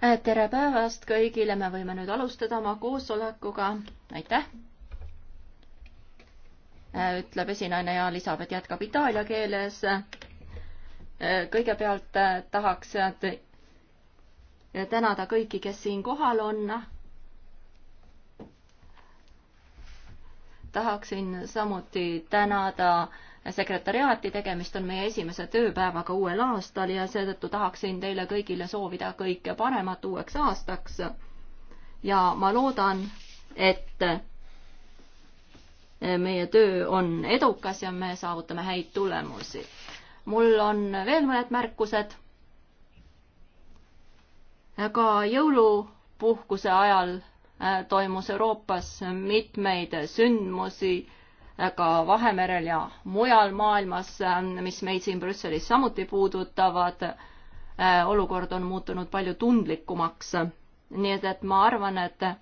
Äh, tere päevast kõigile, me võime nüüd alustada oma koosolekuga, aitäh. Äh, ütleb esinaine ja Elisabeth jätkab itaalia keeles. Äh, kõigepealt tahaks tänada kõiki, kes siin kohal on. tahaksin samuti tänada äh, sekretäriaati, tegemist on meie esimese tööpäevaga uuel aastal ja seetõttu tahaksin teile kõigile soovida kõike paremat uueks aastaks. ja ma loodan, et meie töö on edukas ja me saavutame häid tulemusi. mul on veel mõned märkused. ka jõulupuhkuse ajal äh, toimus Euroopas mitmeid sündmusi ka Vahemerel ja mujal maailmas, ähm, mis meid siin Brüsselis samuti puudutavad. Äh, olukord on muutunud palju tundlikumaks. nii et, et ma arvan, et äh,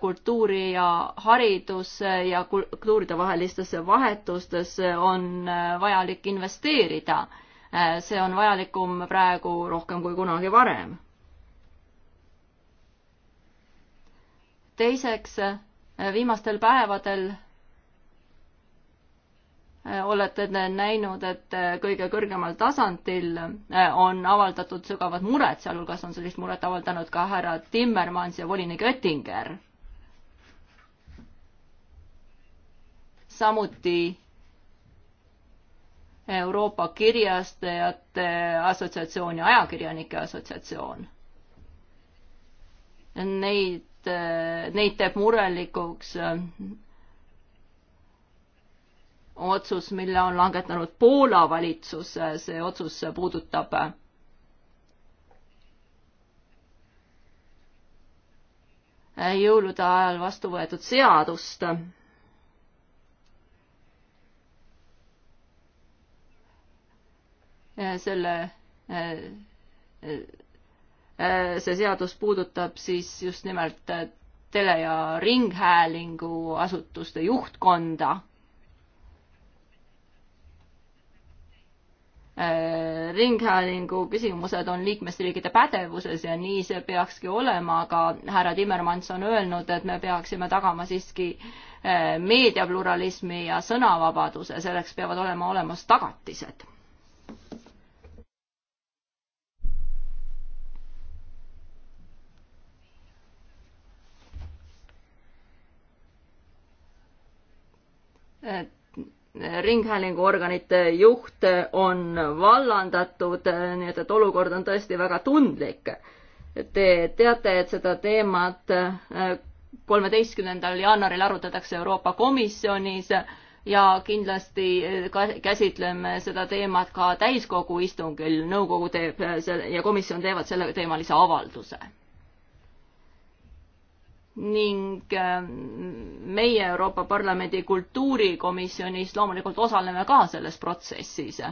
kultuuri ja hariduse ja kultuuride vahelistesse vahetustesse on äh, vajalik investeerida. see on vajalikum praegu rohkem kui kunagi varem. teiseks Äh, viimastel päevadel äh, olete te näinud, et äh, kõige kõrgemal tasandil on avaldatud sügavat muret, sealhulgas on sellist muret avaldanud ka härra Timmermans ja volinik Oettinger. samuti Euroopa Kirjastajate Assotsiatsioon ja Ajakirjanike Assotsiatsioon. Neid sest eh, neid teeb murelikuks eh, otsus, mille on langetanud Poola valitsus, eh, see otsus puudutab jõulude ajal vastu võetud seadust. selle Äh, see seadus puudutab siis just nimelt äh, tele- ja ringhäälingu asutuste juhtkonda. Äh, ringhäälingu küsimused on liikmesriikide pädevuses ja nii see peakski olema, aga härra Timmermans on öelnud, et me peaksime tagama siiski meediapluralismi ja sõnavabaduse, selleks peavad olema olemas tagatised ringhäälinguorganite juht on vallandatud, nii et, et olukord on tõesti väga tundlik. Te teate, et seda teemat äh, kolmeteistkümnendal jaanuaril arutatakse Euroopa Komisjonis ja kindlasti äh, käsitleme seda teemat ka täiskogu istungil. nõukogu teeb äh, ja komisjon teevad selleteemalise avalduse ning ähm, meie Euroopa Parlamendi kultuurikomisjonis loomulikult osaleme ka selles protsessis.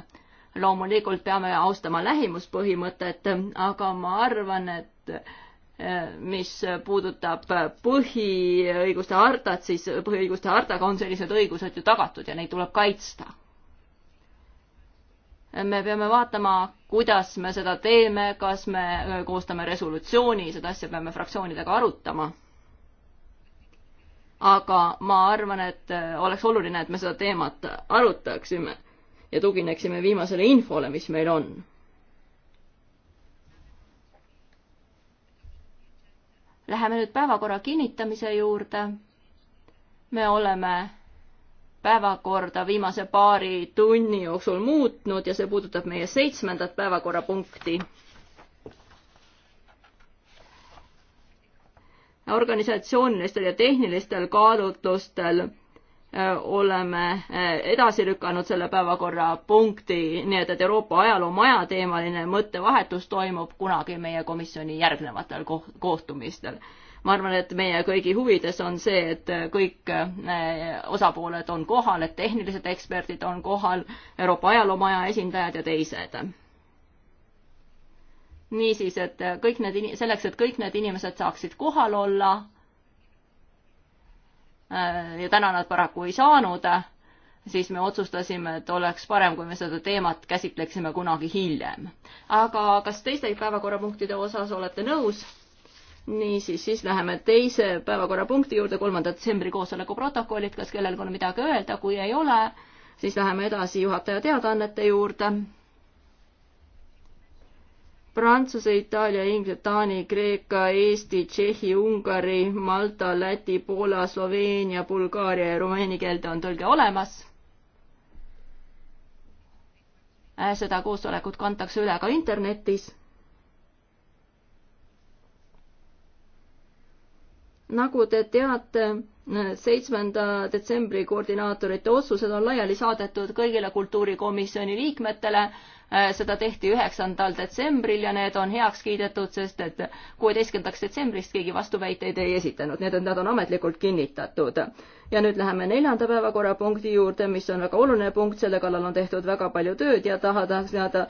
loomulikult peame austama lähimuspõhimõtet, aga ma arvan, et äh, mis puudutab põhiõiguste hartat, siis põhiõiguste hartaga on sellised õigused ju tagatud ja neid tuleb kaitsta. me peame vaatama, kuidas me seda teeme, kas me äh, koostame resolutsiooni, seda asja peame fraktsioonidega arutama aga ma arvan, et äh, oleks oluline, et me seda teemat arutaksime ja tugineksime viimasele infole, mis meil on. Läheme nüüd päevakorra kinnitamise juurde. me oleme päevakorda viimase paari tunni jooksul muutnud ja see puudutab meie seitsmendat päevakorrapunkti organisatsioonilistel ja tehnilistel kaalutlustel äh, oleme äh, edasi lükanud selle päevakorrapunkti, nii et, et Euroopa ajaloomaja teemaline mõttevahetus toimub kunagi meie komisjoni järgnevatel kohtumistel. ma arvan, et meie kõigi huvides on see, et kõik äh, osapooled on kohal, et tehnilised eksperdid on kohal, Euroopa ajaloomaja esindajad ja teised niisiis, et kõik need, selleks, et kõik need inimesed saaksid kohal olla äh, ja täna nad paraku ei saanud, siis me otsustasime, et oleks parem, kui me seda teemat käsitleksime kunagi hiljem. aga kas teiste päevakorrapunktide osas olete nõus? niisiis, siis läheme teise päevakorrapunkti juurde, kolmanda detsembri koosoleku protokollid, kas kellelgi on midagi öelda, kui ei ole, siis läheme edasi juhataja teadaannete juurde Prantsuse, Itaalia, Inglise, Taani, Kreeka, Eesti, Tšehhi, Ungari, Malta, Läti, Poola, Sloveenia, Bulgaaria ja rumeeni keelde on tõlge olemas. Äh, seda koosolekut kantakse üle ka internetis. nagu te teate, seitsmenda detsembri koordinaatorite otsused on laiali saadetud kõigile kultuurikomisjoni liikmetele Äh, seda tehti üheksandal detsembril ja need on heaks kiidetud, sest et kuueteistkümnendaks detsembrist keegi vastuväiteid ei esitanud, need on, nad on ametlikult kinnitatud. ja nüüd läheme neljanda päevakorrapunkti juurde, mis on väga oluline punkt, selle kallal on tehtud väga palju tööd ja taha, tahaks teada äh,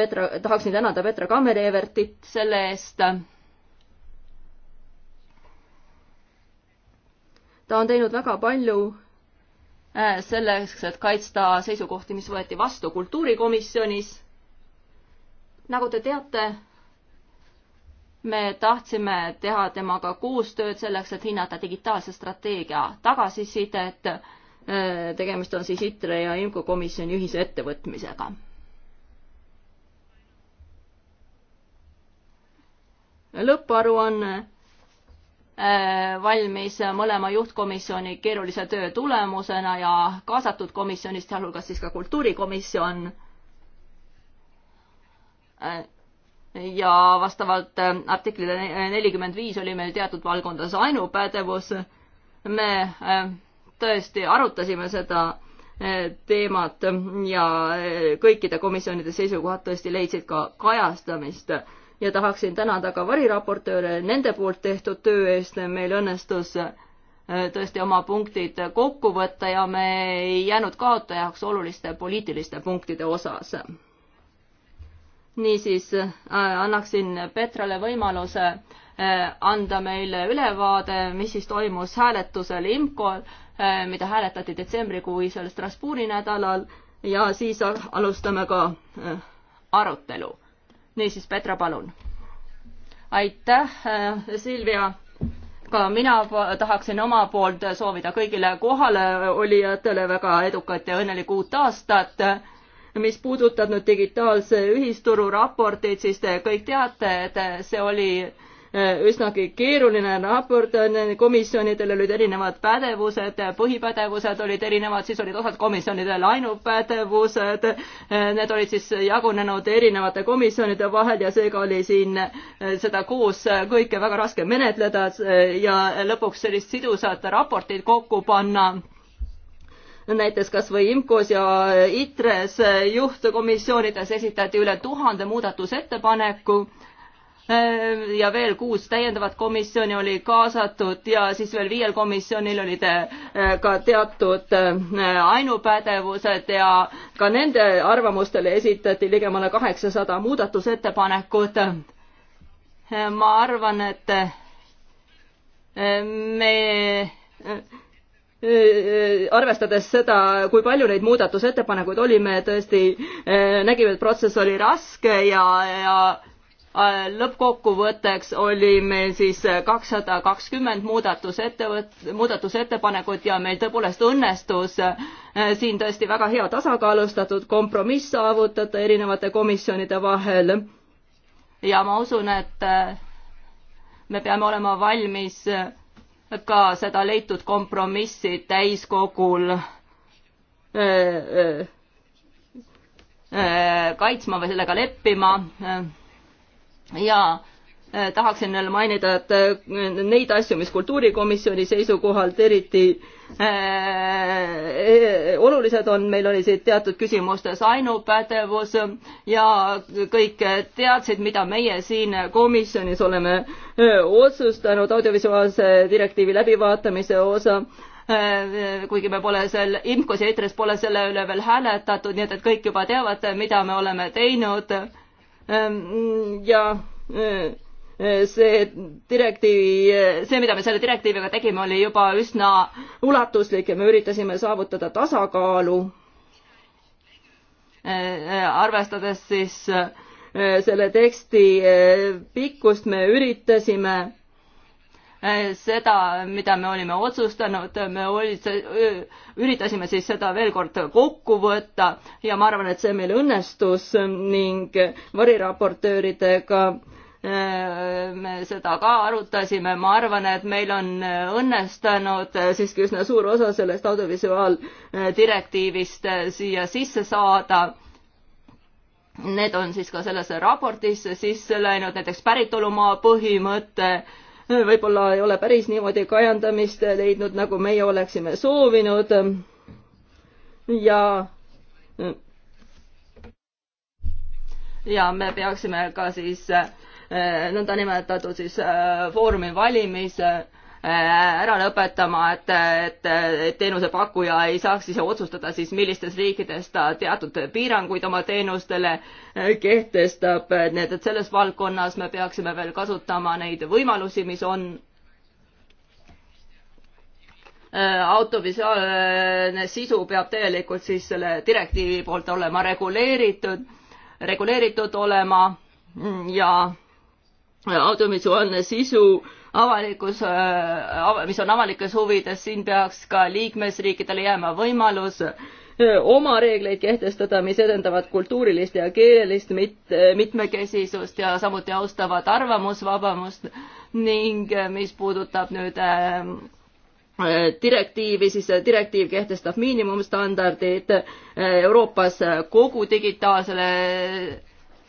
Petra, tahaksin tänada Petra Kammer-Evertit selle eest ta on teinud väga palju Äh, selleks, et kaitsta seisukohti, mis võeti vastu kultuurikomisjonis. nagu te teate, me tahtsime teha temaga koostööd selleks, et hinnata digitaalse strateegia tagasisidet. Äh, tegemist on siis ITRE ja IMCO komisjoni ühise ettevõtmisega. lõpparuanne Äh, valmis mõlema juhtkomisjoni keerulise töö tulemusena ja kaasatud komisjonist, sealhulgas siis ka kultuurikomisjon. Äh, ja vastavalt äh, artiklile nelikümmend viis oli meil teatud valdkondades ainupädevus. me tõesti arutasime seda teemat ja kõikide komisjonide seisukohad tõesti leidsid ka kajastamist ja tahaksin tänada ka variraportööre nende poolt tehtud töö eest, meil õnnestus äh, tõesti oma punktid kokku võtta ja me ei jäänud kaotajaks oluliste poliitiliste punktide osas. niisiis äh, annaksin Petrale võimaluse äh, anda meile ülevaade, mis siis toimus hääletusel IMCO-l, mida hääletati detsembrikuisel Strasbourgi nädalal ja siis alustame ka arutelu niisiis, Petra, palun. aitäh, äh, Silvia. ka mina tahaksin oma poolt soovida kõigile kohaleolijatele väga edukat ja õnnelikku uut aastat mis puudutab nüüd digitaalse ühisturu raporteid, siis te kõik teate, et see oli Äh, üsnagi keeruline raport, äh, komisjonidel olid erinevad pädevused, äh, põhipädevused olid erinevad, siis olid osad komisjonidel ainupädevused, need olid siis jagunenud erinevate komisjonide vahel ja seega oli siin seda koos kõike väga raske menetleda ja lõpuks sellist sidusat raportit kokku panna näiteks kas või IMCO-s ja ITRE-s juhtkomisjonides esitati üle tuhande muudatusettepaneku Ehm, ja veel kuus täiendavat komisjoni oli kaasatud ja siis veel viiel komisjonil olid eh, ka teatud eh, ainupädevused ja ka nende arvamustele esitati ligemale kaheksasada muudatusettepanekut. Ehm, ma arvan, et ehm, me eh, arvestades seda, kui palju neid muudatusettepanekuid oli, me tõesti nägime, et protsess oli raske ja, ja Äh, lõppkokkuvõtteks oli meil siis kakssada kakskümmend muudatusettevõt-, muudatusettepanekut ja meil tõepoolest õnnestus äh, siin tõesti väga hea tasakaalustatud kompromiss saavutada erinevate komisjonide vahel. ja ma usun, et äh, me peame olema valmis ka seda leitud kompromissi täiskogul kaitsma või sellega leppima ja äh, tahaksin veel mainida, et äh, neid asju, mis kultuurikomisjoni seisukohalt eriti äh, äh olulised on, meil oli siin teatud küsimustes ainupädevus ja kõik teadsid, mida meie siin komisjonis oleme otsustanud audiovisuaalse direktiivi läbivaatamise osa kuigi me pole seal, IMCO-s ja EITRES pole selle üle veel hääletatud, nii et, et kõik juba teavad, mida me oleme teinud Ähm, ja äh, äh, see direktiivi, see, mida me selle direktiiviga tegime, oli juba üsna ulatuslik ja me üritasime saavutada tasakaalu, äh, arvestades siis selle teksti pikkust, me üritasime Äh, seda, mida me olime otsustanud, me olid, üritasime siis seda veel kord kokku võtta ja ma arvan, et see meil õnnestus ning variraportööridega äh, me seda ka arutasime, ma arvan, et meil on õnnestunud siiski üsna suur osa sellest audiovisuaaldirektiivist äh, siia sisse saada need on siis ka sellesse raportisse sisse läinud, näiteks päritolumaa põhimõte, võib-olla ei ole päris niimoodi kajandamist leidnud, nagu meie oleksime soovinud. ja ja me peaksime ka siis eh, nõndanimetatud siis foorumi eh, valimise Äh, ära lõpetama, et, et, et teenusepakkuja ei saaks ise otsustada siis, millistes riikides ta teatud piiranguid oma teenustele äh, kehtestab, nii et, et selles valdkonnas me peaksime veel kasutama neid võimalusi, mis on äh, autovisuaalne sisu peab täielikult siis selle direktiivi poolt olema reguleeritud, reguleeritud olema ja autovisuaalne sisu avalikus, äh, mis on avalikes huvides, siin peaks ka liikmesriikidele jääma võimalus äh, oma reegleid kehtestada, mis edendavad kultuurilist ja keelelist mit-, äh, mitmekesisust ja samuti austavad arvamusvabamust ning mis puudutab nüüd ähm, direktiivi, siis direktiiv kehtestab miinimumstandardid Euroopas kogu digitaalsele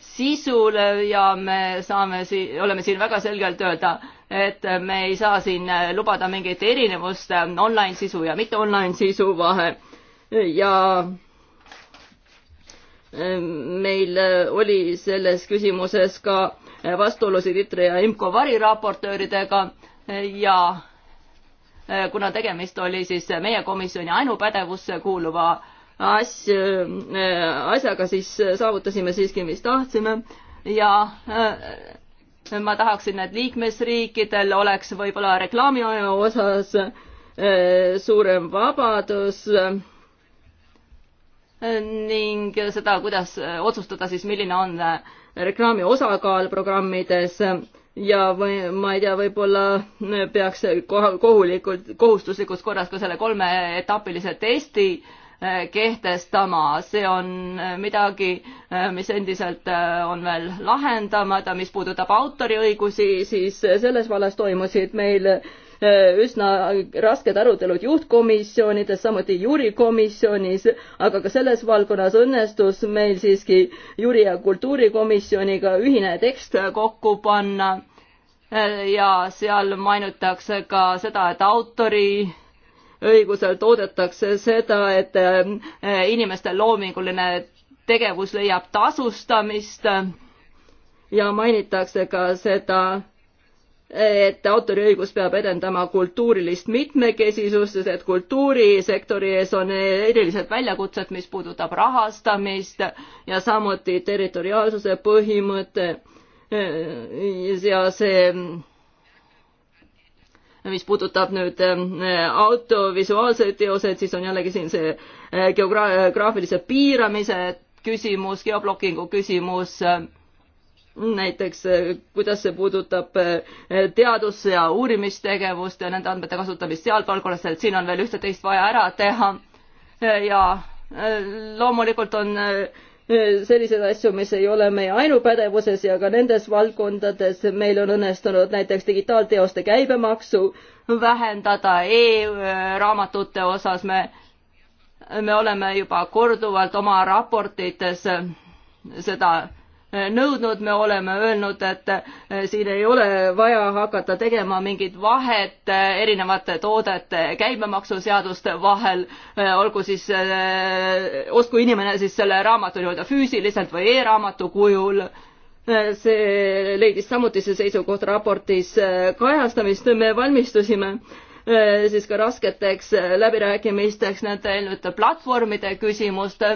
sisule ja me saame siin, oleme siin väga selgelt öelda, et me ei saa siin lubada mingit erinevust äh, online sisu ja mitte online sisu vahel ja äh, meil äh, oli selles küsimuses ka vastuolusid ITRE ja IMCO variraportööridega ja kuna tegemist oli siis meie komisjoni ainupädevusse kuuluva asj, asjaga, siis saavutasime siiski, mis tahtsime ja ma tahaksin, et liikmesriikidel oleks võib-olla reklaami osas eh, suurem vabadus eh, ning seda, kuidas eh, otsustada siis, milline on reklaami osakaal programmides ja või ma ei tea, võib-olla peaks kohulikult, kohustuslikus korras ka selle kolmeetapilise testi äh, Eh, kehtestama, see on eh, midagi, eh, mis endiselt on veel lahendamata, mis puudutab autoriõigusi, siis selles vallas toimusid meil üsna rasked arutelud juhtkomisjonides, samuti juurikomisjonis, aga ka selles valdkonnas õnnestus meil siiski juuri- ja kultuurikomisjoniga ühine tekst kokku panna ja seal mainitakse ka seda, et autori õigusel toodetakse seda, et äh, inimeste loominguline tegevus leiab tasustamist ja mainitakse ka seda, et autoriõigus peab edendama kultuurilist mitmekesisust, et kultuurisektori ees on erilised väljakutsed, mis puudutab rahastamist ja samuti territoriaalsuse põhimõte ja see mis puudutab nüüd äh, autovisuaalseid teoseid, siis on jällegi siin see äh, geograafilise äh, piiramise küsimus, geoblokingu küsimus, näiteks kuidas see puudutab teadus- ja uurimistegevust ja nende andmete kasutamist seal valdkonnas, et siin on veel ühte-teist vaja ära teha ja loomulikult on Äh, selliseid asju, mis ei ole meie ainupädevuses ja ka nendes valdkondades meil on õnnestunud näiteks digitaalteoste käibemaksu vähendada e-raamatute osas me, me oleme juba korduvalt oma raportites seda nõudnud, me oleme öelnud, et eh, siin ei ole vaja hakata tegema mingit vahet eh, erinevate toodete käibemaksuseaduste vahel, eh, olgu siis, ostku inimene siis selle raamatu nii-öelda füüsiliselt või e-raamatu kujul see leidis samuti see seisukoht raportis kajastamist, me valmistusime siis ka rasketeks läbirääkimisteks nende eelnevate platvormide küsimuste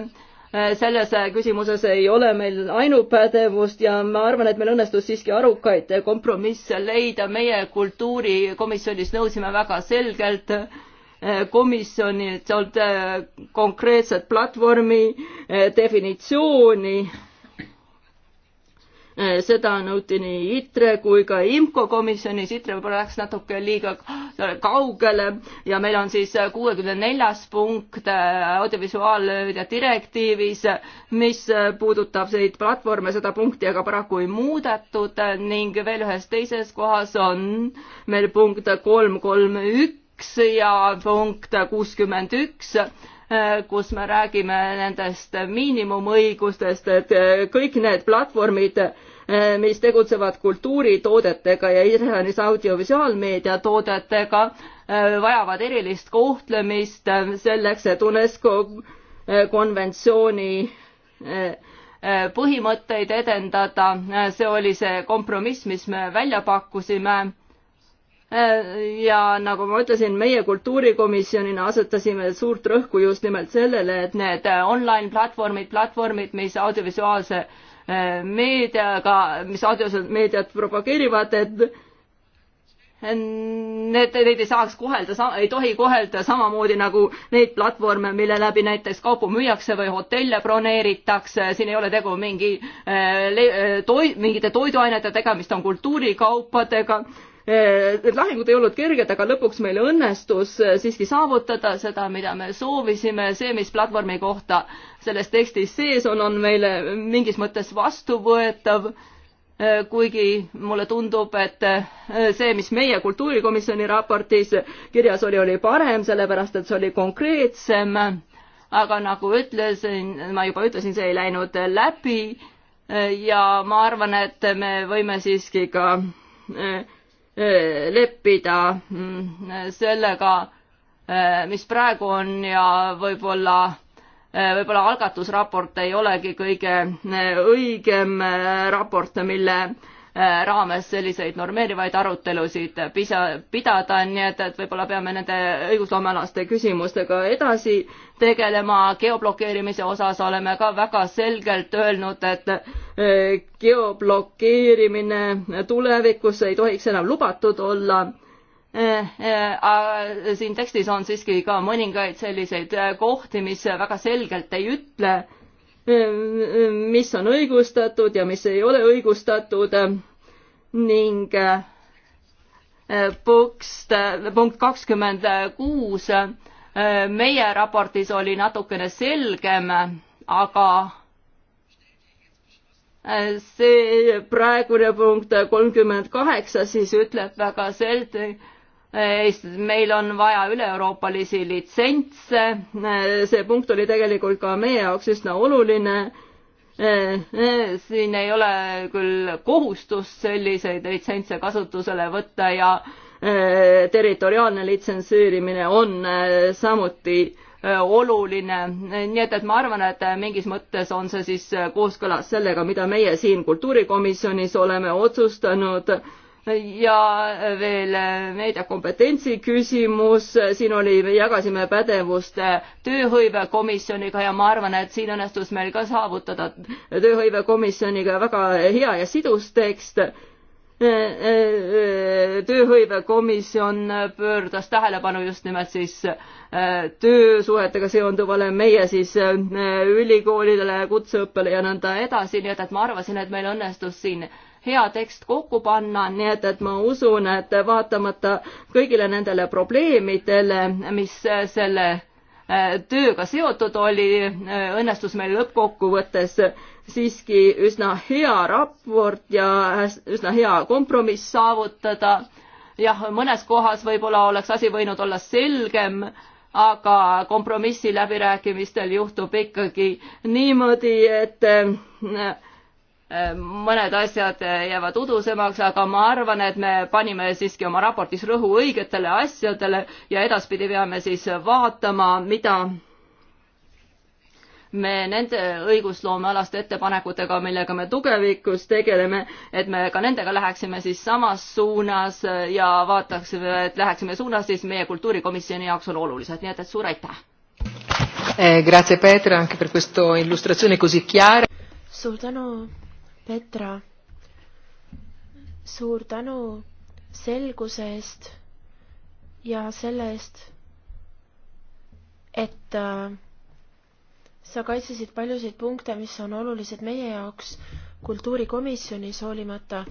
Äh, selles äh, küsimuses ei ole meil ainupädevust ja ma arvan, et meil õnnestus siiski arukaid äh, kompromisse leida. meie kultuurikomisjonis nõudsime väga selgelt komisjonilt konkreetset platvormi definitsiooni Eh, seda nõuti nii ITRE kui ka IMCO komisjonis, ITRE võib-olla läks natuke liiga kaugele ja meil on siis kuuekümne neljas punkt eh, audiovisuaalmeedia direktiivis, mis puudutab neid platvorme, seda punkti aga paraku ei muudetud ning veel ühes teises kohas on meil punkt kolm, kolm, üks ja punkt kuuskümmend üks kus me räägime nendest miinimumõigustest, et eh, kõik need platvormid, eh, mis tegutsevad kultuuritoodetega ja iseäranis audiovisuaalmeedia toodetega, eh, vajavad erilist kohtlemist selleks, et UNESCO konventsiooni põhimõtteid edendada, see oli see kompromiss, mis me välja pakkusime ja nagu ma ütlesin, meie kultuurikomisjonina asetasime suurt rõhku just nimelt sellele, et need online platvormid, platvormid, mis audiovisuaalse eh, meediaga, mis audiovisuaalmeediat propageerivad, et need, neid ei saaks kohelda, ei tohi kohelda samamoodi nagu neid platvorme, mille läbi näiteks kaupu müüakse või hotelle broneeritakse, siin ei ole tegu mingi eh, eh, toi-, mingite toiduainete tegemist, on kultuurikaupadega Eh, need lahingud ei olnud kerged, aga lõpuks meil õnnestus eh, siiski saavutada seda, mida me soovisime, see, mis platvormi kohta selles tekstis sees on, on meile mingis mõttes vastuvõetav, eh, kuigi mulle tundub, et see, mis meie kultuurikomisjoni raportis kirjas oli, oli parem, sellepärast et see oli konkreetsem, aga nagu ütlesin, ma juba ütlesin, see ei läinud läbi ja ma arvan, et me võime siiski ka äh, leppida mm, sellega, mis praegu on ja võib-olla, võib-olla algatusraport ei olegi kõige õigem raport, mille Äh, raames selliseid normeerivaid arutelusid pisa, pidada, nii et, et võib-olla peame nende õigusloomealaste küsimustega edasi tegelema. geoblokeerimise osas oleme ka väga selgelt öelnud, et äh, geoblokeerimine tulevikus ei tohiks enam lubatud olla äh, siin tekstis on siiski ka mõningaid selliseid kohti, mis väga selgelt ei ütle, Ähm, ähm, mis on õigustatud ja mis ei ole õigustatud ning äh, äh, punkt, äh, punkt kakskümmend kuus meie raportis oli natukene selgem, aga see praegune punkt kolmkümmend kaheksa siis ütleb väga selge, meil on vaja üle-euroopalisi litsentse, see punkt oli tegelikult ka meie jaoks üsna oluline. siin ei ole küll kohustust selliseid litsentse kasutusele võtta ja territoriaalne litsenseerimine on samuti oluline, nii et, et ma arvan, et mingis mõttes on see siis kooskõlas sellega, mida meie siin kultuurikomisjonis oleme otsustanud äh, ja veel äh, meediakompetentsi küsimus, siin oli, jagasime pädevust tööhõivekomisjoniga ja ma arvan, et siin õnnestus meil ka saavutada tööhõivekomisjoniga väga hea ja sidus tekst. Äh, äh, tööhõivekomisjon pöördas tähelepanu just nimelt siis töösuhetega seonduvale, meie siis ülikoolidele, kutseõppele ja nõnda edasi, nii et, et ma arvasin, et meil õnnestus siin hea tekst kokku panna, nii et, et ma usun, et vaatamata kõigile nendele probleemidele, mis selle äh, tööga seotud oli, äh, õnnestus meil lõppkokkuvõttes siiski üsna hea raport ja üsna hea kompromiss saavutada. jah, mõnes kohas võib-olla oleks asi võinud olla selgem, aga kompromissi läbirääkimistel juhtub ikkagi niimoodi, et äh, Äh, mõned asjad jäävad udusemaks, aga ma arvan, et me panime siiski oma raportis rõhu õigetele asjadele ja edaspidi peame siis vaatama, mida me nende õigusloomealaste ettepanekutega, millega me tulevikus tegeleme, et me ka nendega läheksime siis samas suunas ja vaataksime, et läheksime suunas, siis meie kultuurikomisjoni jaoks on olulised, nii et, et suur aitäh! Eh, grazie Petra anche per questa illustrazione così chiara. Suur tänu Petra, suur tänu selguse eest ja selle eest, et äh, sa kaitsesid paljusid punkte, mis on olulised meie jaoks kultuurikomisjonis, hoolimata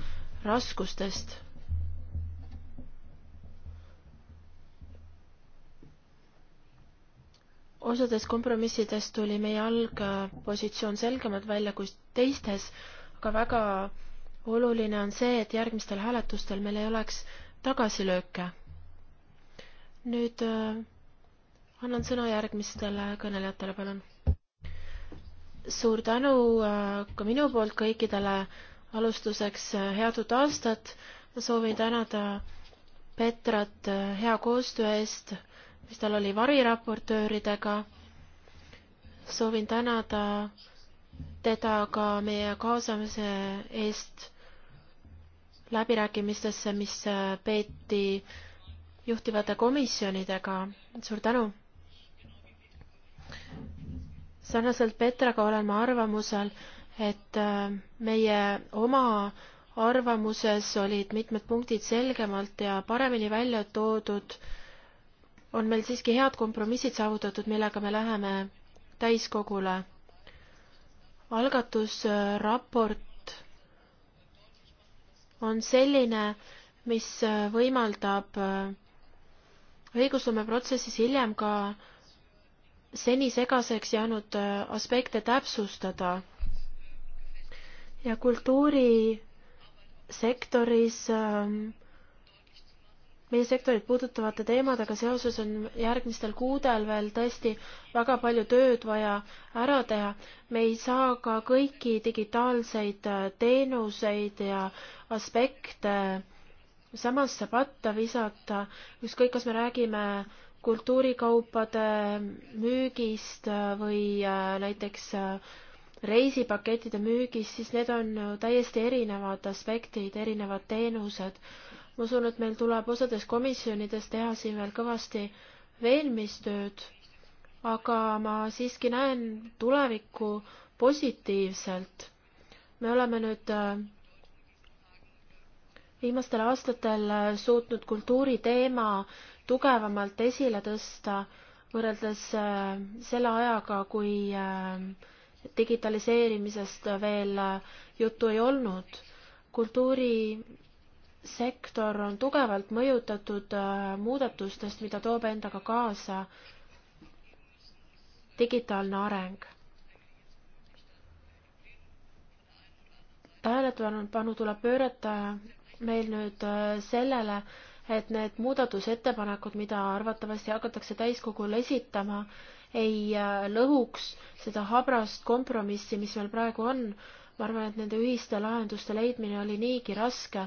raskustest. osades kompromissidest tuli meie algpositsioon selgemalt välja kui teistes aga väga oluline on see, et järgmistel hääletustel meil ei oleks tagasilööke. nüüd äh, annan sõna järgmistele kõnelejatele, palun. suur tänu äh, ka minu poolt kõikidele. alustuseks äh, head uut aastat. ma soovin tänada Petrat hea koostöö eest, mis tal oli variraportööridega. soovin tänada ta teda ka meie kaasamise eest läbirääkimistesse, mis äh, peeti juhtivate komisjonidega. suur tänu! sarnaselt Petraga olen ma arvamusel, et äh, meie oma arvamuses olid mitmed punktid selgemalt ja paremini välja toodud. on meil siiski head kompromissid saavutatud, millega me läheme täiskogule algatusraport on selline, mis võimaldab äh, õigusloomeprotsessis hiljem ka seni segaseks jäänud äh, aspekte täpsustada. ja kultuurisektoris ähm, meie sektorit puudutavate teemadega seoses on järgmistel kuudel veel tõesti väga palju tööd vaja ära teha. me ei saa ka kõiki digitaalseid äh, teenuseid ja aspekte samasse patta visata, ükskõik, kas me räägime kultuurikaupade müügist äh, või äh, näiteks reisipakettide müügist, siis need on täiesti erinevad aspektid, erinevad teenused ma usun, et meil tuleb osades komisjonides teha siin veel kõvasti veenmistööd, aga ma siiski näen tulevikku positiivselt. me oleme nüüd äh, viimastel aastatel äh, suutnud kultuuriteema tugevamalt esile tõsta võrreldes äh, selle ajaga, kui digitaliseerimisest veel juttu ei olnud. kultuuri sektor on tugevalt mõjutatud äh, muudatustest, mida toob endaga kaasa digitaalne areng. tähelepanu tuleb pöörata meil nüüd äh, sellele, et need muudatusettepanekud, mida arvatavasti hakatakse täiskogule esitama, ei äh, lõhuks seda habrast kompromissi, mis meil praegu on. ma arvan, et nende ühiste lahenduste leidmine oli niigi raske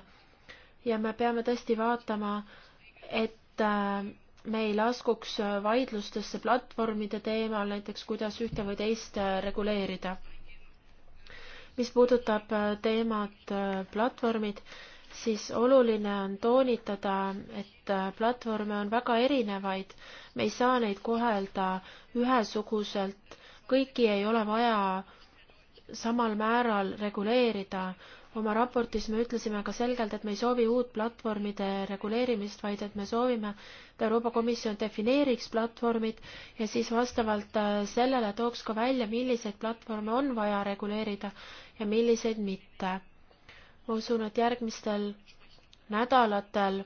ja me peame tõesti vaatama, et äh, me ei laskuks äh, vaidlustesse platvormide teemal, näiteks kuidas ühte või teist äh, reguleerida. mis puudutab teemat platvormid, siis oluline on toonitada, et platvorme on väga erinevaid, me ei saa neid kohelda ühesuguselt, kõiki ei ole vaja samal määral reguleerida, oma raportis me ütlesime ka selgelt, et me ei soovi uut platvormide reguleerimist, vaid et me soovime, et Euroopa Komisjon defineeriks platvormid ja siis vastavalt äh, sellele tooks ka välja, milliseid platvorme on vaja reguleerida ja milliseid mitte. ma usun, et järgmistel nädalatel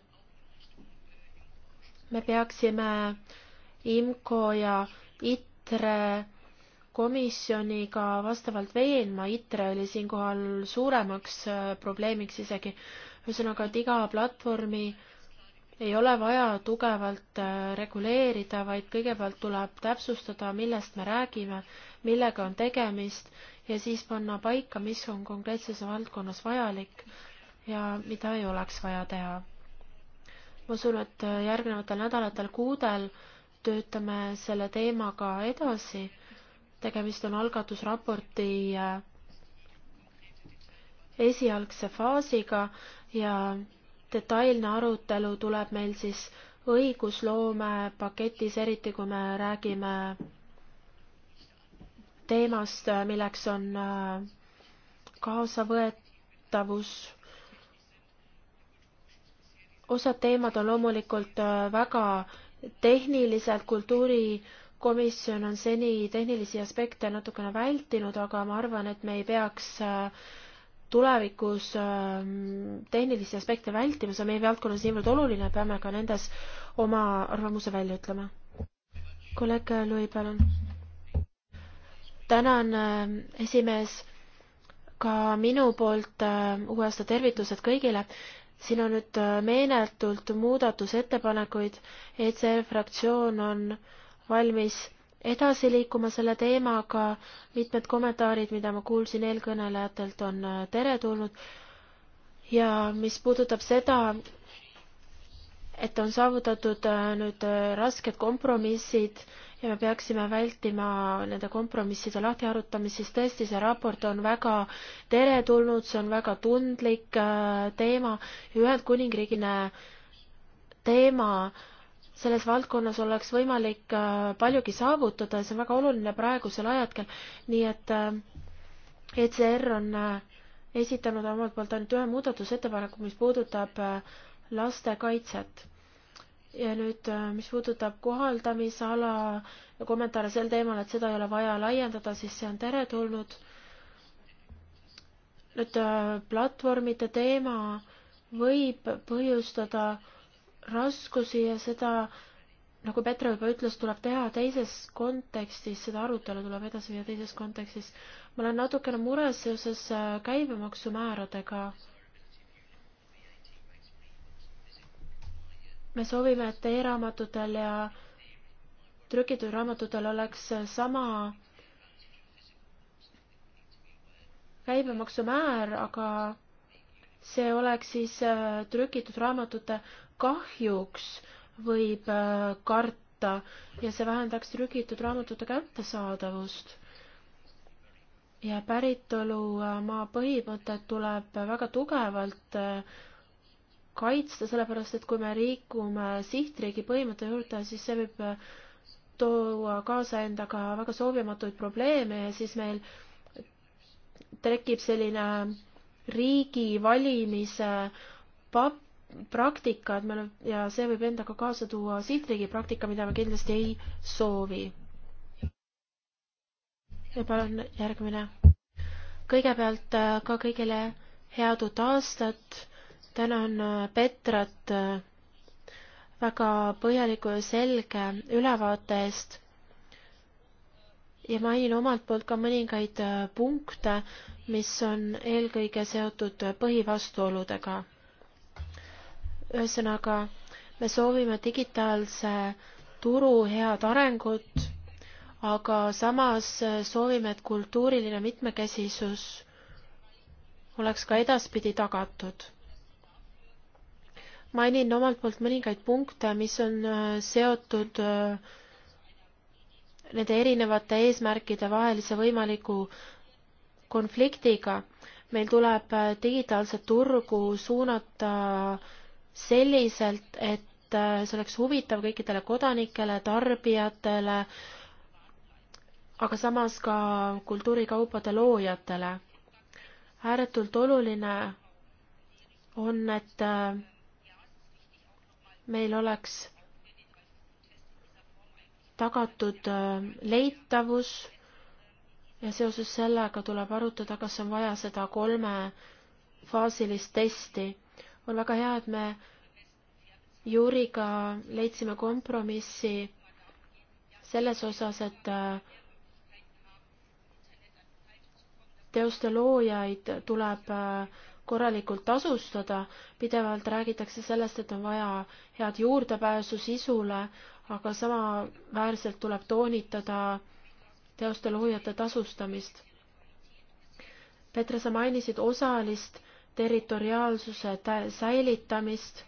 me peaksime IMCO ja ITRE komisjoniga vastavalt veenma, ITRE oli siinkohal suuremaks äh, probleemiks isegi. ühesõnaga, et iga platvormi ei ole vaja tugevalt äh, reguleerida, vaid kõigepealt tuleb täpsustada, millest me räägime, millega on tegemist ja siis panna paika, mis on konkreetses valdkonnas vajalik ja mida ei oleks vaja teha. ma usun, et äh, järgnevatel nädalatel, kuudel töötame selle teemaga edasi tegemist on algatusraporti äh, esialgse faasiga ja detailne arutelu tuleb meil siis õigusloome paketis, eriti kui me räägime teemast, milleks on äh, kaasavõetavus. osad teemad on loomulikult äh, väga tehnilised kultuuri komisjon on seni tehnilisi aspekte natukene vältinud, aga ma arvan, et me ei peaks äh, tulevikus ähm, tehnilisi aspekte vältima, see on meie valdkonnas niivõrd oluline, peame ka nendes oma arvamuse välja ütlema. kolleeg Lui, palun. tänan, äh, esimees. ka minu poolt äh, uue aasta tervitused kõigile siin on nüüd meeletult muudatusettepanekuid, ECR fraktsioon on valmis edasi liikuma selle teemaga, mitmed kommentaarid, mida ma kuulsin eelkõnelejatelt, on äh, teretulnud. ja mis puudutab seda, et on saavutatud äh, nüüd äh, rasked kompromissid ja me peaksime vältima nende kompromisside lahtiharutamist, siis tõesti, see raport on väga teretulnud, see on väga tundlik teema ja Ühendkuningriigine teema selles valdkonnas oleks võimalik äh, paljugi saavutada ja see on väga oluline praegusel ajatkel, nii et äh, ECR on äh, esitanud omalt poolt ainult ühe muudatusettepaneku, mis puudutab lastekaitset. ja nüüd, mis puudutab kohaldamisala ja kommentaare sel teemal, et seda ei ole vaja laiendada, siis see on teretulnud. nüüd platvormide teema võib põhjustada äh, raskusi ja seda, nagu Petra juba ütles, tuleb teha teises kontekstis, seda arutelu tuleb edasi viia teises kontekstis. ma olen natukene mures seoses äh, käibemaksumääradega. me soovime, et e-raamatutel ja trükitud raamatutel oleks äh, sama käibemaksumäär, aga see oleks siis äh, trükitud raamatute kahjuks võib äh, karta ja see vähendaks trükitud raamatute kättesaadavust. ja päritolumaa äh, põhimõtet tuleb väga tugevalt äh, kaitsta, sellepärast et kui me liigume sihtriigi põhimõtte juurde, siis see võib tuua kaasa endaga väga soovimatuid probleeme ja siis meil tekib selline riigi valimise papp, praktikad meil ja see võib endaga kaasa tuua sihtriigi praktika, mida me kindlasti ei soovi. ja palun järgmine. kõigepealt äh, ka kõigile head uut aastat. tänan äh, Petrat äh, väga põhjaliku ja selge ülevaate eest. ja mainin omalt poolt ka mõningaid punkte, mis on eelkõige seotud põhivastuoludega ühesõnaga, me soovime digitaalse turu head arengut, aga samas soovime, et kultuuriline mitmekesisus oleks ka edaspidi tagatud mainin omalt poolt mõningaid punkte, mis on äh, seotud äh, nende erinevate eesmärkide vahelise võimaliku konfliktiga. meil tuleb äh, digitaalset turgu suunata selliselt, et äh, see oleks huvitav kõikidele kodanikele, tarbijatele, aga samas ka kultuurikaupade loojatele. ääretult oluline on, et äh, meil oleks tagatud äh, leitavus ja seoses sellega tuleb arutada, kas on vaja seda kolmefaasilist testi on väga hea, et me Juriga leidsime kompromissi selles osas, et äh, teoste loojaid tuleb äh, korralikult tasustada, pidevalt räägitakse sellest, et on vaja head juurdepääsu sisule, aga samaväärselt tuleb toonitada teoste loojate tasustamist. Petra, sa mainisid osalist territoriaalsuse säilitamist.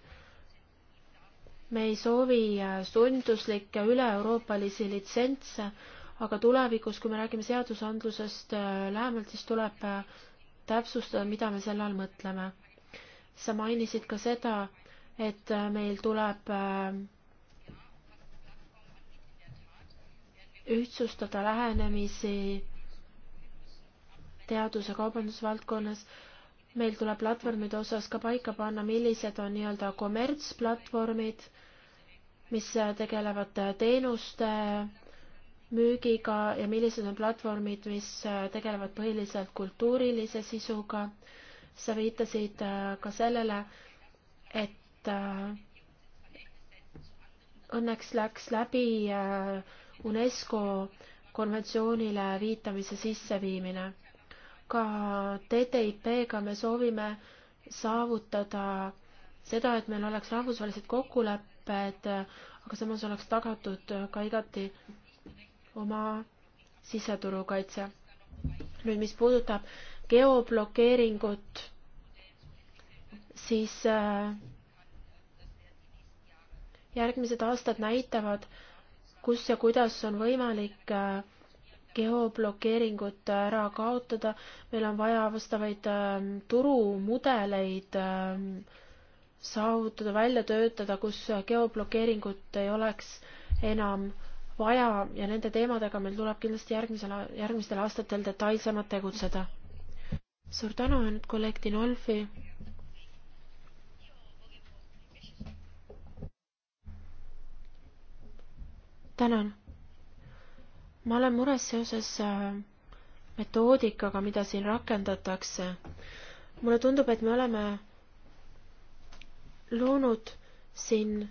me ei soovi äh, sunduslikke üle-euroopalisi litsentse, aga tulevikus, kui me räägime seadusandlusest äh, lähemalt, siis tuleb äh, täpsustada, mida me selle all mõtleme. sa mainisid ka seda, et meil tuleb ühtsustada lähenemisi teaduse kaubandusvaldkonnas meil tuleb platvormide osas ka paika panna, millised on nii-öelda kommertsplatvormid, mis tegelevad teenuste müügiga ja millised on platvormid, mis tegelevad põhiliselt kultuurilise sisuga. sa viitasid äh, ka sellele, et äh, õnneks läks läbi äh, UNESCO konventsioonile viitamise sisseviimine ka TTIP-ga me soovime saavutada seda, et meil oleks rahvusvahelised kokkulepped, aga samas oleks tagatud ka igati oma siseturukaitse. nüüd, mis puudutab geoblokeeringut, siis äh, järgmised aastad näitavad, kus ja kuidas on võimalik äh, geoblokeeringut ära kaotada, meil on vaja vastavaid ähm, turumudeleid ähm, saavutada, välja töötada, kus geoblokeeringut ei oleks enam vaja ja nende teemadega meil tuleb kindlasti järgmisel, järgmistel aastatel detailsemalt tegutseda. suur tänu ja nüüd kolleeg Dinolfi. tänan ma olen mures seoses äh, metoodikaga, mida siin rakendatakse. mulle tundub, et me oleme loonud siin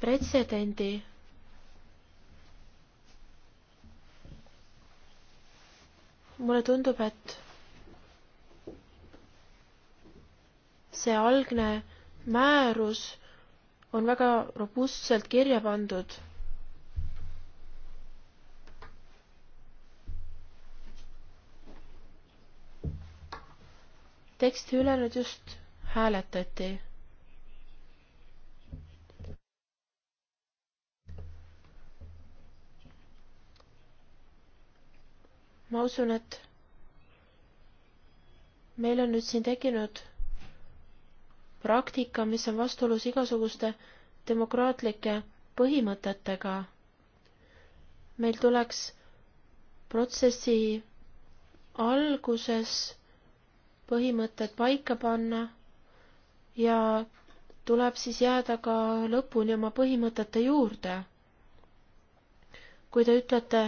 pretsedendi mulle tundub, et see algne määrus on väga robustselt kirja pandud teksti üle nüüd just hääletati. ma usun, et meil on nüüd siin tekkinud praktika, mis on vastuolus igasuguste demokraatlike põhimõtetega. meil tuleks protsessi alguses põhimõtted paika panna ja tuleb siis jääda ka lõpuni oma põhimõtete juurde. kui te ütlete,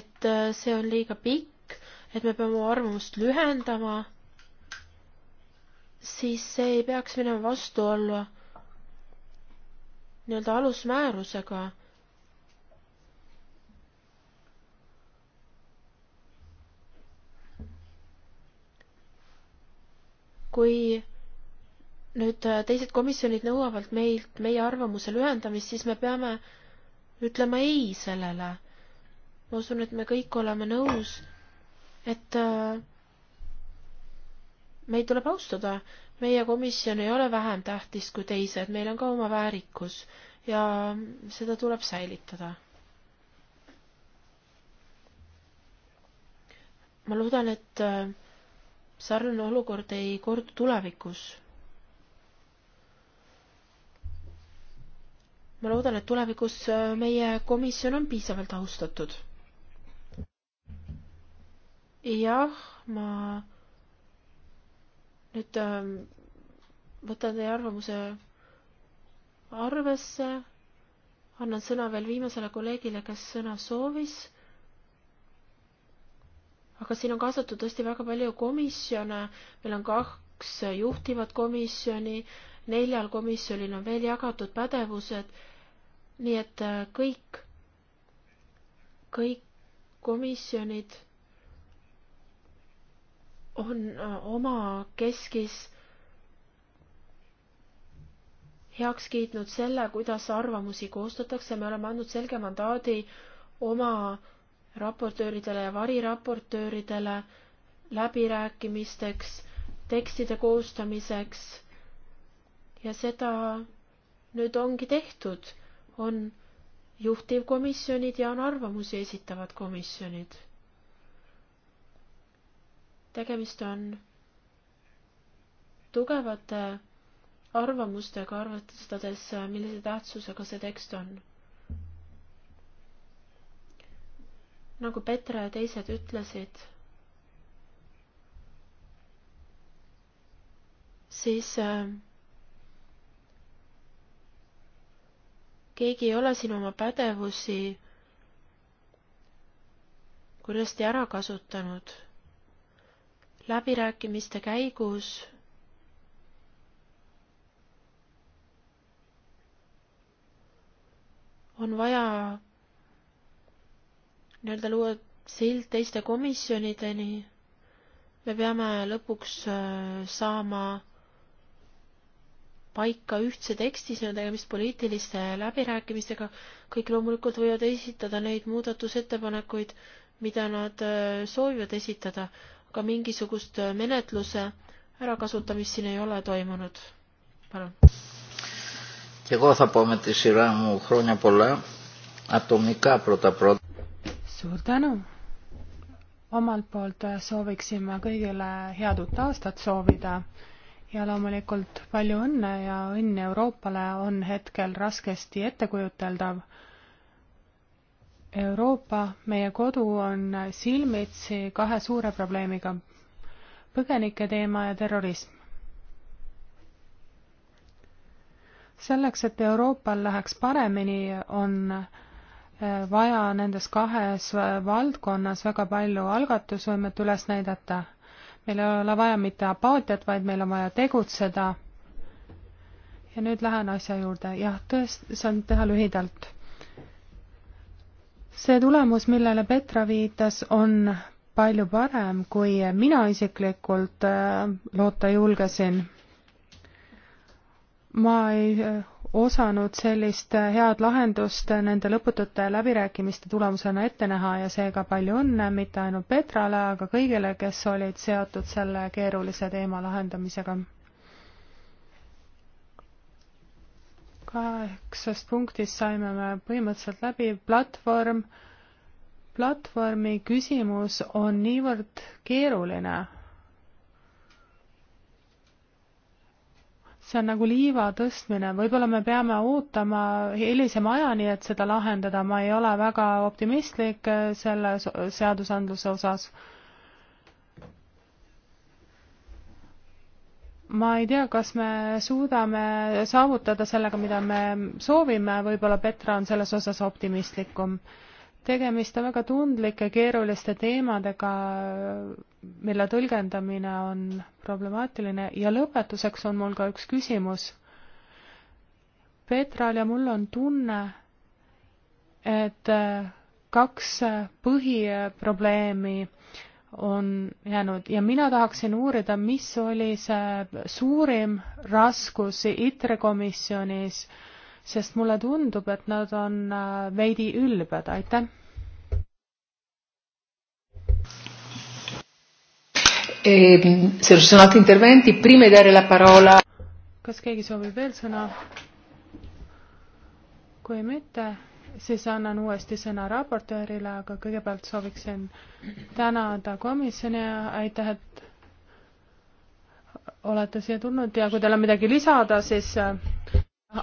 et äh, see on liiga pikk, et me peame oma arvamust lühendama, siis see ei peaks minema vastuollu nii-öelda alusmäärusega kui nüüd äh, teised komisjonid nõuavad meilt meie arvamuse lühendamist, siis me peame ütlema ei sellele. ma usun, et me kõik oleme nõus, et äh, meid tuleb austada, meie komisjon ei ole vähem tähtis kui teised, meil on ka oma väärikus ja seda tuleb säilitada. ma loodan, et äh, sarnane olukord ei kordu tulevikus. ma loodan, et tulevikus äh, meie komisjon on piisavalt austatud. jah, ma nüüd ähm, võtan teie arvamuse arvesse, annan sõna veel viimasele kolleegile, kes sõna soovis aga siin on kaasatud tõesti väga palju komisjone, meil on kaks juhtivat komisjoni, neljal komisjonil on veel jagatud pädevused, nii et äh, kõik, kõik komisjonid on äh, oma keskis heaks kiitnud selle, kuidas arvamusi koostatakse, me oleme andnud selge mandaadi oma raportööridele ja variraportööridele läbirääkimisteks, tekstide koostamiseks ja seda nüüd ongi tehtud, on juhtivkomisjonid ja on arvamusi esitavad komisjonid. tegemist on tugevate arvamustega, arvestades, millise tähtsusega see tekst on nagu Petra ja teised ütlesid, siis äh, keegi ei ole siin oma pädevusi kurjasti ära kasutanud. läbirääkimiste käigus on vaja nii-öelda luua sild teiste komisjonideni. me peame lõpuks äh, saama paika ühtse teksti, siin on tegemist poliitiliste läbirääkimistega, kõik loomulikult võivad esitada neid muudatusettepanekuid, mida nad äh, soovivad esitada, aga mingisugust äh, menetluse ärakasutamist siin ei ole toimunud. palun. Εγώ θα πω με τη σειρά μου χρόνια πολλά, ατομικά πρώτα πρώτα suur tänu! omalt poolt äh, sooviksime kõigile head uut aastat soovida ja loomulikult palju õnne ja õnn Euroopale on hetkel raskesti ettekujuteldav. Euroopa, meie kodu, on silmitsi kahe suure probleemiga, põgenike teema ja terrorism. selleks, et Euroopal läheks paremini, on vaja nendes kahes valdkonnas väga palju algatusvõimet üles näidata. meil ei ole vaja mitte apaatiat, vaid meil on vaja tegutseda. ja nüüd lähen asja juurde. jah, tõesti, saan teha lühidalt. see tulemus, millele Petra viitas, on palju parem, kui mina isiklikult äh, loota julgesin. ma ei osanud sellist head lahendust nende lõputute läbirääkimiste tulemusena ette näha ja seega palju õnne mitte ainult Petrale, aga kõigile, kes olid seotud selle keerulise teema lahendamisega. kaheksast punktist saime me põhimõtteliselt läbi, platvorm, platvormi küsimus on niivõrd keeruline see on nagu liiva tõstmine, võib-olla me peame ootama hilisema ajani, et seda lahendada, ma ei ole väga optimistlik selle seadusandluse osas. ma ei tea, kas me suudame saavutada sellega, mida me soovime, võib-olla Petra on selles osas optimistlikum tegemist on väga tundlike, keeruliste teemadega, mille tõlgendamine on problemaatiline ja lõpetuseks on mul ka üks küsimus. Petral ja mul on tunne, et kaks põhiprobleemi on jäänud ja mina tahaksin uurida, mis oli see suurim raskus ITRE komisjonis äh, sest mulle tundub, et nad on äh, veidi ülbed, aitäh. Ehm, kas keegi soovib veel sõna? kui mitte, siis annan uuesti sõna raportöörile, aga kõigepealt sooviksin tänada komisjoni ja aitäh, et olete siia tulnud ja kui teil on midagi lisada, siis äh,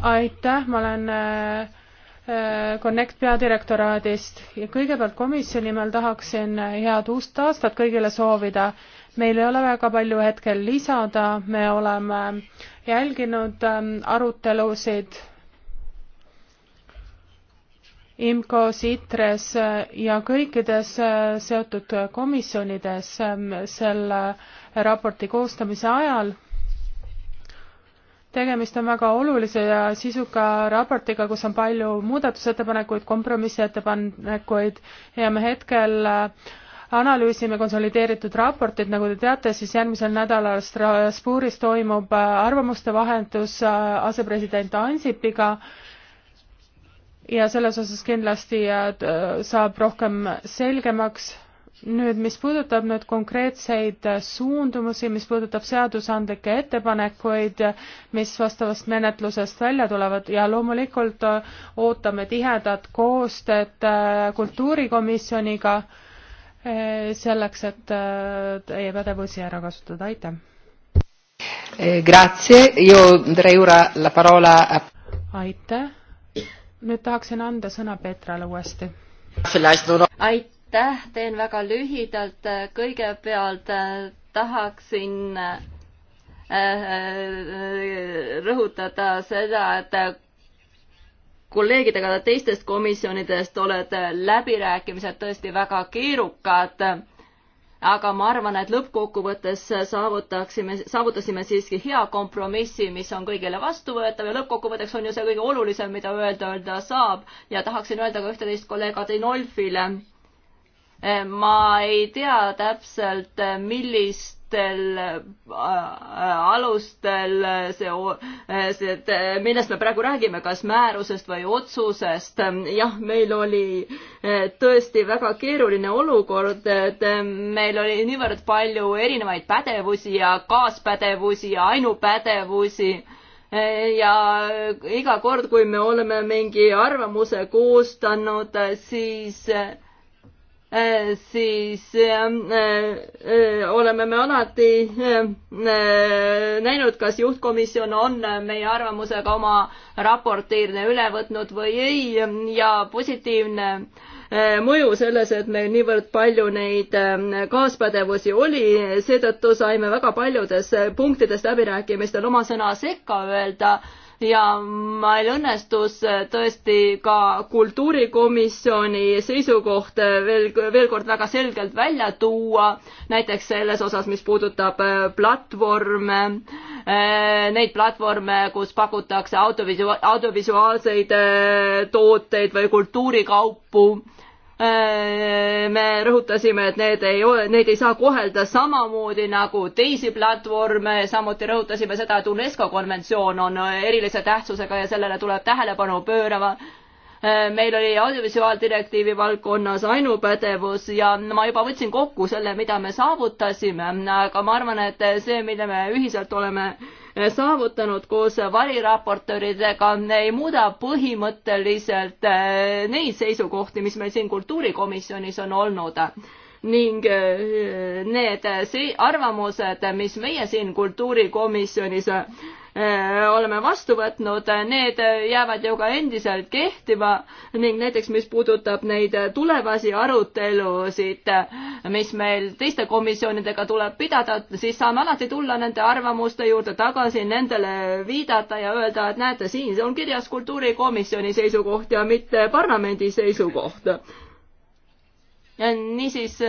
aitäh, ma olen äh, äh, Connect peadirektoraadist ja kõigepealt komisjoni nimel tahaksin äh, head uust aastat kõigile soovida. meil ei ole väga palju hetkel lisada, me oleme jälginud ähm, arutelusid IMCO-s, ITRES ja kõikides seotud komisjonides ähm, selle raporti koostamise ajal tegemist on väga olulise ja sisuka raportiga, kus on palju muudatusettepanekuid, kompromissettepanekuid ja me hetkel äh, analüüsime konsolideeritud raportit, nagu te teate, siis järgmisel nädalal Strasbourgis toimub äh, arvamuste vahendus äh, asepresident Ansipiga ja selles osas kindlasti saab rohkem selgemaks nüüd, mis puudutab nüüd konkreetseid äh, suundumusi, mis puudutab seadusandlikke ettepanekuid, äh, mis vastavast menetlusest välja tulevad ja loomulikult äh, ootame tihedat koostööd kultuurikomisjoniga selleks, et teie pädevusi ära kasutada, aitäh. Eh, grazie, io darei ora la parola a... aitäh, nüüd tahaksin anda sõna Petrale uuesti. aitäh aitäh, teen väga lühidalt, kõigepealt äh, tahaksin äh, äh, rõhutada seda, et kolleegidega teistest komisjonidest oled läbirääkimised tõesti väga keerukad, aga ma arvan, et lõppkokkuvõttes saavutaksime, saavutasime siiski hea kompromissi, mis on kõigile vastuvõetav ja lõppkokkuvõtteks on ju see kõige olulisem, mida öelda, öelda saab ja tahaksin öelda ka üht-teist kolleeg Adinolfile ma ei tea täpselt, millistel äh, alustel see, see, äh, millest me praegu räägime, kas määrusest või otsusest. jah, meil oli äh, tõesti väga keeruline olukord, et meil oli niivõrd palju erinevaid pädevusi ja kaaspädevusi ja ainupädevusi ja iga kord, kui me oleme mingi arvamuse koostanud, siis Äh, siis ähm, äh, äh, oleme me alati näinud, kas juhtkomisjon on meie arvamusega oma raportiirne üle võtnud või ei ja positiivne mõju selles, et meil niivõrd palju neid kaaspädevusi oli, seetõttu saime väga paljudes punktides läbirääkimistel oma sõna sekka öelda ja meil õnnestus tõesti ka kultuurikomisjoni seisukoht veel, veel kord väga selgelt välja tuua, näiteks selles osas, mis puudutab äh, platvorme, äh, neid platvorme, kus pakutakse audiovisuaal-, audiovisuaalseid äh, tooteid või kultuurikaupu Äh, me rõhutasime, et need ei, neid ei saa kohelda samamoodi nagu teisi platvorme, samuti rõhutasime seda, et UNESCO konventsioon on erilise tähtsusega ja sellele tuleb tähelepanu pöörama. Äh, meil oli audiovisuaaldirektiivi valdkonnas ainupädevus ja ma juba võtsin kokku selle, mida me saavutasime, aga ma arvan, et see, mille me ühiselt oleme Eh, saavutanud koos variraportööridega, ei muuda põhimõtteliselt eh, neid seisukohti, mis meil siin kultuurikomisjonis on olnud ning eh, need arvamused, mis meie siin kultuurikomisjonis Äh, oleme vastu võtnud, need jäävad ju ka endiselt kehtima ning näiteks, mis puudutab neid tulevasi arutelusid, mis meil teiste komisjonidega tuleb pidada, siis saame alati tulla nende arvamuste juurde tagasi, nendele viidata ja öelda, et näete, siin on kirjas kultuurikomisjoni seisukoht ja mitte parlamendi seisukoht. niisiis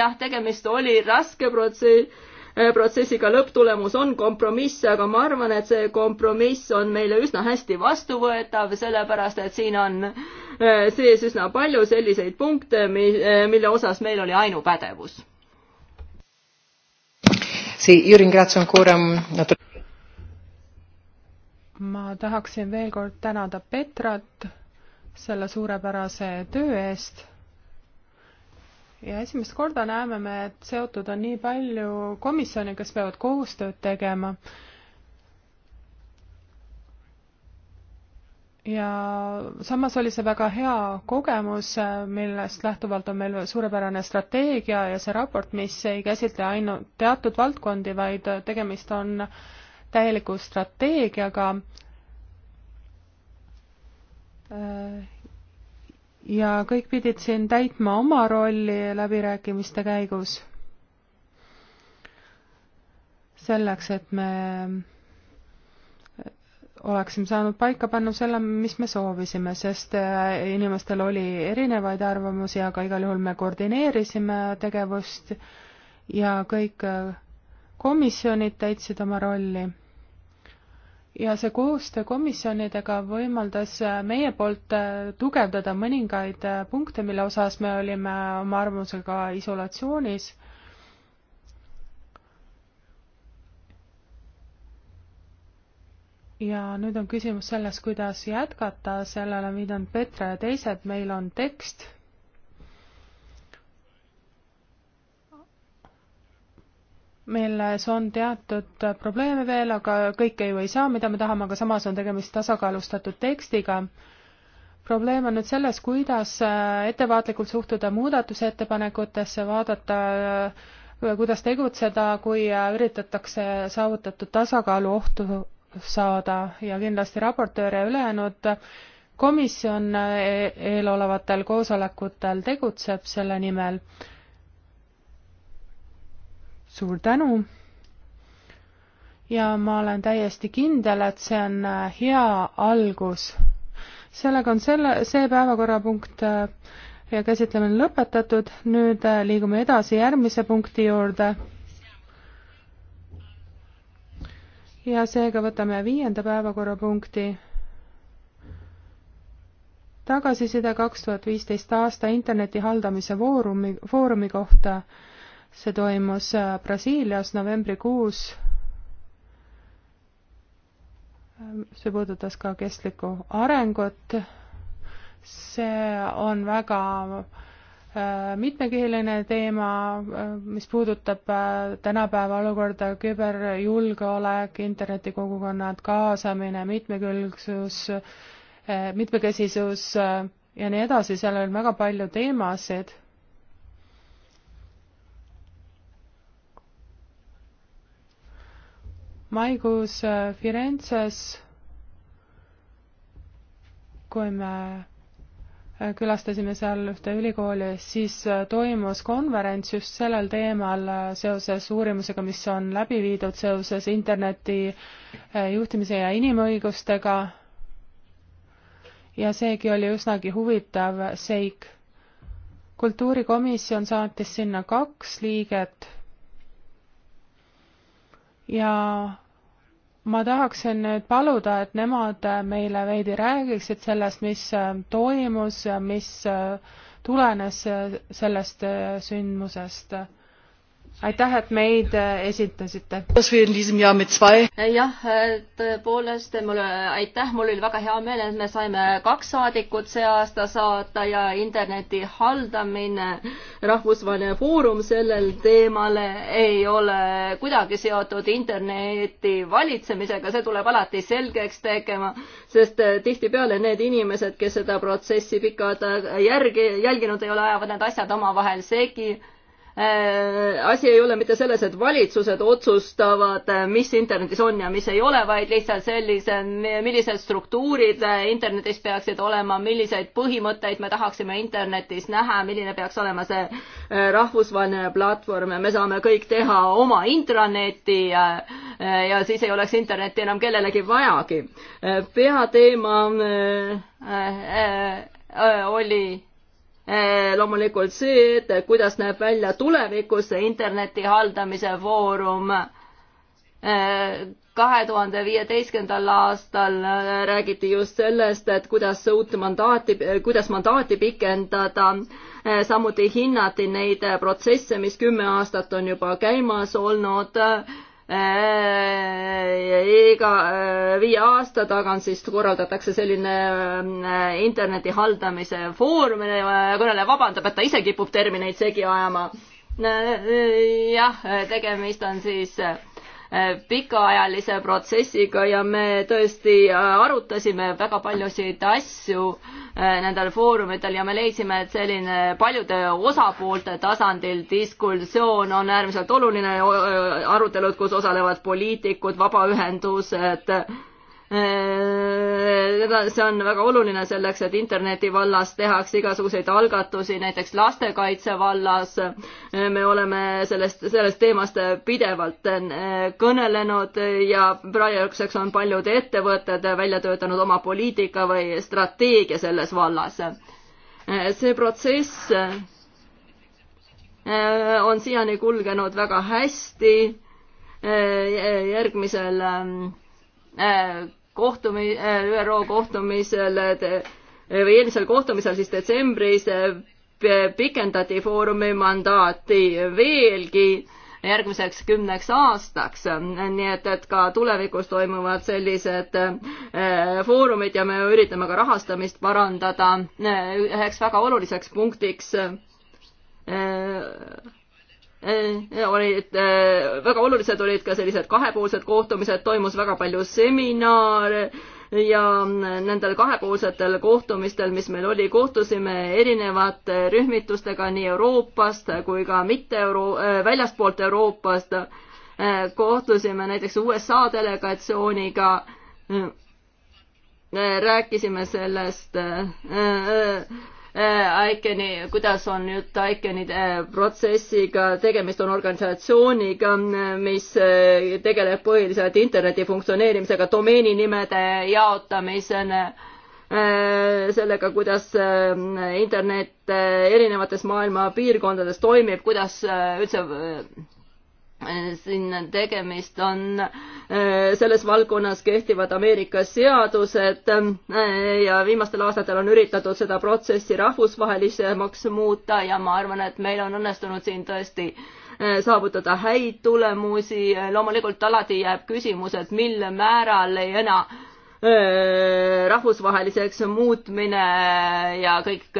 jah, tegemist oli raske protsess Äh, protsessiga, lõpptulemus on kompromiss, aga ma arvan, et see kompromiss on meile üsna hästi vastuvõetav, sellepärast et siin on äh, sees üsna palju selliseid punkte, äh, mille osas meil oli ainupädevus. Mm, ma tahaksin veel kord tänada Petrat selle suurepärase töö eest ja esimest korda näeme me, et seotud on nii palju komisjone, kes peavad koostööd tegema. ja samas oli see väga hea kogemus, millest lähtuvalt on meil suurepärane strateegia ja see raport, mis ei käsitle ainult teatud valdkondi, vaid tegemist on täieliku strateegiaga ja kõik pidid siin täitma oma rolli läbirääkimiste käigus. selleks, et me oleksime saanud paika panna selle, mis me soovisime, sest äh, inimestel oli erinevaid arvamusi, aga igal juhul me koordineerisime tegevust ja kõik äh, komisjonid täitsid oma rolli ja see koostöö komisjonidega võimaldas äh, meie poolt äh, tugevdada mõningaid äh, punkte, mille osas me olime oma arvamusega isolatsioonis. ja nüüd on küsimus selles, kuidas jätkata, sellele on viidanud Petra ja teised, meil on tekst milles on teatud probleeme veel, aga kõike ju ei saa, mida me tahame, aga samas on tegemist tasakaalustatud tekstiga. probleem on nüüd selles, kuidas äh, ettevaatlikult suhtuda muudatusettepanekutesse, vaadata, äh, kuidas tegutseda, kui äh, üritatakse saavutatud tasakaalu ohtu saada ja kindlasti raportöör ja ülejäänud komisjon e-, eelolevatel koosolekutel tegutseb selle nimel suur tänu ja ma olen täiesti kindel, et see on äh, hea algus. sellega on selle, see päevakorrapunkt äh, ja käsitlemine lõpetatud, nüüd äh, liigume edasi järgmise punkti juurde. ja seega võtame viienda päevakorrapunkti. tagasiside kaks tuhat viisteist aasta interneti haldamise foorumi, foorumi kohta see toimus äh, Brasiilias novembrikuus. Ähm, see puudutas ka kestlikku arengut. see on väga äh, mitmekeeline teema, äh, mis puudutab tänapäeva olukorda, küberjulgeolek, internetikogukonnad, kaasamine, mitmekülgsus, mitmekesisus ja nii edasi, seal on väga palju teemasid maikuus äh, Firenzes, kui me äh, külastasime seal ühte ülikooli, siis äh, toimus konverents just sellel teemal seoses uurimusega, mis on läbi viidud seoses interneti juhtimise ja inimõigustega. ja seegi oli üsnagi huvitav seik. kultuurikomisjon saatis sinna kaks liiget ja ma tahaksin nüüd paluda, et nemad meile veidi räägiksid sellest, mis äh, toimus ja mis äh, tulenes äh, sellest sündmusest aitäh, et meid äh, esitasite. Äh, jah, äh, tõepoolest, mulle, aitäh, mul oli väga hea meel, et me saime kaks saadikut see aasta saata ja interneti haldamine, rahvusvaheline foorum sellel teemal ei ole kuidagi seotud interneti valitsemisega, see tuleb alati selgeks tegema, sest tihtipeale need inimesed, kes seda protsessi pikalt järgi, jälginud ei ole, ajavad need asjad omavahel segi Äh, asi ei ole mitte selles, et valitsused otsustavad, äh, mis internetis on ja mis ei ole, vaid lihtsalt sellise, millised struktuurid äh, internetis peaksid olema, milliseid põhimõtteid me tahaksime internetis näha, milline peaks olema see rahvusvaheline platvorm ja me saame kõik teha oma intraneti ja, ja siis ei oleks internetti enam kellelegi vajagi. peateema äh, äh, oli Eh, loomulikult see, et kuidas näeb välja tulevikus see interneti haldamise foorum. Eh, kahe tuhande viieteistkümnendal aastal eh, räägiti just sellest, et kuidas uut mandaati, kuidas mandaati pikendada. samuti hinnati neid protsesse, mis kümme aastat on juba käimas olnud Äh, iga äh, viie aasta tagant siis korraldatakse selline äh, interneti haldamise foorum, kõneleja vabandab, et ta ise kipub termineid segi ajama. jah, tegemist on siis äh, Äh, pikaajalise protsessiga ja me tõesti äh, arutasime väga paljusid asju äh, nendel foorumitel ja me leidsime, et selline paljude osapoolte tasandil diskussioon on äärmiselt oluline, arutelud, kus osalevad poliitikud, vabaühendused Äh, see on väga oluline selleks, et interneti vallas tehakse igasuguseid algatusi, näiteks lastekaitse vallas. Äh, me oleme sellest, sellest teemast pidevalt äh, kõnelenud ja praeguseks on paljud ettevõtted välja töötanud oma poliitika või strateegia selles vallas. see protsess on siiani kulgenud väga hästi. järgmisel kohtumi-, äh, ÜRO kohtumisel äh, või eelmisel kohtumisel siis detsembris äh, pikendati foorumi mandaati veelgi järgmiseks kümneks aastaks, nii et, et ka tulevikus toimuvad sellised foorumid ja me üritame ka rahastamist parandada. üheks väga oluliseks punktiks Äh, olid, äh, väga olulised olid ka sellised kahepoolsed kohtumised, toimus väga palju seminare ja nendel kahepoolsetel kohtumistel, mis meil oli, kohtusime erinevate rühmitustega nii Euroopast kui ka mitte euro-, äh, väljastpoolt Euroopast. kohtusime näiteks USA delegatsiooniga rääkisime sellest, Äh, ICAN-i, kuidas on nüüd ICAN-i äh, protsessiga, tegemist on organisatsiooniga, mis äh, tegeleb põhiliselt interneti funktsioneerimisega, domeeninimede jaotamisena, sellega, kuidas internet erinevates maailma piirkondades toimib, kuidas üldse siin tegemist on äh, selles valdkonnas kehtivad Ameerika seadused äh, ja viimastel aastatel on üritatud seda protsessi rahvusvahelisemaks muuta ja ma arvan, et meil on õnnestunud siin tõesti äh, saavutada häid tulemusi. loomulikult alati jääb küsimus, et mil määral ei ena rahvusvaheliseks muutmine ja kõik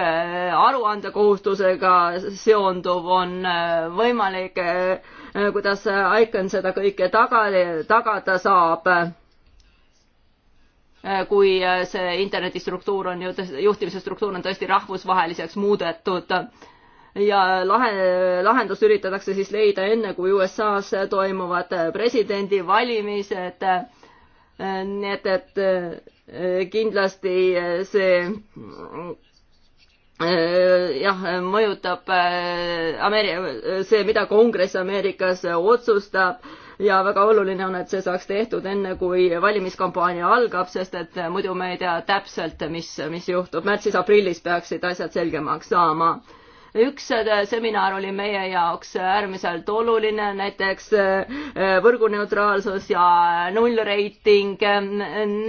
aruandekohustusega seonduv on võimalik Äh, kuidas äh, ICAN seda kõike taga, tagada saab, äh, kui see internetistruktuur on ju, juhtimise struktuur on tõesti rahvusvaheliseks muudetud ja lahe, lahendus üritatakse siis leida enne, kui USA-s toimuvad presidendivalimised. nii et, et kindlasti see Äh, jah, mõjutab äh, Ameri-, see, mida kongress Ameerikas otsustab ja väga oluline on, et see saaks tehtud enne, kui valimiskampaania algab, sest et muidu me ei tea täpselt, mis, mis juhtub. märtsis-aprillis peaksid asjad selgemaks saama üks äh, seminar oli meie jaoks äärmiselt oluline, näiteks äh, äh, võrguneutraalsus ja nullreiting.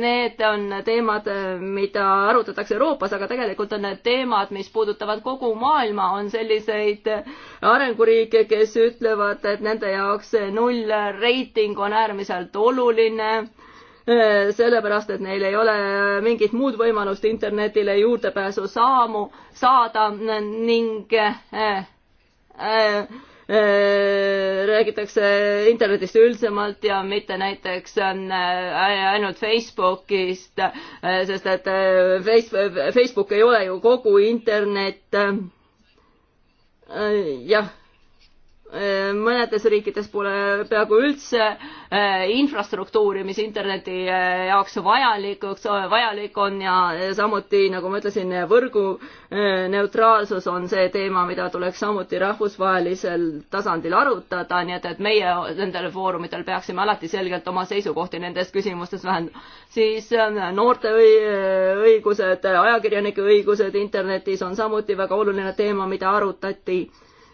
Need on teemad, mida arutatakse Euroopas, aga tegelikult on need teemad, mis puudutavad kogu maailma, on selliseid arenguriike, kes ütlevad, et nende jaoks nullreiting on äärmiselt oluline Äh, sellepärast et neil ei ole äh, mingit muud võimalust internetile juurdepääsu saamu, saada ning äh, räägitakse internetist üldisemalt ja mitte näiteks ainult Facebookist, sest et Facebook ei ole ju kogu internet. jah Äh, mõnedes riikides pole peaaegu üldse äh, infrastruktuuri, mis interneti äh, jaoks vajalikuks, vajalik on ja samuti, nagu ma ütlesin, võrgu neutraalsus on see teema, mida tuleks samuti rahvusvahelisel tasandil arutada, nii et, et meie nendel foorumitel peaksime alati selgelt oma seisukohti nendes küsimustes vähendama. siis noorte õigused, ajakirjanike õigused internetis on samuti väga oluline teema, mida arutati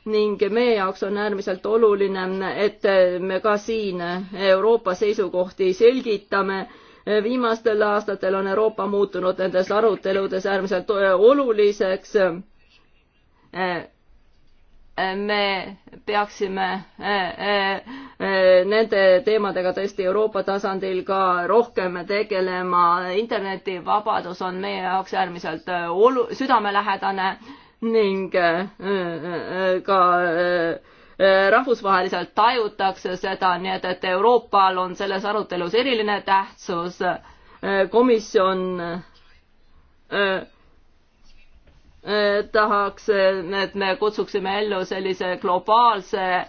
ning meie jaoks on äärmiselt oluline, et me ka siin Euroopa seisukohti selgitame. viimastel aastatel on Euroopa muutunud nendes aruteludes äärmiselt oluliseks. me peaksime nende teemadega tõesti Euroopa tasandil ka rohkem tegelema. internetivabadus on meie jaoks äärmiselt olu-, südamelähedane ning äh, äh, äh, ka rahvusvaheliselt tajutakse seda, nii et, et Euroopal on selles arutelus eriline tähtsus. komisjon tahaks, et me kutsuksime ellu sellise globaalse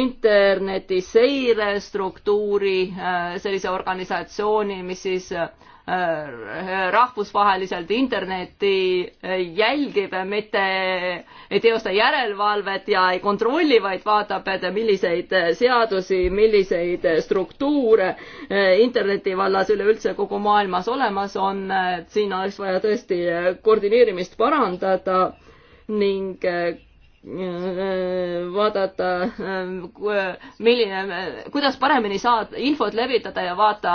internetiseire struktuuri, sellise organisatsiooni, mis siis Äh, rahvusvaheliselt Internetti jälgib, mitte ei teosta järelevalvet ja ei kontrolli, vaid vaatab, et milliseid seadusi, milliseid struktuure äh, Interneti vallas üleüldse kogu maailmas olemas on, et siin oleks vaja tõesti koordineerimist parandada ning äh, vaadata, milline, kuidas paremini saad infot levitada ja vaata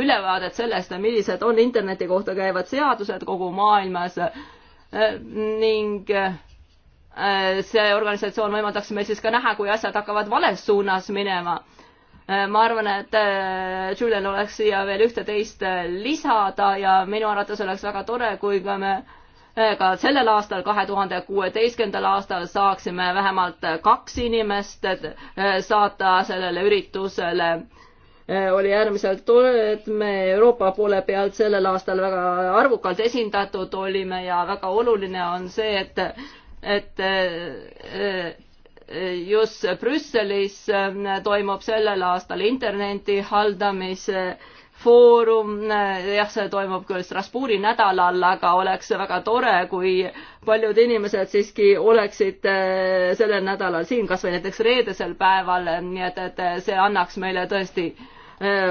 ülevaadet sellest, millised on interneti kohta käivad seadused kogu maailmas ning see organisatsioon võimaldaks meil siis ka näha, kui asjad hakkavad vales suunas minema. ma arvan, et äh, Julian oleks siia veel ühte-teist lisada ja minu arvates oleks väga tore, kui ka me äh, ka sellel aastal, kahe tuhande kuueteistkümnendal aastal saaksime vähemalt kaks inimest eh, saata sellele üritusele. Eh, oli äärmiselt tore, et me Euroopa poole pealt sellel aastal väga arvukalt esindatud olime ja väga oluline on see, et, et eh, just Brüsselis toimub sellel aastal interneti haldamise foorum, jah, see toimub küll Strasbourgi nädalal, aga oleks väga tore, kui paljud inimesed siiski oleksid eh, sellel nädalal siin, kas või näiteks reedesel päeval, eh, nii et, et eh, see annaks meile tõesti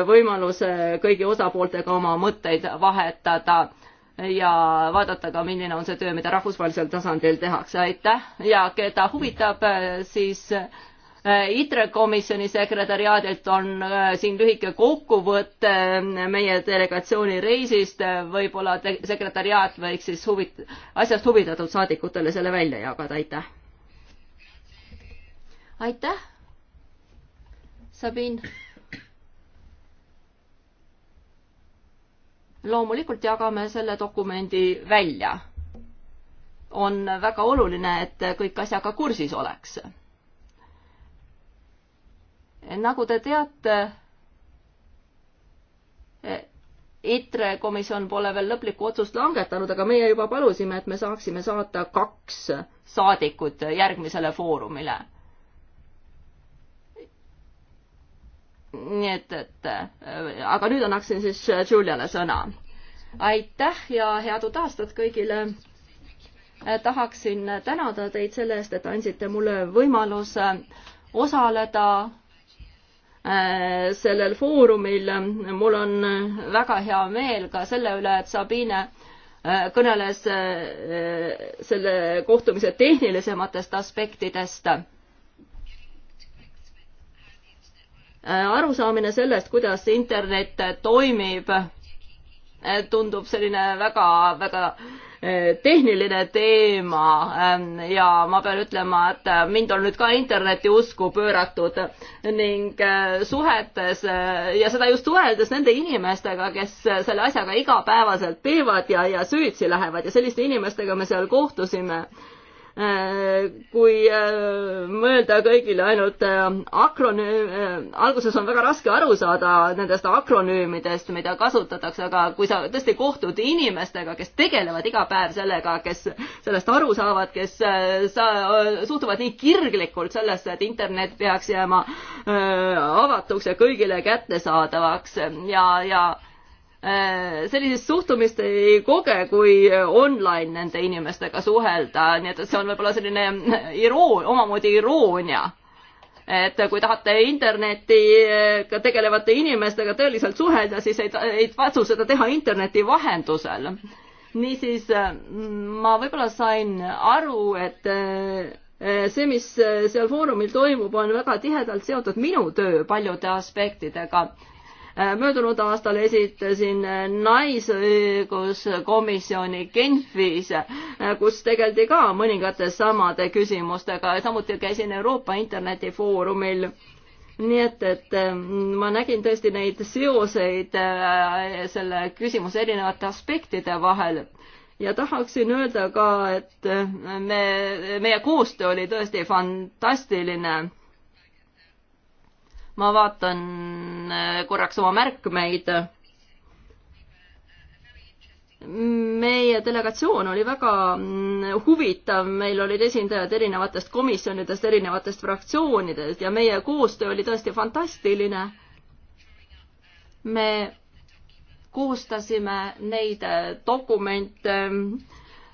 võimaluse kõigi osapooltega oma mõtteid vahetada ja vaadata ka, milline on see töö, mida rahvusvahelisel tasandil tehakse, aitäh ja keda huvitab, siis Äh, ITRE komisjoni sekretäriaadilt on äh, siin lühike kokkuvõte äh, meie delegatsiooni reisist, võib-olla sekretäriaat võiks siis huvi, asjast huvitatud saadikutele selle välja jagada, aitäh. aitäh. Sabin. loomulikult jagame selle dokumendi välja. on väga oluline, et kõik asjaga kursis oleks nagu te teate, ITRE komisjon pole veel lõplikku otsust langetanud, aga meie juba palusime, et me saaksime saata kaks saadikut järgmisele foorumile. nii et, et aga nüüd annaksin siis Juliale sõna. aitäh ja head uut aastat kõigile. tahaksin tänada teid selle eest, et andsite mulle võimaluse osaleda Äh, sellel foorumil. mul on väga hea meel ka selle üle, et Sabine äh, kõneles äh, selle kohtumise tehnilisematest aspektidest. arusaamine sellest, kuidas internet toimib, tundub selline väga, väga Eh, tehniline teema ähm, ja ma pean ütlema, et äh, mind on nüüd ka interneti usku pööratud ning äh, suhetes äh, ja seda just suheldes nende inimestega, kes selle asjaga igapäevaselt teevad ja, ja süvitsi lähevad ja selliste inimestega me seal kohtusime kui äh, mõelda kõigile ainult äh, akronüüm, äh, alguses on väga raske aru saada nendest akronüümidest, mida kasutatakse, aga kui sa tõesti kohtud inimestega, kes tegelevad iga päev sellega, kes sellest aru saavad, kes sa, suhtuvad nii kirglikult sellesse, et internet peaks jääma avatuks ja kõigile kättesaadavaks ja, ja Äh, sellist suhtumist ei koge, kui online nende inimestega suhelda, nii et see on võib-olla selline äh, iroon, omamoodi iroonia. et kui tahate internetiga äh, tegelevate inimestega tõeliselt suhelda, siis ei, ei tasu seda teha interneti vahendusel. niisiis ma võib-olla sain aru, et see, mis seal foorumil toimub, on väga tihedalt seotud minu töö paljude aspektidega Äh, möödunud aastal esitasin äh, naisõiguskomisjoni Genfis, äh, kus tegeldi ka mõningate samade küsimustega ja samuti käisin Euroopa internetifoorumil nii et, et ma nägin tõesti neid seoseid selle küsimuse erinevate aspektide vahel ja tahaksin öelda ka, et me, meie koostöö oli tõesti fantastiline ma vaatan äh, korraks oma märkmeid. meie delegatsioon oli väga mm, huvitav, meil olid esindajad erinevatest komisjonidest, erinevatest fraktsioonidest ja meie koostöö oli tõesti fantastiline. me koostasime neid dokumente mm,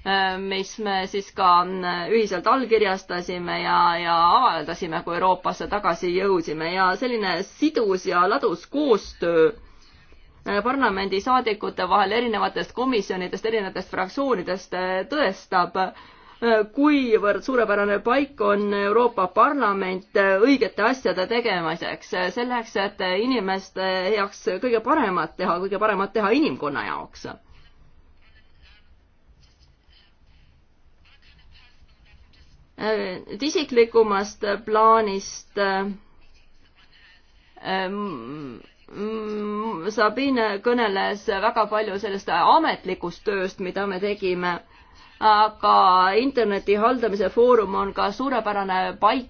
Äh, mis me siis ka äh, ühiselt allkirjastasime ja, ja avaldasime, kui Euroopasse tagasi jõudsime ja selline sidus ja ladus koostöö äh, parlamendisaadikute vahel erinevatest komisjonidest, erinevatest fraktsioonidest tõestab, kuivõrd suurepärane paik on Euroopa Parlament õigete asjade tegemiseks, selleks, et inimeste heaks kõige paremat teha, kõige paremat teha inimkonna jaoks nüüd äh, isiklikumast plaanist äh, ähm, mm, Sabine kõneles väga palju sellest ametlikust tööst, mida me tegime, aga interneti haldamise foorum on ka suurepärane paik,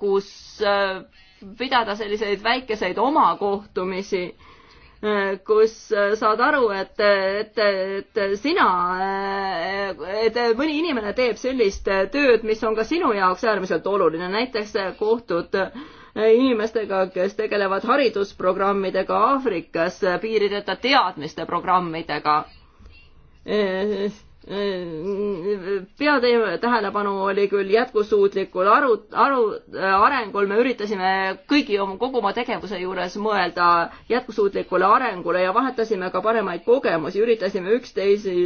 kus äh, pidada selliseid väikeseid omakohtumisi Äh, kus äh, saad aru, et, et, et sina, äh, et mõni inimene teeb sellist tööd, mis on ka sinu jaoks äärmiselt oluline, näiteks kohtud inimestega, kes tegelevad haridusprogrammidega Aafrikas, piirideta teadmiste programmidega peateema tähelepanu oli küll jätkusuutlikul aru, aru, arengul, me üritasime kõigi oma, kogu oma tegevuse juures mõelda jätkusuutlikule arengule ja vahetasime ka paremaid kogemusi, üritasime üksteisi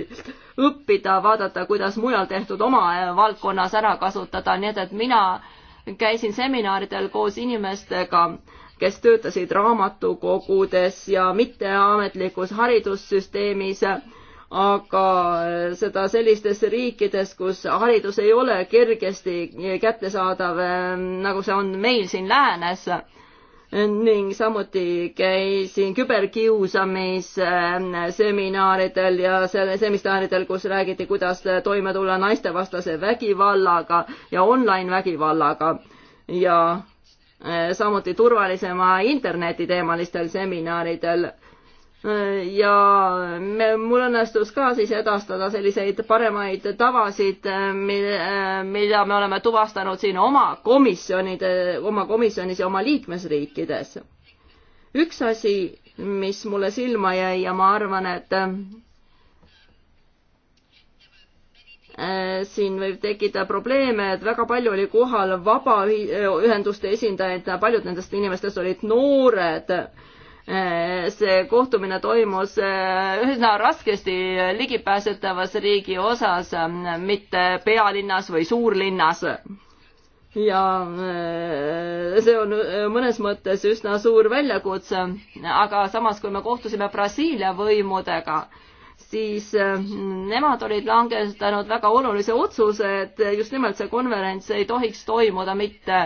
õppida, vaadata, kuidas mujal tehtud oma valdkonnas ära kasutada, nii et, et mina käisin seminaridel koos inimestega, kes töötasid raamatukogudes ja mitteametlikus haridussüsteemis aga seda sellistes riikides, kus haridus ei ole kergesti kättesaadav, ehm, nagu see on meil siin läänes ning samuti käisin küberkiusamisseminaridel ja selle seminaridel, kus räägiti, kuidas toime tulla naistevastase vägivallaga ja online vägivallaga ja eh, samuti turvalisema interneti teemalistel seminaridel ja me, mul õnnestus ka siis edastada selliseid paremaid tavasid, mida me oleme tuvastanud siin oma komisjonide, oma komisjonis ja oma liikmesriikides. üks asi, mis mulle silma jäi ja ma arvan, et äh, siin võib tekkida probleeme, et väga palju oli kohal vabaühenduste esindajaid, paljud nendest inimestest olid noored Eh, see kohtumine toimus eh, üsna raskesti ligipääsetavas riigi osas, eh, mitte pealinnas või suurlinnas. ja see on mõnes mõttes üsna suur väljakutse, aga samas, kui me kohtusime Brasiilia võimudega, siis nemad olid langetanud väga olulise otsuse, et just nimelt see konverents ei tohiks toimuda mitte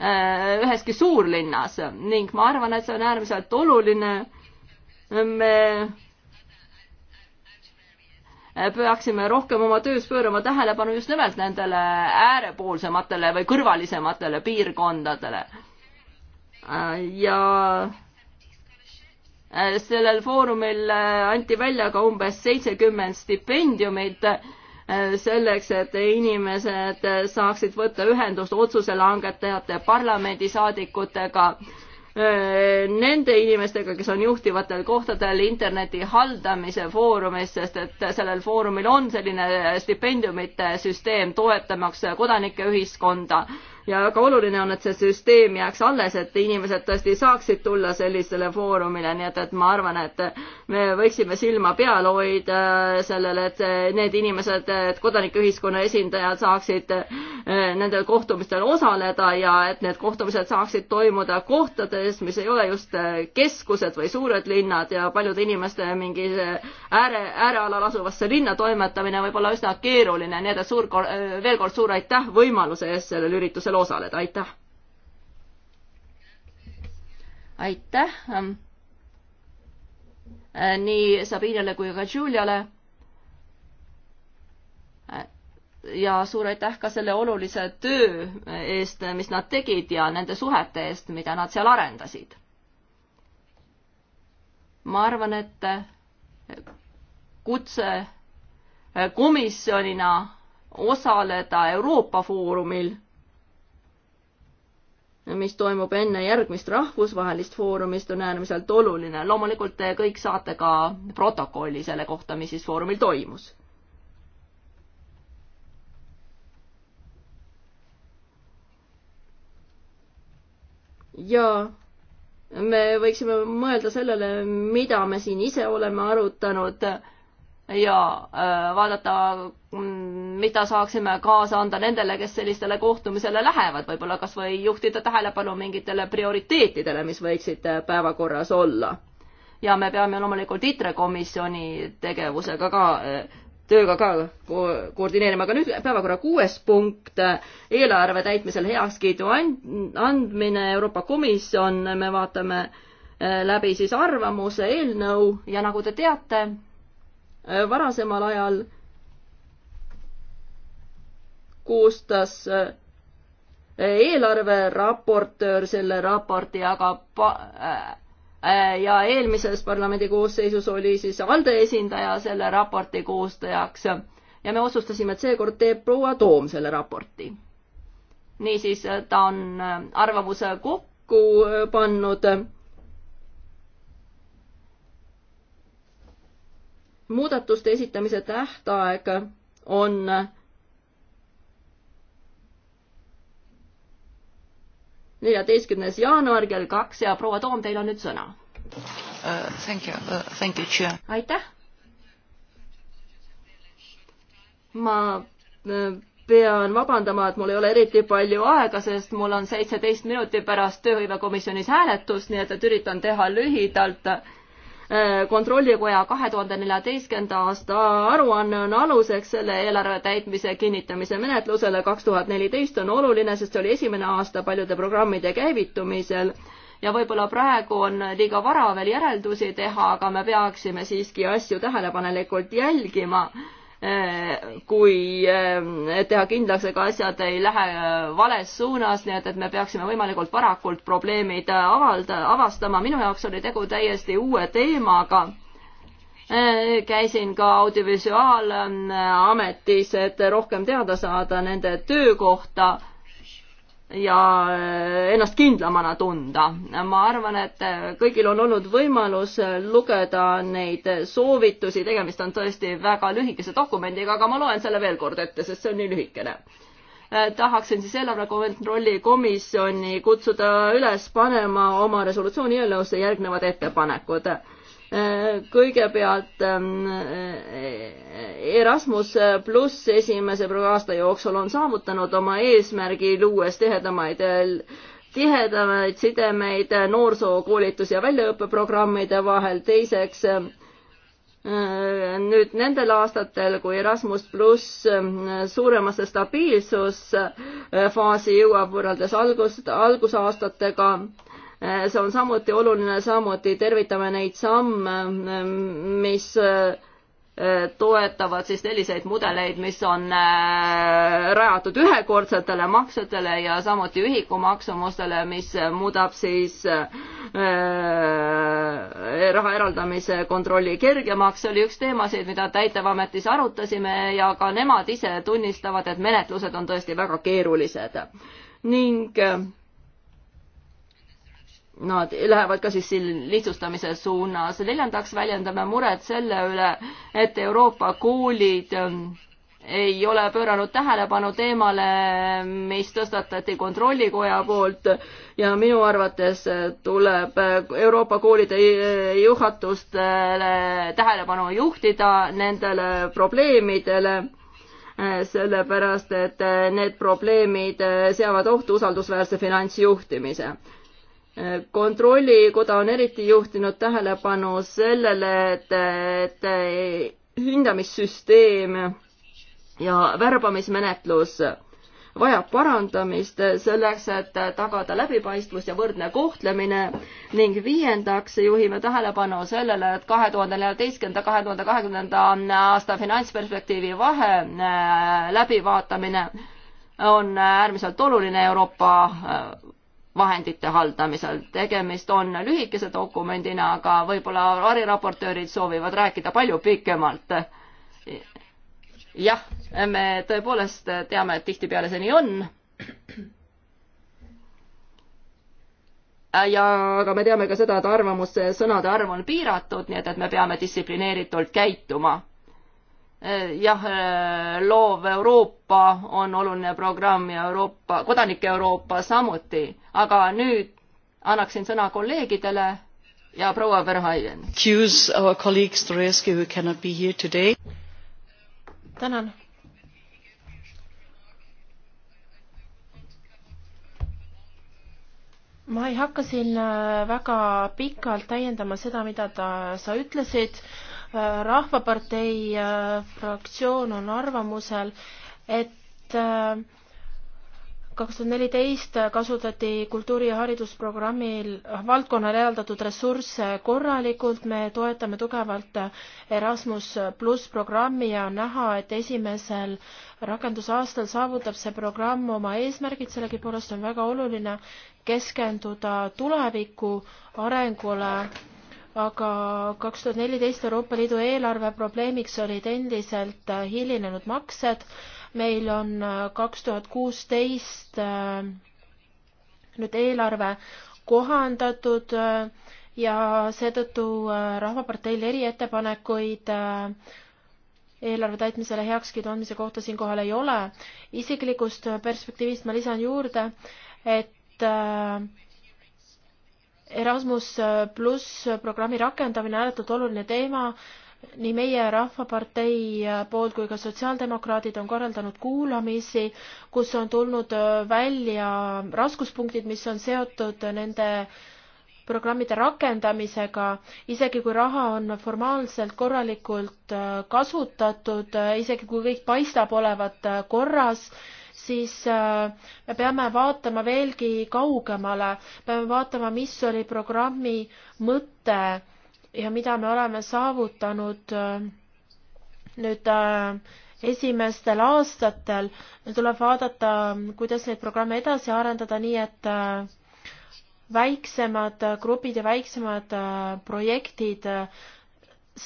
Äh, üheski suurlinnas ning ma arvan, et see on äärmiselt oluline. me äh, peaksime rohkem oma töös pöörama tähelepanu just nimelt nendele äärepoolsematele või kõrvalisematele piirkondadele. Äh, ja sellel foorumil anti välja ka umbes seitsekümmend stipendiumit Äh, selleks, et inimesed äh, saaksid võtta ühendust otsuse langetajate parlamendisaadikutega, äh, nende inimestega, kes on juhtivatel kohtadel interneti haldamise foorumis, sest et sellel foorumil on selline stipendiumite süsteem toetamaks kodanike ühiskonda ja väga oluline on, et see süsteem jääks alles, et inimesed tõesti saaksid tulla sellisele foorumile, nii et, et ma arvan, et me võiksime silma peal hoida sellele, et need inimesed, et kodanikuühiskonna esindajad saaksid eh, nendel kohtumistel osaleda ja et need kohtumised saaksid toimuda kohtades, mis ei ole just eh, keskused või suured linnad ja paljude inimeste mingi ääre, äärealal asuvasse linna toimetamine võib olla üsna keeruline, nii et suur, eh, veel kord suur aitäh võimaluse eest sellel üritusel osaleda, aitäh! aitäh ähm, äh, nii Sabinele kui ka Juliale. Äh, ja suur aitäh ka selle olulise töö eest, mis nad tegid ja nende suhete eest, mida nad seal arendasid. ma arvan, et äh, kutse komisjonina osaleda Euroopa Foorumil mis toimub enne järgmist rahvusvahelist foorumist, on äärmiselt oluline. loomulikult te kõik saate ka protokolli selle kohta, mis siis foorumil toimus. ja me võiksime mõelda sellele, mida me siin ise oleme arutanud ja äh, vaadata, mm, mida saaksime kaasa anda nendele, kes sellistele kohtumisele lähevad, võib-olla kas või juhtida tähelepanu mingitele prioriteetidele, mis võiksid äh, päevakorras olla. ja me peame loomulikult ITRE komisjoni tegevusega ka äh, tööga ka ko koordineerima, aga nüüd päevakorra kuues punkt, eelarve täitmisel heakskiidu andmine, Euroopa Komisjon, me vaatame läbi siis arvamuse eelnõu ja nagu te teate, Äh, varasemal ajal koostas äh, eelarveraportöör selle raporti, aga pa-, äh, ja eelmises parlamendi koosseisus oli siis ALDE esindaja selle raporti koostajaks ja me otsustasime, et seekord teeb proua Toom selle raporti. niisiis, ta on arvamuse kokku pannud muudatuste esitamise tähtaeg on neljateistkümnes jaanuar kell kaks ja proua Toom, teil on nüüd sõna uh,. Thank you uh,, thank you, chair. aitäh. ma äh, pean vabandama, et mul ei ole eriti palju aega, sest mul on seitseteist minuti pärast tööhõivekomisjonis hääletus, nii et, et üritan teha lühidalt Äh, kontrollikoja kahe tuhande neljateistkümnenda aasta aruanne on aluseks selle eelarve täitmise kinnitamise menetlusele. kaks tuhat neliteist on oluline, sest see oli esimene aasta paljude programmide käivitumisel ja võib-olla praegu on liiga vara veel järeldusi teha, aga me peaksime siiski asju tähelepanelikult jälgima Äh, kui äh, teha kindlaks, ega asjad ei lähe äh, vales suunas, nii et, et me peaksime võimalikult varakult probleemid avalda, avastama. minu jaoks oli tegu täiesti uue teemaga. käisin ka Audiovisuaalametis, et rohkem teada saada nende töö kohta ja äh, ennast kindlamana tunda. ma arvan, et äh, kõigil on olnud võimalus äh, lugeda neid soovitusi, tegemist on tõesti väga lühikese dokumendiga, aga ma loen selle veel kord ette, sest see on nii lühikene. tahaksin siis eelarvekontrolli komisjoni kutsuda üles panema oma resolutsiooni eelnõusse järgnevad ettepanekud kõigepealt ähm, äh, Erasmus pluss esimese aasta jooksul on saavutanud oma eesmärgi, luues tihedamaid tihedamaid sidemeid noorsookoolitus- ja väljaõppeprogrammide vahel, teiseks äh, nüüd nendel aastatel, kui Erasmus pluss äh, suuremasse stabiilsusfaasi jõuab võrreldes algust, algusaastatega, see on samuti oluline, samuti tervitame neid samme, mis eh, toetavad siis selliseid mudeleid, mis on eh, rajatud ühekordsetele maksetele ja samuti ühikumaksumustele, mis muudab siis eh, raha eraldamise kontrolli kergemaks, see oli üks teemasid, mida täitevametis arutasime ja ka nemad ise tunnistavad, et menetlused on tõesti väga keerulised ning nad lähevad ka siis siin lihtsustamise suunas. neljandaks väljendame muret selle üle, et Euroopa koolid ähm, ei ole pööranud tähelepanu teemale, mis tõstatati Kontrollikoja poolt ja minu arvates tuleb Euroopa koolide juhatustele tähelepanu juhtida nendele probleemidele äh, sellepärast et äh, need probleemid äh, seavad ohtu usaldusväärse finantsjuhtimise kontrollikoda on eriti juhtinud tähelepanu sellele, et, et hindamissüsteem ja värbamismenetlus vajab parandamist selleks, et tagada läbipaistvus ja võrdne kohtlemine ning viiendaks juhime tähelepanu sellele, et kahe tuhande neljateistkümnenda, kahe tuhande kahekümnenda aasta finantsperspektiivi vahe äh, läbivaatamine on äh, äärmiselt oluline Euroopa äh, vahendite haldamisel. tegemist on lühikese dokumendina, aga võib-olla variraportöörid soovivad rääkida palju pikemalt. jah, me tõepoolest teame, et tihtipeale see nii on. ja, aga me teame ka seda, et arvamussõnade arv on piiratud, nii et, et me peame distsiplineeritult käituma jah, loov Euroopa on oluline programm ja Euroopa, kodanike Euroopa samuti, aga nüüd annaksin sõna kolleegidele ja proua Verhaien. tänan. ma ei hakka siin äh, väga pikalt täiendama seda, mida ta, sa ütlesid Äh, rahvapartei äh, fraktsioon on arvamusel, et äh, kaks tuhat neliteist kasutati kultuuri- ja haridusprogrammil valdkonnale eraldatud ressursse korralikult, me toetame tugevalt Erasmus pluss programmi ja on näha, et esimesel rakendusaastal saavutab see programm oma eesmärgid, sellegipoolest on väga oluline keskenduda tuleviku arengule aga kaks tuhat neliteist Euroopa Liidu eelarve probleemiks olid endiselt äh, hilinenud maksed. meil on äh, kaks tuhat kuusteist äh, nüüd eelarve kohandatud ja seetõttu Rahvaparteil eriettepanekuid eelarve täitmisele heakskiidu andmise kohta siinkohal ei ole. isiklikust perspektiivist ma lisan juurde, et äh, Erasmus äh, pluss programmi rakendamine ääretult oluline teema. nii meie Rahvapartei äh, poolt kui ka sotsiaaldemokraadid on korraldanud kuulamisi, kus on tulnud äh, välja raskuspunktid, mis on seotud nende programmide rakendamisega, isegi kui raha on formaalselt korralikult kasutatud, isegi kui kõik paistab olevat korras siis äh, me peame vaatama veelgi kaugemale, peame vaatama, mis oli programmi mõte ja mida me oleme saavutanud äh, nüüd äh, esimestel aastatel. tuleb vaadata, kuidas neid programme edasi arendada, nii et väiksemad grupid ja väiksemad projektid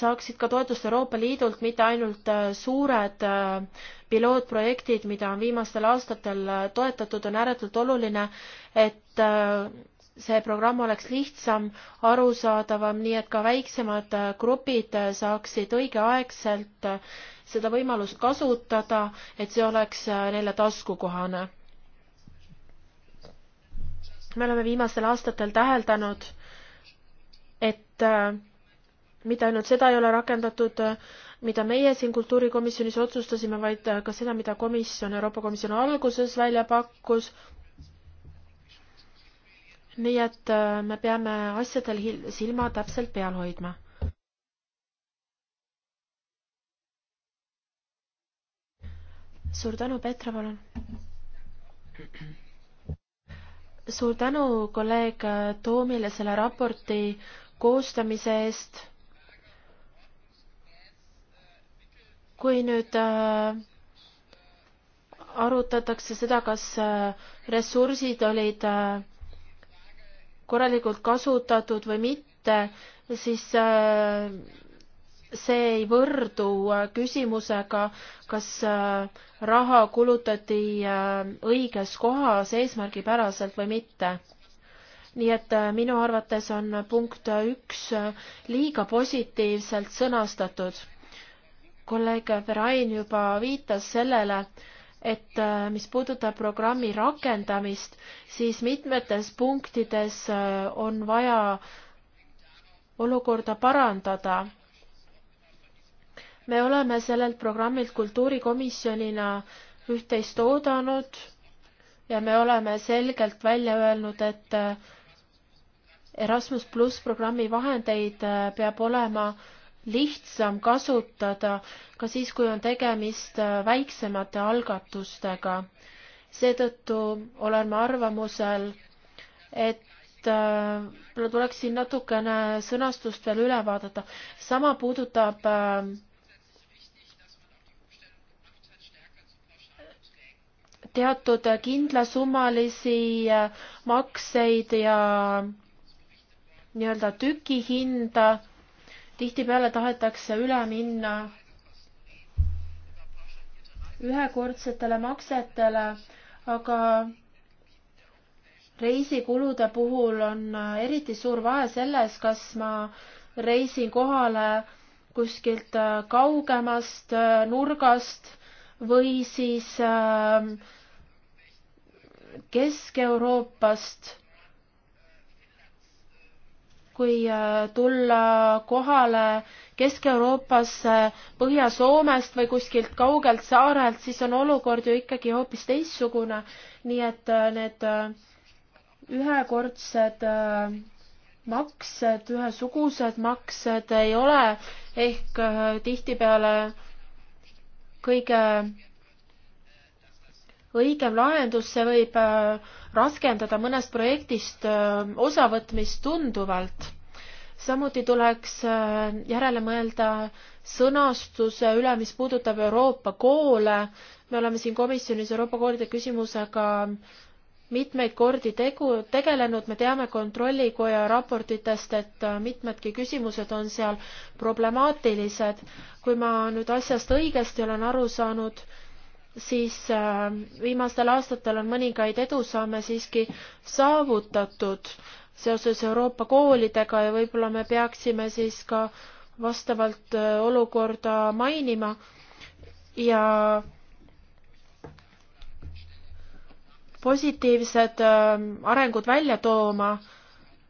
saaksid ka toetust Euroopa Liidult, mitte ainult äh, suured äh, pilootprojektid, mida on viimastel aastatel äh, toetatud, on ääretult oluline, et see programm oleks lihtsam, arusaadavam, nii et ka väiksemad grupid saaksid õigeaegselt seda võimalust kasutada, et see oleks neile taskukohane. me oleme viimastel aastatel täheldanud, et mitte ainult seda ei ole rakendatud, mida meie siin kultuurikomisjonis otsustasime, vaid ka seda, mida komisjon, Euroopa Komisjon alguses välja pakkus. nii et äh, me peame asjadel silma täpselt peal hoidma. suur tänu, Petra, palun. suur tänu kolleeg äh, Toomile selle raporti koostamise eest kui nüüd äh, arutatakse seda, kas äh, ressursid olid äh, korralikult kasutatud või mitte, siis see ei võrdu küsimusega, kas raha kulutati õiges kohas eesmärgipäraselt või mitte. nii et minu arvates on punkt üks liiga positiivselt sõnastatud kolleeg Ferain juba viitas sellele, et äh, mis puudutab programmi rakendamist, siis mitmetes punktides äh, on vaja olukorda parandada. me oleme sellelt programmilt kultuurikomisjonina üht-teist oodanud ja me oleme selgelt välja öelnud, et äh, Erasmus pluss programmi vahendeid peab olema lihtsam kasutada ka siis, kui on tegemist äh, väiksemate algatustega. seetõttu olen ma arvamusel, et võib-olla äh, tuleks siin natukene sõnastust veel üle vaadata. sama puudutab äh, teatud kindlasummalisi makseid ja nii-öelda tükihinda tihtipeale tahetakse üle minna ühekordsetele maksetele, aga reisikulude puhul on eriti suur vahe selles, kas ma reisin kohale kuskilt kaugemast nurgast või siis ähm, Kesk-Euroopast kui äh, tulla kohale Kesk-Euroopasse Põhja-Soomest või kuskilt kaugelt saarelt, siis on olukord ju ikkagi hoopis teistsugune. nii et äh, need äh, ühekordsed maksed, ühesugused maksed ei ole ehk tihtipeale kõige õigem lahendus, see võib raskendada mõnest projektist osavõtmist tunduvalt. samuti tuleks järele mõelda sõnastuse üle, mis puudutab Euroopa koole. me oleme siin komisjonis Euroopa koolide küsimusega mitmeid kordi tegu, tegelenud, me teame Kontrollikoja raportitest, et mitmedki küsimused on seal problemaatilised. kui ma nüüd asjast õigesti olen aru saanud, siis äh, viimastel aastatel on mõningaid edusamme siiski saavutatud seoses Euroopa koolidega ja võib-olla me peaksime siis ka vastavalt äh, olukorda mainima ja positiivsed äh, arengud välja tooma,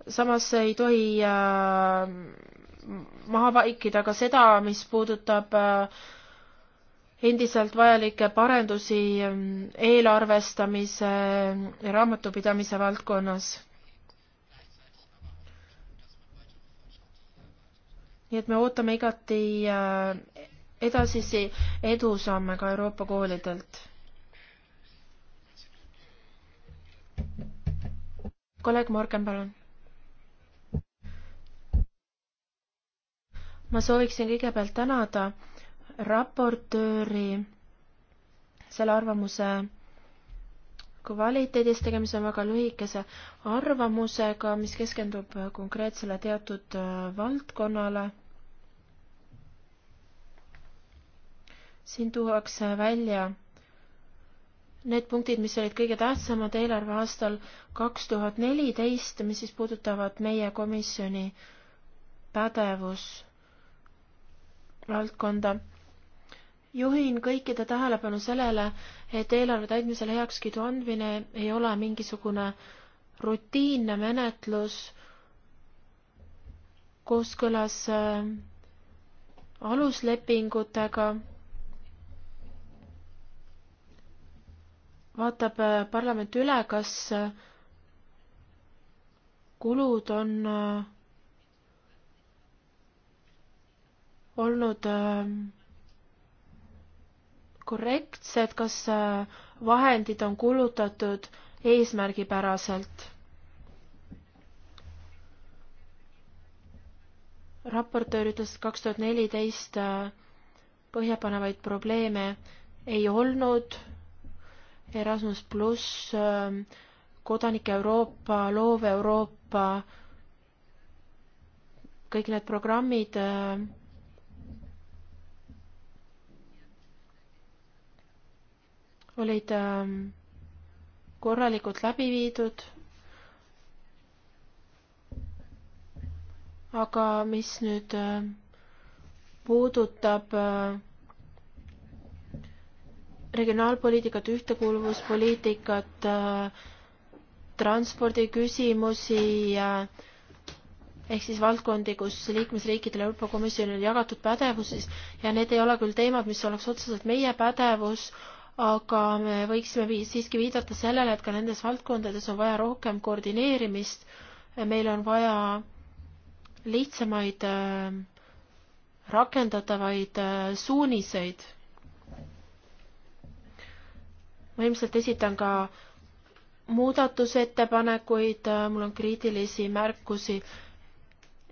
samas ei tohi maha vaikida ka seda, mis puudutab äh, endiselt vajalikke parendusi ähm, eelarvestamise ja äh, raamatupidamise valdkonnas. nii et me ootame igati äh, edasisi edusamme ka Euroopa koolidelt. kolleeg Morgan, palun ma sooviksin kõigepealt tänada raportööri selle arvamuse kvaliteedis, tegemist on väga lühikese arvamusega, mis keskendub konkreetsele teatud äh, valdkonnale. siin tuuakse välja need punktid, mis olid kõige tähtsamad eelarve aastal kaks tuhat neliteist, mis siis puudutavad meie komisjoni pädevusvaldkonda juhin kõikide tähelepanu sellele, et eelarve täitmisele heakskiidu andmine ei ole mingisugune rutiinne menetlus kooskõlas äh, aluslepingutega. vaatab äh, parlament üle, kas äh, kulud on olnud äh, korrektsed, kas äh, vahendid on kulutatud eesmärgipäraselt? raportöör ütles, et kaks tuhat neliteist äh, põhjapanevaid probleeme ei olnud. Erasmus pluss, äh, Kodanike Euroopa, Loov Euroopa, kõik need programmid äh, olid ähm, korralikult läbi viidud. aga mis nüüd ähm, puudutab äh, regionaalpoliitikat, ühtekuuluvuspoliitikat, äh, transpordiküsimusi ehk siis valdkondi, kus liikmesriikidel Euroopa Komisjonil jagatud pädevuses ja need ei ole küll teemad, mis oleks otseselt meie pädevus, aga me võiksime siiski viidata sellele, et ka nendes valdkondades on vaja rohkem koordineerimist. meil on vaja lihtsamaid äh, rakendatavaid äh, suuniseid. ma ilmselt esitan ka muudatusettepanekuid, äh, mul on kriitilisi märkusi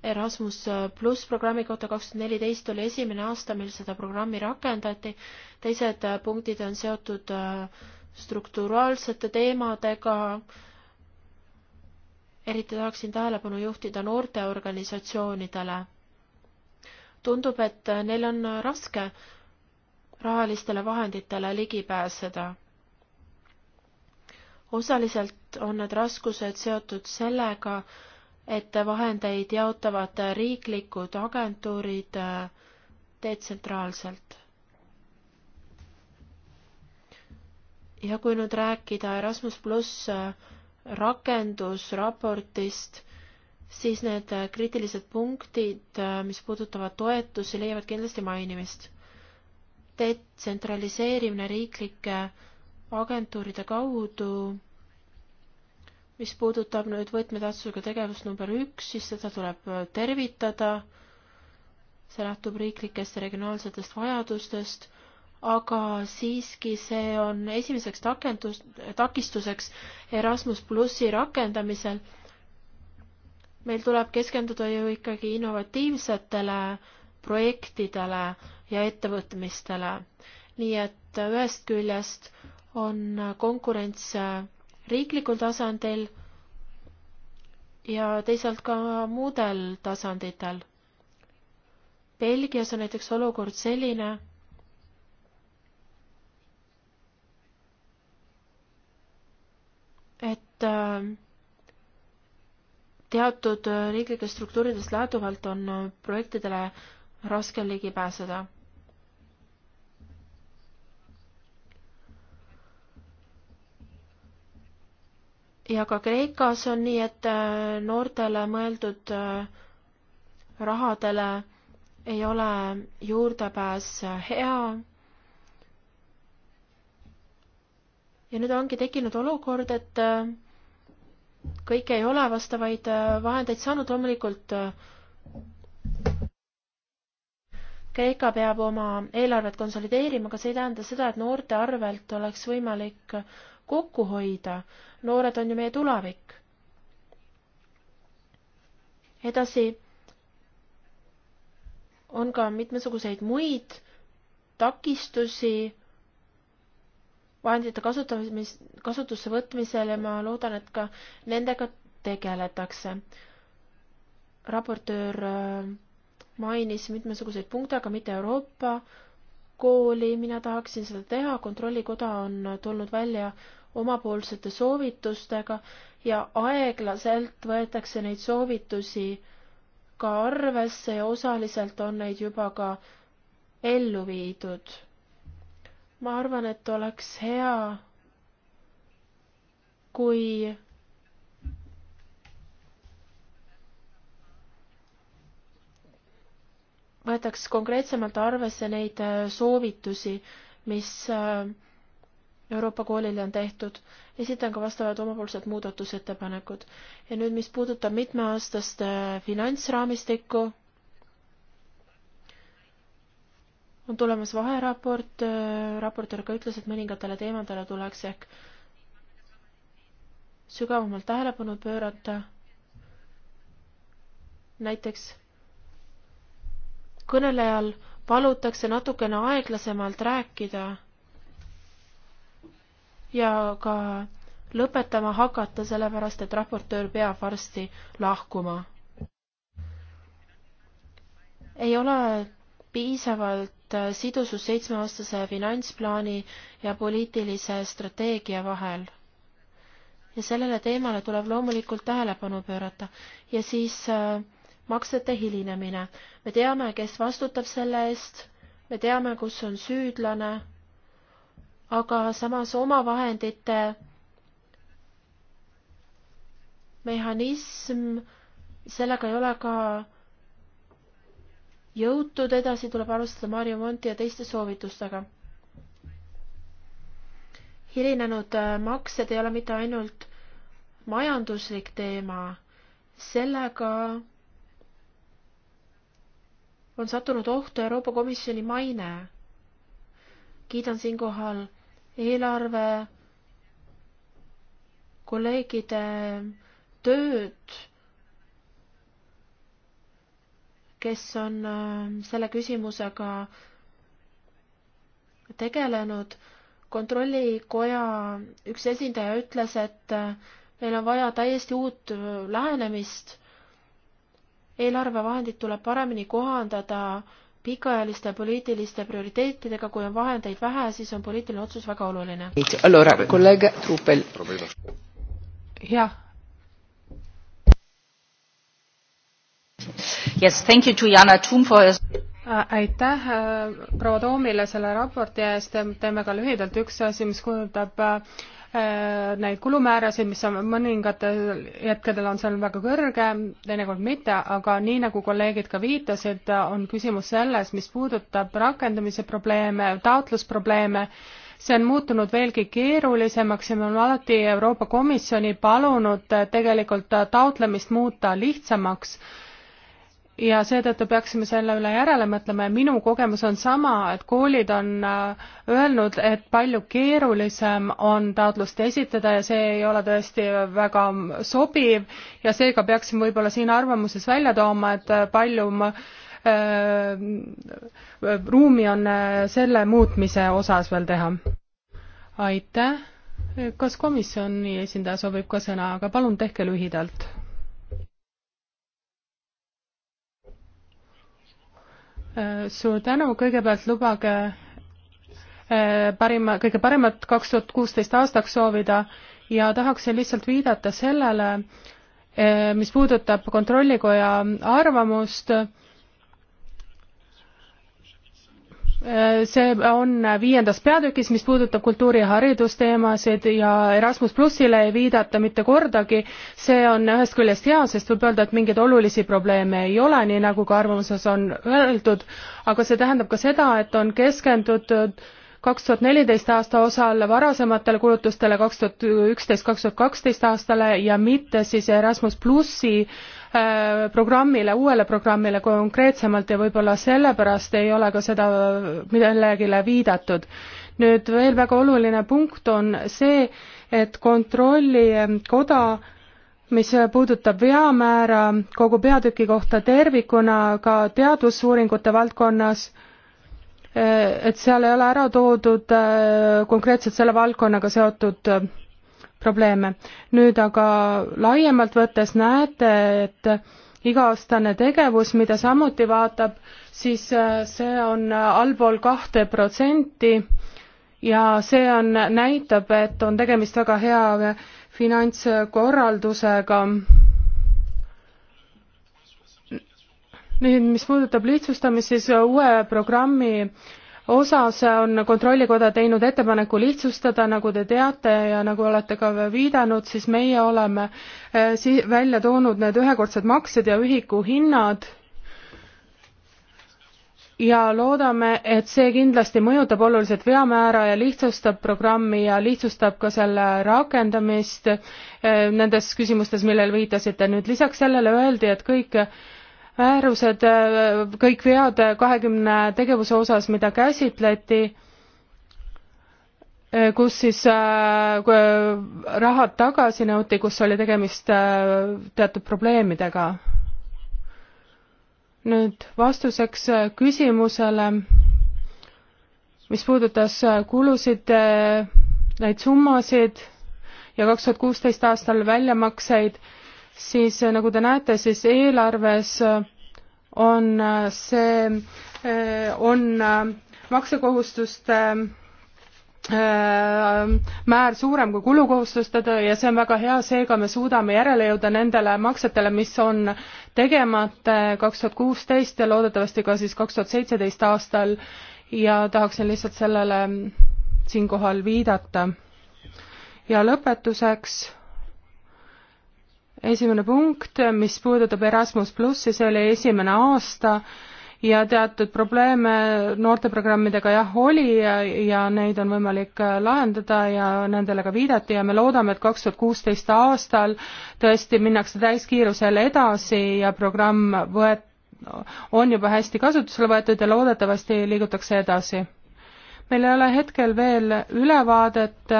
Erasmus äh, pluss programmi kohta kaks tuhat neliteist oli esimene aasta, mil seda programmi rakendati. teised äh, punktid on seotud äh, strukturaalsete teemadega. eriti tahaksin tähelepanu juhtida noorteorganisatsioonidele. tundub, et neil on raske rahalistele vahenditele ligi pääseda. osaliselt on need raskused seotud sellega, et vahendeid jaotavad riiklikud agentuurid äh, detsentraalselt. ja kui nüüd rääkida Erasmus pluss äh, rakendusraportist, siis need äh, kriitilised punktid, mis puudutavad toetusi, leiavad kindlasti mainimist. detsentraliseerimine riiklike agentuuride kaudu mis puudutab nüüd võtmetähtsusega tegevust number üks, siis seda tuleb äh, tervitada. see lähtub riiklikest ja regionaalsetest vajadustest, aga siiski see on esimeseks takendus, takistuseks Erasmus plussi rakendamisel. meil tuleb keskenduda ju ikkagi innovatiivsetele projektidele ja ettevõtmistele. nii et ühest küljest on konkurents äh, riiklikul tasandil ja teisalt ka muudel tasanditel. Belgias on näiteks olukord selline, et äh, teatud riiklikest struktuuridest lähtuvalt on äh, projektidele raske ligi pääseda ja ka Kreekas on nii, et äh, noortele mõeldud äh, rahadele ei ole juurdepääs äh, hea. ja nüüd ongi tekkinud olukord, et kõik ei ole vastavaid vahendeid saanud, loomulikult Kreeka peab oma eelarvet konsolideerima, aga see ei tähenda seda, et noorte arvelt oleks võimalik kokku hoida. noored on ju meie tulevik. edasi on ka mitmesuguseid muid takistusi vahendite kasutamis, kasutusse võtmisel ja ma loodan, et ka nendega tegeletakse. raportöör äh, mainis mitmesuguseid punkte, aga mitte Euroopa kooli, mina tahaksin seda teha, Kontrollikoda on tulnud välja omapoolsete soovitustega ja aeglaselt võetakse neid soovitusi ka arvesse ja osaliselt on neid juba ka ellu viidud. ma arvan, et oleks hea, kui võetaks konkreetsemalt arvesse neid soovitusi, mis äh, Euroopa koolile on tehtud. esitan ka vastavad omapoolsed muudatusettepanekud. ja nüüd, mis puudutab mitmeaastast finantsraamistikku, on tulemas vaheraport, raportöör ka ütles, et mõningatele teemadele tuleks ehk sügavamalt tähelepanu pöörata. näiteks kõnelejal palutakse natukene aeglasemalt rääkida ja ka lõpetama hakata, sellepärast et raportöör peab varsti lahkuma. ei ole piisavalt sidusus seitsmeaastase finantsplaani ja poliitilise strateegia vahel. ja sellele teemale tuleb loomulikult tähelepanu pöörata ja siis äh, maksete hilinemine. me teame, kes vastutab selle eest, me teame, kus on süüdlane aga samas omavahendite mehhanism, sellega ei ole ka jõutud edasi, tuleb alustada Mario Monti ja teiste soovitustega. hilinenud äh, maksed ei ole mitte ainult majanduslik teema, sellega on sattunud ohtu Euroopa Komisjoni maine. kiidan siinkohal eelarve kolleegide tööd, kes on äh, selle küsimusega tegelenud. kontrollikoja üks esindaja ütles, et äh, meil on vaja täiesti uut äh, lähenemist. eelarvevahendid tuleb paremini kohandada pikaajaliste poliitiliste prioriteetidega, kui on vahendeid vähe, siis on poliitiline otsus väga oluline. jah. Yes, thank you to Yana Tum for his aitäh äh, proua Toomile selle raporti eest, teeme ka lühidalt, üks asi, mis kujundab äh, Äh, neid kulumäärasid, mis on mõningatel hetkedel on seal väga kõrge, teinekord mitte, aga nii nagu kolleegid ka viitasid, on küsimus selles, mis puudutab rakendamise probleeme, taotlusprobleeme, see on muutunud veelgi keerulisemaks ja me oleme alati Euroopa Komisjoni palunud tegelikult taotlemist muuta lihtsamaks ja seetõttu peaksime selle üle järele mõtlema ja minu kogemus on sama, et koolid on äh, öelnud, et palju keerulisem on taotlust esitada ja see ei ole tõesti väga sobiv ja seega peaksime võib-olla siin arvamuses välja tooma, et äh, palju äh, ruumi on äh, selle muutmise osas veel teha. aitäh, kas komisjoni esindaja soovib ka sõna, aga palun tehke lühidalt Äh, suur tänu, kõigepealt lubage äh, parima, kõige paremat kaks tuhat kuusteist aastaks soovida ja tahaksin lihtsalt viidata sellele, äh, mis puudutab Kontrollikoja arvamust Äh, see on viiendas peatükis, mis puudutab kultuuri- ja haridusteemasid ja Erasmus plussile ei viidata mitte kordagi. see on ühest küljest hea, sest võib öelda, et mingeid olulisi probleeme ei ole, nii nagu ka arvamuses on öeldud, aga see tähendab ka seda, et on keskendutud kaks tuhat neliteist aasta osal varasematele kulutustele kaks tuhat üksteist, kaks tuhat kaksteist aastale ja mitte siis Erasmus plussi Äh, programmile, uuele programmile konkreetsemalt ja võib-olla sellepärast ei ole ka seda millelegi viidatud. nüüd veel väga oluline punkt on see, et kontrollikoda mis puudutab veamäära kogu peatüki kohta tervikuna ka teadusuuringute valdkonnas, äh, et seal ei ole ära toodud äh, konkreetselt selle valdkonnaga seotud probleeme. nüüd aga laiemalt võttes näete, et iga-aastane tegevus, mida samuti vaatab, siis äh, see on allpool kahte protsenti ja see on, näitab, et on tegemist väga hea finantskorraldusega nüüd, mis puudutab lihtsustamist, siis uue programmi osas on Kontrollikoda teinud ettepaneku lihtsustada, nagu te teate ja nagu olete ka viidanud, siis meie oleme eh, si-, välja toonud need ühekordsed maksed ja ühikuhinnad ja loodame, et see kindlasti mõjutab oluliselt veamäära ja lihtsustab programmi ja lihtsustab ka selle rakendamist eh, nendes küsimustes, millele viitasite. nüüd lisaks sellele öeldi, et kõik määrused, kõik vead kahekümne tegevuse osas, mida käsitleti, kus siis rahad tagasi nõuti, kus oli tegemist teatud probleemidega. nüüd vastuseks küsimusele, mis puudutas kulusid, neid summasid ja kaks tuhat kuusteist aastal väljamakseid siis eh, nagu te näete, siis eelarves eh, on eh, see, on maksekohustuste määr suurem kui kulukohustuste ja see on väga hea, seega me suudame järele jõuda nendele maksetele, mis on tegemata kaks tuhat kuusteist ja loodetavasti ka siis kaks tuhat seitseteist aastal ja tahaksin lihtsalt sellele mm, siinkohal viidata. ja lõpetuseks esimene punkt, mis puudutab Erasmus plussi, see oli esimene aasta ja teatud probleeme noorteprogrammidega jah oli ja, ja neid on võimalik lahendada ja nendele ka viidati ja me loodame, et kaks tuhat kuusteist aastal tõesti minnakse täiskiirusel edasi ja programm võet-, on juba hästi kasutusele võetud ja loodetavasti liigutakse edasi. meil ei ole hetkel veel ülevaadet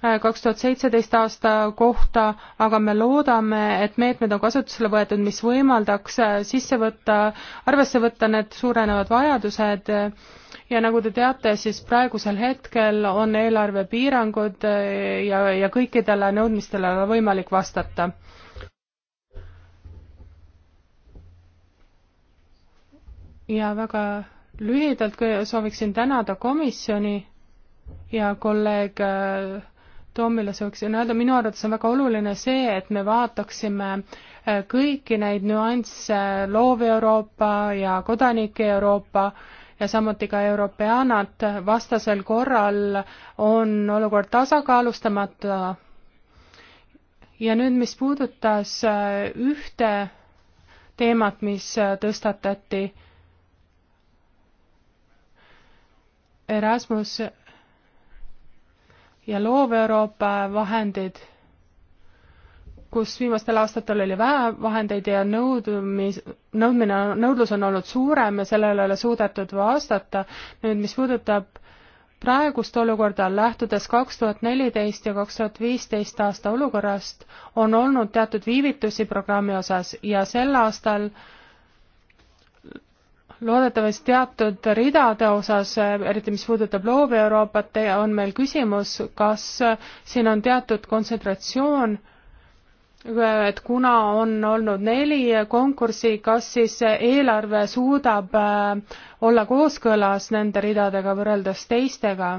Äh, kaks tuhat seitseteist aasta kohta, aga me loodame, et meetmed on kasutusele võetud, mis võimaldaks äh, sisse võtta, arvesse võtta need suurenevad vajadused ja nagu te teate, siis praegusel hetkel on eelarvepiirangud äh, ja, ja kõikidele nõudmistele on võimalik vastata. ja väga lühidalt sooviksin tänada komisjoni ja kolleeg äh, Tomile sooviksin öelda, minu arvates on väga oluline see, et me vaataksime äh, kõiki neid nüansse loov-Euroopa ja kodanike Euroopa ja samuti ka europeanat, vastasel korral on olukord tasakaalustamata. ja nüüd, mis puudutas äh, ühte teemat, mis äh, tõstatati, Erasmus ja Loov Euroopa vahendid, kus viimastel aastatel oli vähe vahendeid ja nõudmis, nõudmine, nõudlus on olnud suurem ja sellele ei ole suudetud vastata. nüüd, mis puudutab praegust olukorda, lähtudes kaks tuhat neliteist ja kaks tuhat viisteist aasta olukorrast, on olnud teatud viivitusi programmi osas ja sel aastal äh, loodetavasti teatud ridade osas, eriti mis puudutab loov Euroopat, on meil küsimus, kas siin on teatud kontsentratsioon, et kuna on olnud neli konkurssi, kas siis eelarve suudab äh, olla kooskõlas nende ridadega võrreldes teistega?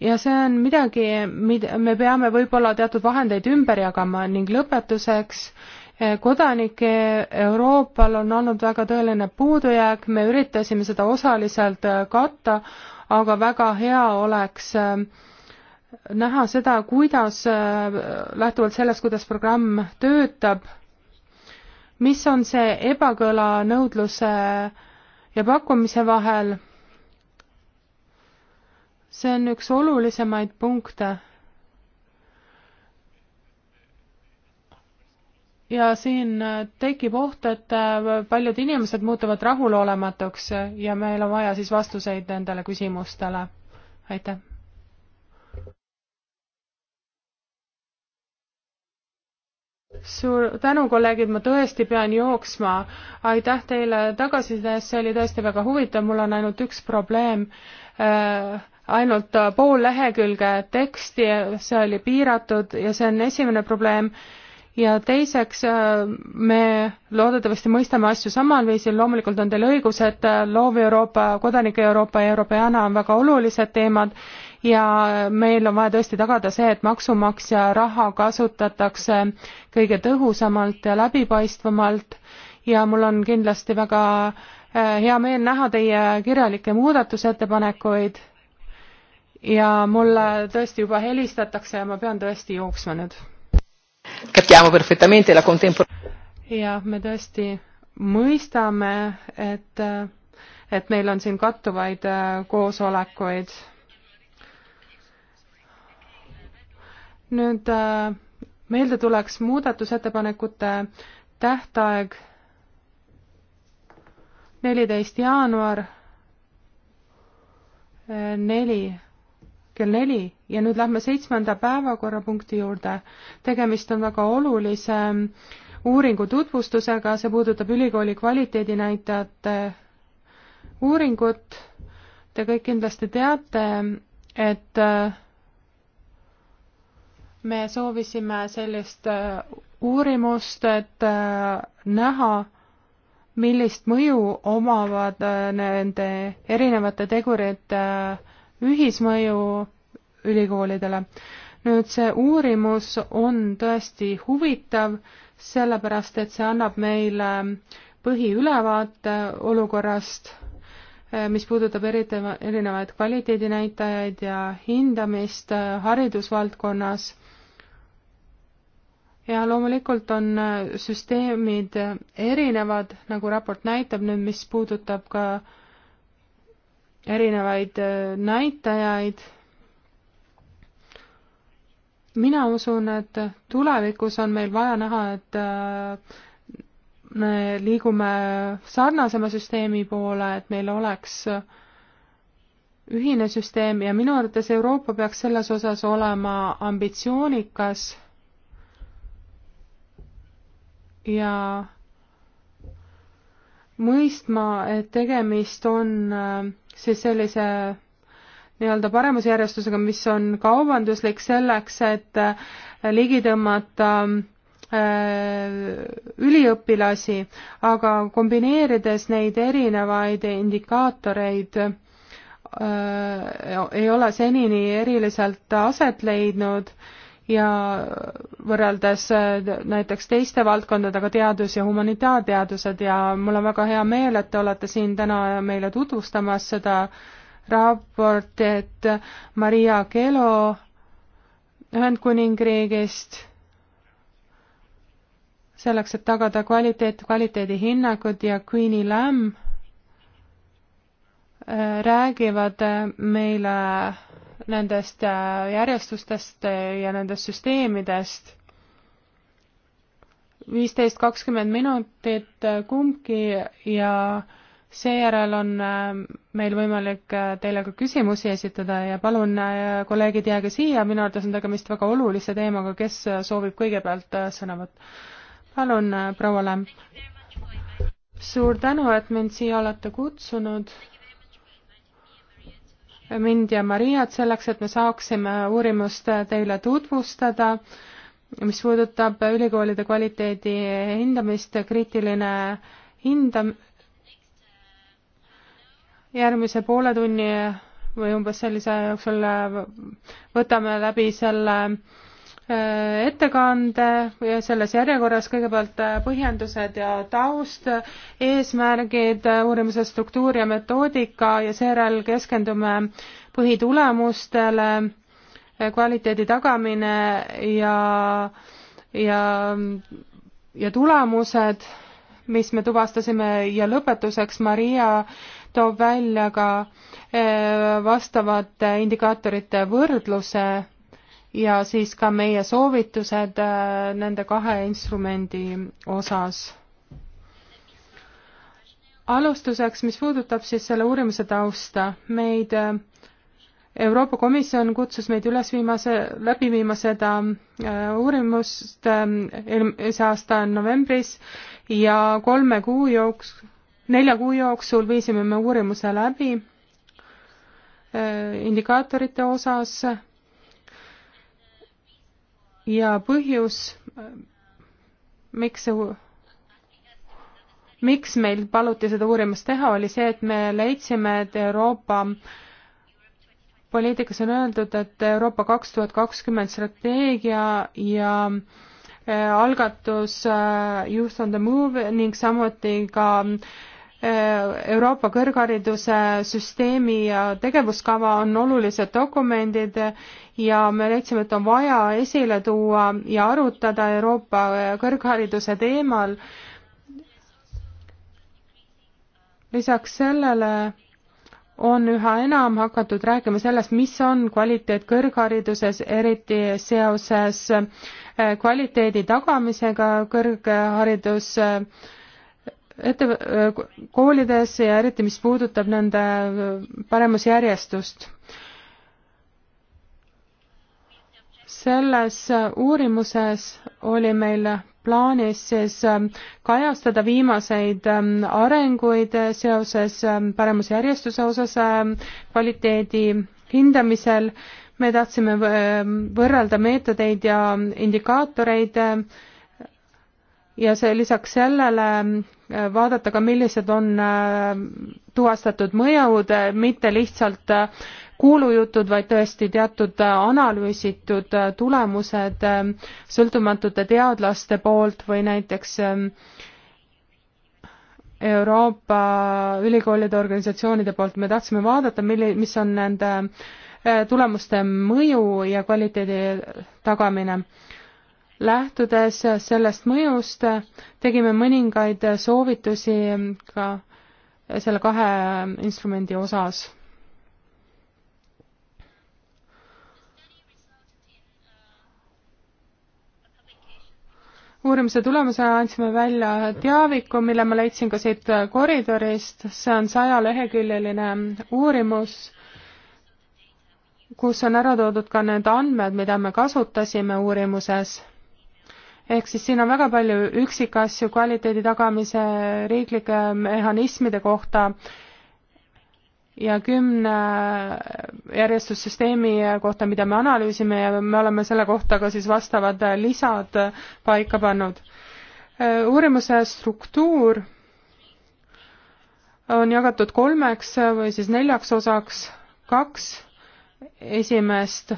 ja see on midagi, mida me peame võib-olla teatud vahendeid ümber jagama ning lõpetuseks äh, Eh, kodanike Euroopal on olnud väga tõeline puudujääk, me üritasime seda osaliselt eh, katta, aga väga hea oleks eh, näha seda, kuidas, lähtuvalt sellest, kuidas programm töötab, mis on see ebakõla nõudluse ja pakkumise vahel, see on üks olulisemaid punkte ja siin äh, tekib oht, et äh, paljud inimesed muutuvad rahulolematuks ja meil on vaja siis vastuseid nendele küsimustele. aitäh. suur tänu, kolleegid, ma tõesti pean jooksma. aitäh teile tagasiside eest, see oli tõesti väga huvitav, mul on ainult üks probleem äh, ainult pool lehekülge teksti, see oli piiratud ja see on esimene probleem ja teiseks, äh, me loodetavasti mõistame asju samal viisil, loomulikult on teil õigus, et äh, loov Euroopa, kodanike Euroopa ja Europeana on väga olulised teemad ja meil on vaja tõesti tagada see, et maksumaksja raha kasutatakse kõige tõhusamalt ja läbipaistvamalt ja mul on kindlasti väga äh, hea meel näha teie kirjalikke muudatusettepanekuid ja mulle tõesti juba helistatakse ja ma pean tõesti jooksma nüüd capiamo perfettamente la contemporaneità. jah, me tõesti mõistame, et, et meil on siin kattuvaid äh, koosolekuid. nüüd äh, meelde tuleks muudatusettepanekute tähtaeg neliteist jaanuar äh, neli kell neli ja nüüd lähme seitsmenda päevakorrapunkti juurde. tegemist on väga olulise ähm, uuringu tutvustusega, see puudutab ülikooli kvaliteedinäitajate uuringut. Te kõik kindlasti teate, et äh, me soovisime sellist äh, uurimust, et äh, näha, millist mõju omavad nende erinevate tegurite äh, ühismõju ülikoolidele. nüüd see uurimus on tõesti huvitav, sellepärast et see annab meile põhiülevaate olukorrast, eh, mis puudutab eriti erinevaid kvaliteedinäitajaid ja hindamist eh, haridusvaldkonnas. ja loomulikult on eh, süsteemid erinevad, nagu raport näitab nüüd, mis puudutab ka äh, erinevaid äh, näitajaid. mina usun, et tulevikus on meil vaja näha, et äh, me liigume sarnasema süsteemi poole, et meil oleks äh, ühine süsteem ja minu arvates Euroopa peaks selles osas olema ambitsioonikas ja mõistma, et tegemist on äh, siis sellise nii-öelda paremusjärjestusega, mis on kaubanduslik selleks, et äh, ligi tõmmata äh, üliõpilasi, aga kombineerides neid erinevaid indikaatoreid ei ole senini eriliselt aset leidnud ja võrreldes äh, näiteks teiste valdkondadega teadus ja humanitaarteadused ja mul on väga hea meel, et te olete siin täna meile tutvustamas seda raportit Maria Kelo Ühendkuningriigist selleks, et tagada kvaliteet, kvaliteedihinnangud ja Queenie Lamb äh, räägivad meile nendest äh, järjestustest äh, ja nendest süsteemidest. viisteist, kakskümmend minutit äh, kumbki ja seejärel on meil võimalik teile ka küsimusi esitada ja palun, kolleegid, jääge siia, minu arvates on tegemist väga olulise teemaga, kes soovib kõigepealt sõnavõtt? palun, proua Lämm. suur tänu, et mind siia olete kutsunud mind ja Mariat selleks, et me saaksime uurimust teile tutvustada, mis puudutab ülikoolide kvaliteedi hindamist, kriitiline hindam-, järgmise poole tunni või umbes sellise jooksul võtame läbi selle Äh, ettekande selles järjekorras kõigepealt äh, põhjendused ja taust, eesmärgid, äh, uurimise struktuur ja metoodika ja seejärel keskendume põhitulemustele, kvaliteedi tagamine ja, ja, ja tulemused, mis me tuvastasime ja lõpetuseks Maria toob välja ka vastavate indikaatorite võrdluse ja siis ka meie soovitused äh, nende kahe instrumendi osas. alustuseks, mis puudutab siis selle uurimuse tausta, meid äh, Euroopa Komisjon kutsus meid üles viima see, läbi viima seda äh, uurimust eelmise aasta novembris ja kolme kuu jooks-, nelja kuu jooksul viisime me uurimuse läbi indikaatorite osas ja põhjus, miks see miks meil paluti seda uurimust teha, oli see, et me leidsime, et Euroopa poliitikas on öeldud, et Euroopa kaks tuhat kakskümmend strateegia ja äh, algatus äh, Youth on the Move ning samuti ka Euroopa kõrghariduse süsteemi ja tegevuskava on olulised dokumendid ja me leidsime, et on vaja esile tuua ja arutada Euroopa kõrghariduse teemal. lisaks sellele on üha enam hakatud rääkima sellest, mis on kvaliteet kõrghariduses, eriti seoses eh, kvaliteedi tagamisega kõrgharidus äh, ette, koolides ja eriti, mis puudutab nende paremusjärjestust. selles uurimuses oli meil plaanis siis ähm, kajastada viimaseid ähm, arenguid seoses ähm, paremusjärjestuse osas kvaliteedi hindamisel. me tahtsime võrrelda meetodeid ja indikaatoreid ja see lisaks sellele äh, vaadata ka, millised on äh, tuvastatud mõjud, äh, mitte lihtsalt kuulujutud, vaid tõesti teatud analüüsitud tulemused sõltumatute teadlaste poolt või näiteks Euroopa ülikoolide organisatsioonide poolt, me tahtsime vaadata, milli-, mis on nende tulemuste mõju ja kvaliteedi tagamine lähtudes sellest mõjust tegime mõningaid soovitusi ka selle kahe instrumendi osas. uurimise tulemusena andsime välja teaviku, mille ma leidsin ka siit koridorist, see on sajaleheküljeline uurimus kus on ära toodud ka need andmed, mida me kasutasime uurimuses ehk siis siin on väga palju üksikasju kvaliteedi tagamise riiklike mehhanismide kohta ja kümne järjestussüsteemi kohta, mida me analüüsime ja me oleme selle kohta ka siis vastavad lisad paika pannud. uurimuse struktuur on jagatud kolmeks või siis neljaks osaks, kaks esimest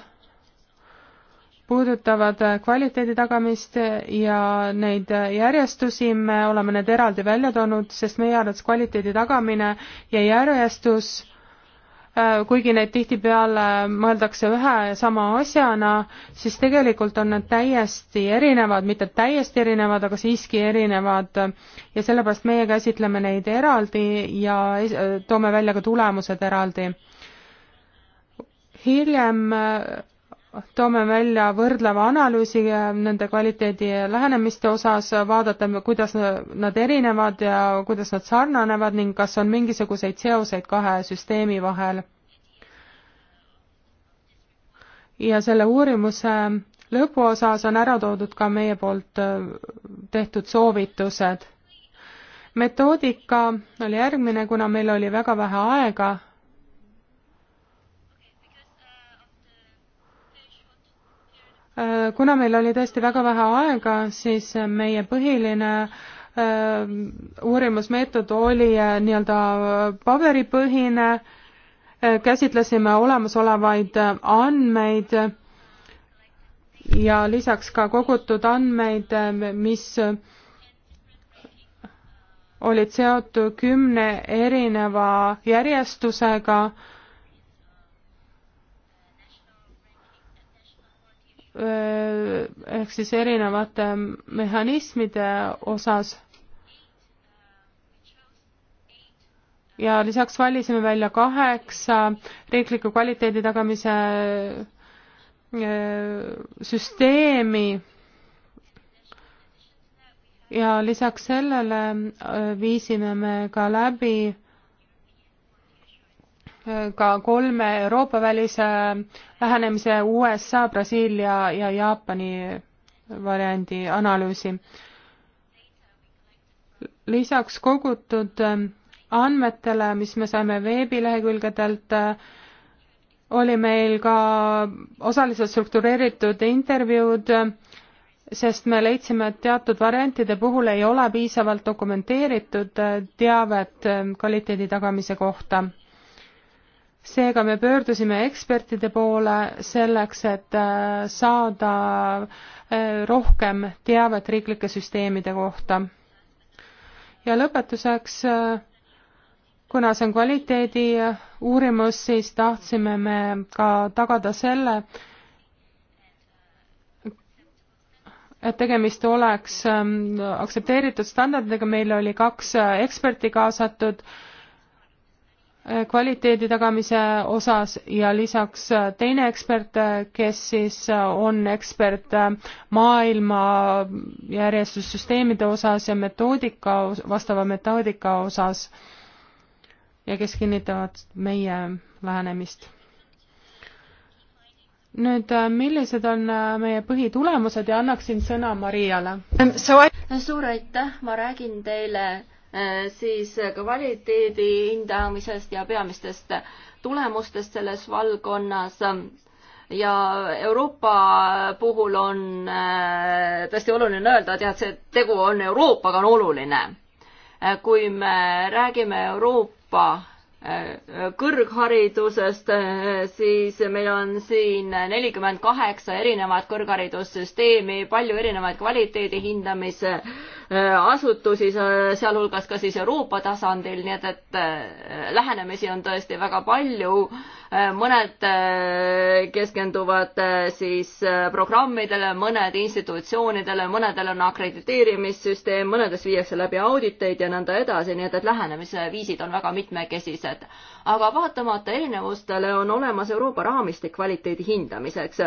puudutavad kvaliteedi tagamist ja neid järjestusi, me oleme need eraldi välja toonud, sest meie arvates kvaliteedi tagamine ja järjestus, äh, kuigi neid tihtipeale mõeldakse ühe ja sama asjana, siis tegelikult on need täiesti erinevad, mitte täiesti erinevad, aga siiski erinevad ja sellepärast meie käsitleme neid eraldi ja toome välja ka tulemused eraldi hiljem äh, toome välja võrdleva analüüsi äh, nende kvaliteedi ja lähenemiste osas, äh, vaadata, kuidas nad erinevad ja kuidas nad sarnanevad ning kas on mingisuguseid seoseid kahe süsteemi vahel. ja selle uurimuse lõpuosas on ära toodud ka meie poolt äh, tehtud soovitused. metoodika oli järgmine, kuna meil oli väga vähe aega Äh, kuna meil oli tõesti väga vähe aega, siis meie põhiline äh, uurimusmeetod oli äh, nii-öelda paberipõhine, käsitlesime olemasolevaid andmeid ja lisaks ka kogutud andmeid, mis olid seotud kümne erineva järjestusega äh, ehk siis erinevate mehhanismide osas. ja lisaks valisime välja kaheksa riikliku kvaliteedi tagamise süsteemi ja lisaks sellele viisime me ka läbi ka kolme Euroopa välise lähenemise USA, Brasiilia ja Jaapani variandi analüüsi. lisaks kogutud andmetele, mis me saime veebilehekülgedelt, oli meil ka osaliselt struktureeritud intervjuud, sest me leidsime, et teatud variantide puhul ei ole piisavalt dokumenteeritud teavet kvaliteedi tagamise kohta seega me pöördusime ekspertide poole selleks, et äh, saada äh, rohkem teavet riiklike süsteemide kohta. ja lõpetuseks, äh, kuna see on kvaliteedi uurimus, siis tahtsime me ka tagada selle, et tegemist oleks ähm, aktsepteeritud standardidega, meil oli kaks eksperti kaasatud kvaliteedi tagamise osas ja lisaks äh, teine ekspert, äh, kes siis äh, on ekspert maailma järjestussüsteemide osas ja metoodika, vastava metoodika osas ja kes kinnitavad meie lähenemist. nüüd, millised on meie põhitulemused ja annaksin sõna Mariale. Um, suur aitäh, ma räägin teile Äh, siis kvaliteedi hindamisest ja peamistest tulemustest selles valdkonnas ja Euroopa puhul on äh, tõesti oluline öelda, et jah, et see tegu on Euroopaga, on oluline. Äh, kui me räägime Euroopa kõrgharidusest, siis meil on siin nelikümmend kaheksa erinevat kõrgharidussüsteemi, palju erinevaid kvaliteedi hindamise Äh, asutusi, sealhulgas ka siis Euroopa tasandil, nii et, et äh, lähenemisi on tõesti väga palju. Äh, mõned keskenduvad siis programmidele, mõned institutsioonidele, mõnedel on akrediteerimissüsteem, mõnedes viiakse läbi auditeid ja nõnda edasi, nii et, et lähenemisviisid on väga mitmekesised. aga vaatamata erinevustele on olemas Euroopa raamistik kvaliteedi hindamiseks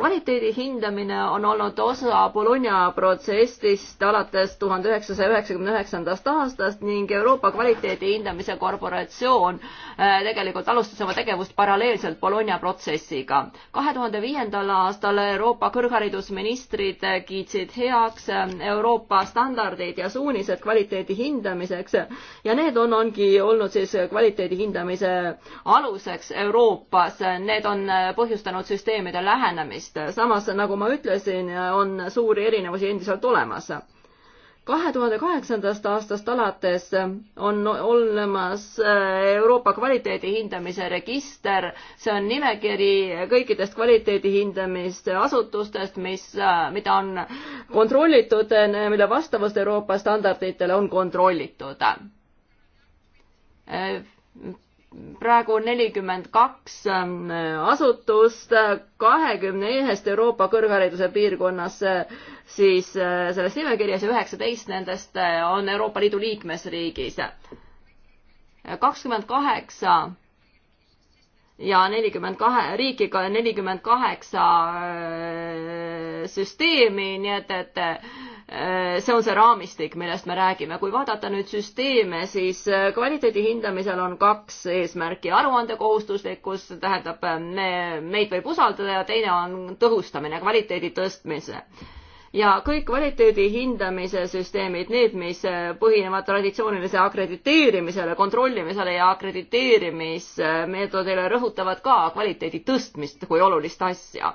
kvaliteedi hindamine on olnud osa Bologna protsessist alates tuhande üheksasaja üheksakümne üheksandast aastast ning Euroopa Kvaliteedi Hindamise Korporatsioon äh, tegelikult alustas oma tegevust paralleelselt Bologna protsessiga. kahe tuhande viiendal aastal Euroopa kõrgharidusministrid kiitsid heaks äh, Euroopa standardid ja suunised kvaliteedi hindamiseks ja need on, ongi olnud siis kvaliteedi hindamise aluseks Euroopas. Need on äh, põhjustanud süsteemide lähenemist lähenemist. samas, nagu ma ütlesin, on suuri erinevusi endiselt olemas. kahe tuhande kaheksandast aastast alates on olemas äh, Euroopa kvaliteedi hindamise register, see on nimekiri kõikidest kvaliteedi hindamise asutustest, mis, äh, mida on kontrollitud, äh, mille vastavust Euroopa standarditele on kontrollitud praegu nelikümmend kaks ähm, asutust kahekümne ühest Euroopa kõrghariduse piirkonnas siis äh, selles nimekirjas ja üheksateist nendest äh, on Euroopa Liidu liikmesriigis. kakskümmend kaheksa ja nelikümmend kahe, riikiga nelikümmend kaheksa äh, süsteemi, nii et, et Äh, see on see raamistik, millest me räägime. kui vaadata nüüd süsteeme, siis äh, kvaliteedi hindamisel on kaks eesmärki. aruandekohustuslikkus tähendab, äh, me, meid võib usaldada ja teine on tõhustamine, kvaliteedi tõstmise ja kõik kvaliteedi hindamise süsteemid, need, mis põhinevad traditsioonilise akrediteerimisele, kontrollimisele ja akrediteerimismeetodile, rõhutavad ka kvaliteedi tõstmist kui olulist asja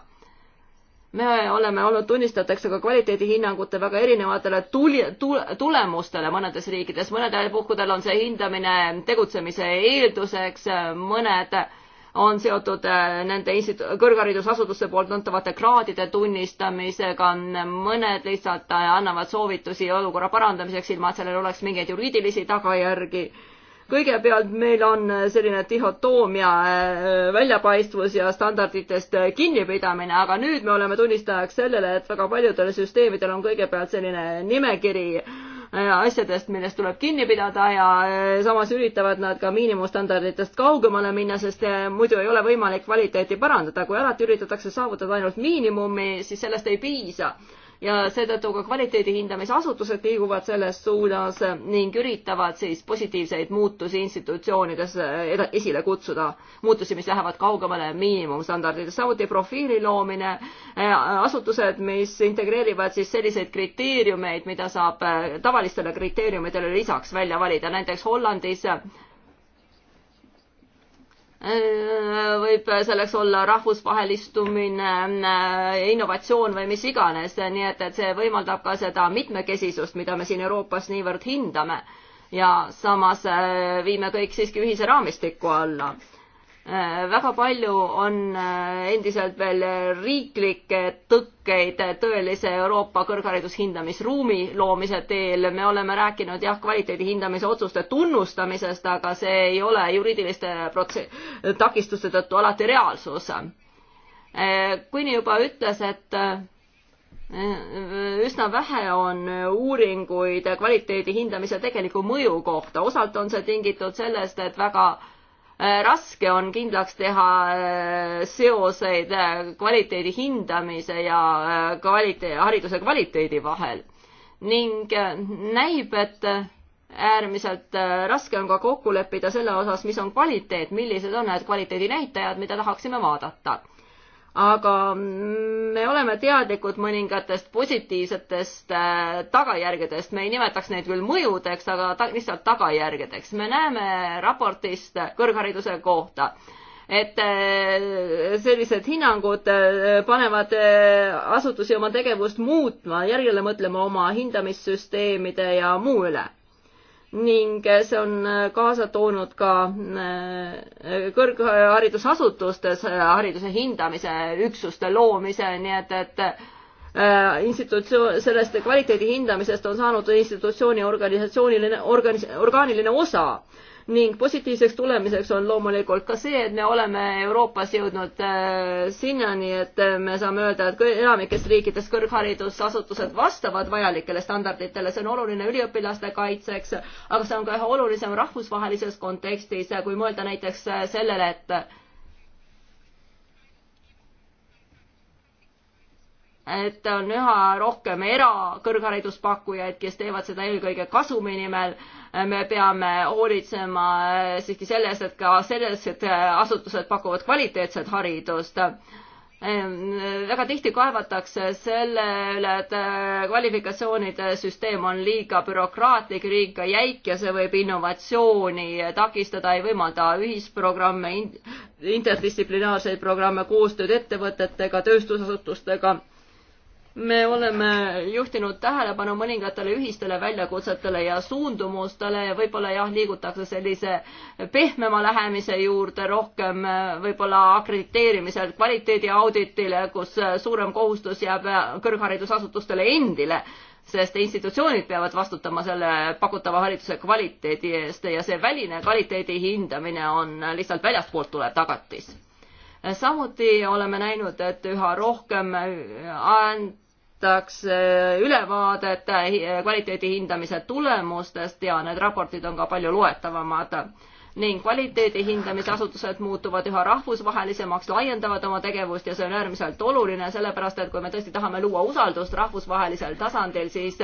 me oleme olnud tunnistajateks ka kvaliteedihinnangute väga erinevatele tuli-, tule-, tulemustele mõnedes riikides, mõnedel puhkudel on see hindamine tegutsemise eelduseks, mõned on seotud äh, nende institu-, kõrgharidusasutuste poolt antavate kraadide tunnistamisega, mõned lihtsalt äh, annavad soovitusi olukorra parandamiseks, ilma et sellel oleks mingeid juriidilisi tagajärgi kõigepealt meil on äh, selline dihhotoomia äh, väljapaistvus ja standarditest äh, kinnipidamine, aga nüüd me oleme tunnistajaks sellele, et väga paljudel süsteemidel on kõigepealt selline nimekiri asjadest, millest tuleb kinni pidada ja samas üritavad nad ka miinimumstandarditest kaugemale minna, sest muidu ei ole võimalik kvaliteeti parandada. kui alati üritatakse saavutada ainult miinimumi, siis sellest ei piisa ja seetõttu ka kvaliteedi hindamisasutused liiguvad selles suunas ning üritavad siis positiivseid muutusi institutsioonides eh, esile kutsuda, muutusi, mis lähevad kaugemale miinimumstandarditest, samuti profiili loomine, eh, asutused, mis integreerivad siis selliseid kriteeriumeid, mida saab eh, tavalistele kriteeriumidele lisaks välja valida, näiteks Hollandis Äh, võib selleks olla rahvusvahelistumine, äh, innovatsioon või mis iganes, nii et, et see võimaldab ka seda mitmekesisust, mida me siin Euroopas niivõrd hindame. ja samas äh, viime kõik siiski ühise raamistiku alla Äh, väga palju on äh, endiselt veel riiklikke tõkkeid tõelise Euroopa kõrgharidushindamisruumi loomise teel. me oleme rääkinud jah, kvaliteedi hindamise otsuste tunnustamisest, aga see ei ole juriidiliste prots-, takistuste tõttu alati reaalsus. Äh, Queen'i juba ütles, et üsna vähe on uuringuid kvaliteedi hindamise tegeliku mõju kohta, osalt on see tingitud sellest, et väga Äh, raske on kindlaks teha äh, seoseid äh, kvaliteedi hindamise ja kvaliteedi, hariduse kvaliteedi vahel. ning näib, et äärmiselt raske on ka kokku leppida selle osas, mis on kvaliteet, millised on need kvaliteedinäitajad, mida tahaksime vaadata aga me oleme teadlikud mõningatest positiivsetest äh, tagajärgedest, me ei nimetaks neid küll mõjudeks, aga ta, lihtsalt tagajärgedeks. me näeme raportist kõrghariduse kohta, et äh, sellised hinnangud äh, panevad asutusi oma tegevust muutma, järjele mõtlema oma hindamissüsteemide ja muu üle ning see on äh, kaasa toonud ka äh, kõrgharidusasutustes äh, hariduse hindamise üksuste loomise, nii et, et institutsioon, sellest kvaliteedi hindamisest on saanud institutsiooni organisatsiooniline, organis-, orgaaniline osa ning positiivseks tulemiseks on loomulikult ka see, et me oleme Euroopas jõudnud äh, sinnani, et äh, me saame öelda, et enamikes riikides kõrgharidusasutused vastavad vajalikele standarditele, see on oluline üliõpilaste kaitseks, aga see on ka üha olulisem rahvusvahelises kontekstis, äh, kui mõelda näiteks sellele, et et on üha rohkem erakõrghariduspakkujaid, kes teevad seda eelkõige kasumi nimel, me peame hoolitsema siiski selles, et ka sellised asutused pakuvad kvaliteetset haridust ehm, väga tihti kaevatakse selle üle, et äh, kvalifikatsioonide süsteem on liiga bürokraatlik, liiga jäik ja see võib innovatsiooni takistada, ei võimalda ühisprogramme, interdistsiplinaarseid programme, koostööd ettevõtetega, tööstusasutustega me oleme juhtinud tähelepanu mõningatele ühistele väljakutsetele ja suundumustele ja võib-olla jah, liigutakse sellise pehmema lähemise juurde rohkem võib-olla akrediteerimisel kvaliteediauditile, kus suurem kohustus jääb kõrgharidusasutustele endile, sest institutsioonid peavad vastutama selle pakutava hariduse kvaliteedi eest ja see väline kvaliteedi hindamine on lihtsalt väljastpoolt tulev tagatis samuti oleme näinud, et üha rohkem antakse ülevaadet kvaliteedi hindamise tulemustest ja need raportid on ka palju loetavamad ning kvaliteedi hindamise asutused muutuvad üha rahvusvahelisemaks, laiendavad oma tegevust ja see on äärmiselt oluline, sellepärast et kui me tõesti tahame luua usaldust rahvusvahelisel tasandil, siis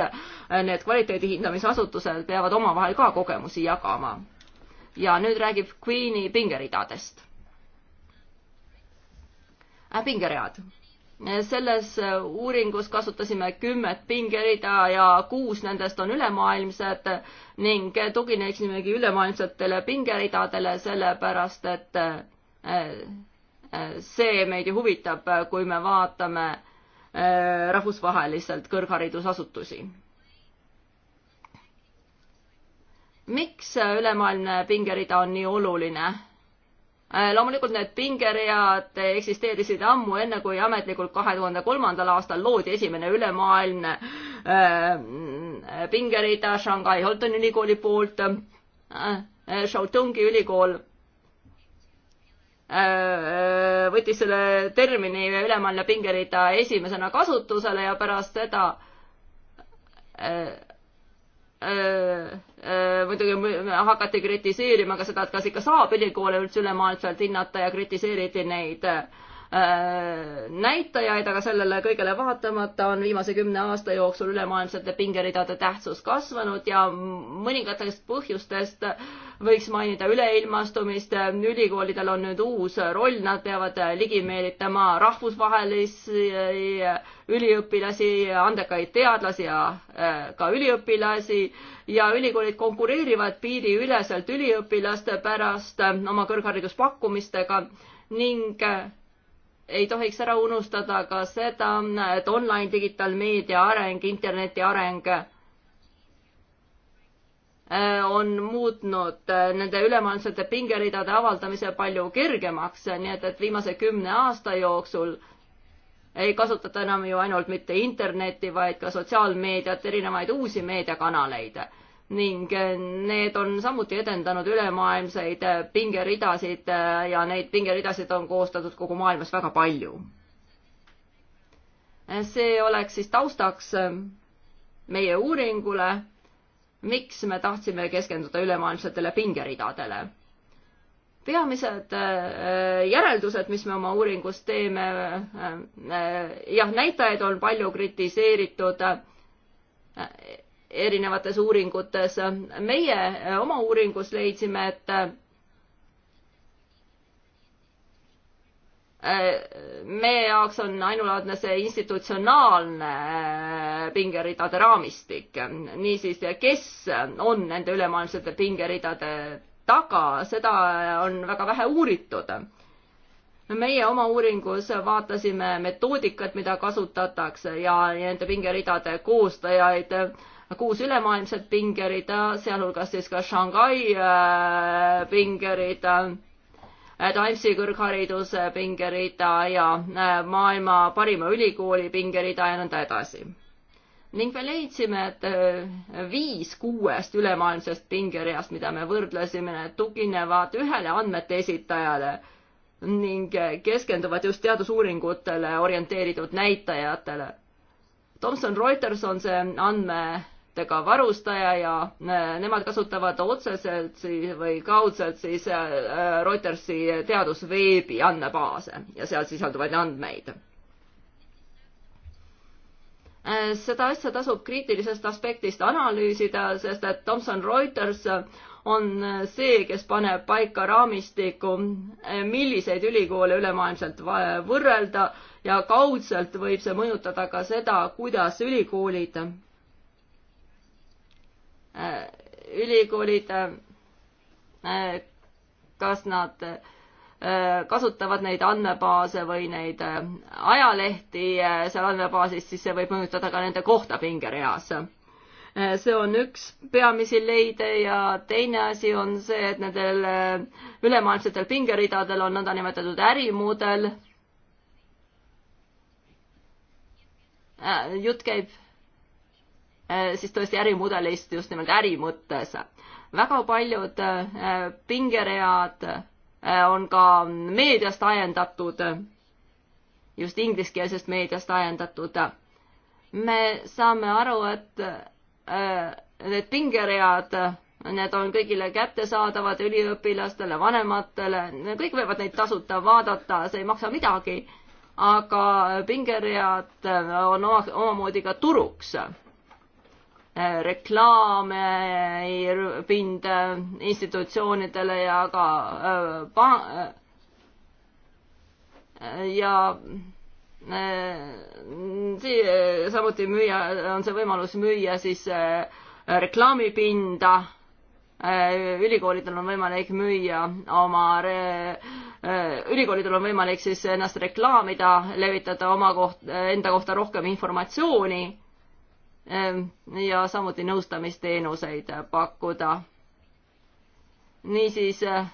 need kvaliteedi hindamise asutused peavad omavahel ka kogemusi jagama. ja nüüd räägib Queen'i pingeridadest. Äh, pingeread selles äh, uuringus kasutasime kümmet pingerida ja kuus nendest on ülemaailmsed ning tuginesimegi ülemaailmsetele pingeridadele, sellepärast et äh, äh, see meid ju huvitab, kui me vaatame rahvusvaheliselt kõrgharidusasutusi. miks ülemaailmne pingerida on nii oluline? Äh, loomulikult need pingeread eksisteerisid ammu, enne kui ametlikult kahe tuhande kolmandal aastal loodi esimene ülemaailmne äh, pingerida Shanghai Holtoni ülikooli poolt äh,. Shaotungi ülikool äh, võttis selle termini ülemaailmne pingerida esimesena kasutusele ja pärast seda äh, Äh, äh, muidugi hakati kritiseerima ka seda, et kas ikka saab ülikoole üldse ülemaailmselt hinnata ja kritiseeriti neid Äh, näitajaid, aga sellele kõigele vaatamata on viimase kümne aasta jooksul ülemaailmsete pingeridade tähtsus kasvanud ja mõningatest põhjustest võiks mainida üleilmastumist, ülikoolidel on nüüd uus roll, nad peavad ligi meelitama rahvusvahelisi üliõpilasi, andekaid teadlasi ja äh, ka üliõpilasi ja ülikoolid konkureerivad piiriüleselt üliõpilaste pärast oma kõrghariduspakkumistega ning äh, ei tohiks ära unustada ka seda, et online digitaalmeedia areng, interneti areng äh, on muutnud äh, nende ülemaailmsete pingeridade avaldamise palju kergemaks, nii et, et viimase kümne aasta jooksul ei kasutata enam ju ainult mitte internetti, vaid ka sotsiaalmeediat, erinevaid uusi meediakanaleid ning eh, need on samuti edendanud ülemaailmseid eh, pingeridasid eh, ja neid pingeridasid on koostatud kogu maailmas väga palju. see oleks siis taustaks meie uuringule, miks me tahtsime keskenduda ülemaailmsetele pingeridadele. peamised järeldused, mis me oma uuringus teeme, jah, näitajaid on palju kritiseeritud erinevates uuringutes. meie oma uuringus leidsime, et äh, meie jaoks on ainulaadne see institutsionaalne äh, pingeridade raamistik. niisiis, kes on nende ülemaailmsete pingeridade taga, seda on väga vähe uuritud meie oma uuringus vaatasime metoodikat, mida kasutatakse ja nende pingeridade koostajaid kuus nagu ülemaailmset pingerida, äh, sealhulgas siis ka Shanghai äh, pingerida, äh, Timesi kõrghariduse pingerida ja maailma parima ülikooli pingerida ja nõnda edasi. ning me leidsime, et viis kuuest ülemaailmsest pingereast, mida me võrdlesime, tuginevad ühele andmete esitajale ning keskenduvad just teadusuuringutele orienteeritud näitajatele Thomson Reuters on see andme toodetega varustaja ja äh, nemad kasutavad otseselt siis või kaudselt siis äh, Reutersi teadusveebi andmebaase ja seal sisalduvaid andmeid. Äh, seda asja tasub kriitilisest aspektist analüüsida, sest et Thomson Reuters on see, kes paneb paika raamistiku, milliseid ülikoole ülemaailmselt võrrelda ja kaudselt võib see mõjutada ka seda, kuidas ülikoolid ülikoolid, äh, kas nad äh, kasutavad neid andmebaase või neid äh, ajalehti seal andmebaasis, siis see võib mõjutada ka nende kohta pingereas. see on üks peamisi leide ja teine asi on see, et nendel ülemaailmsetel pingeridadel on nõndanimetatud ärimudel. jutt käib Äh, siis tõesti ärimudelist just nimelt äri mõttes. väga paljud äh, pingeread äh, on ka meediast ajendatud, just ingliskeelsest meediast ajendatud. me saame aru, et need pingeread, need on kõigile kättesaadavad üliõpilastele, vanematele, kõik võivad neid tasuta vaadata, see ei maksa midagi, aga pingeread on oma, omamoodi ka turuks reklaamipind institutsioonidele ja ka äh, pa- äh, ja äh, see, samuti müüa, on see võimalus müüa siis reklaamipinda. ülikoolidel on võimalik müüa oma re-, ülikoolidel on võimalik siis ennast reklaamida, levitada oma koht, enda kohta rohkem informatsiooni Ähm, ja samuti nõustamisteenuseid pakkuda. niisiis äh,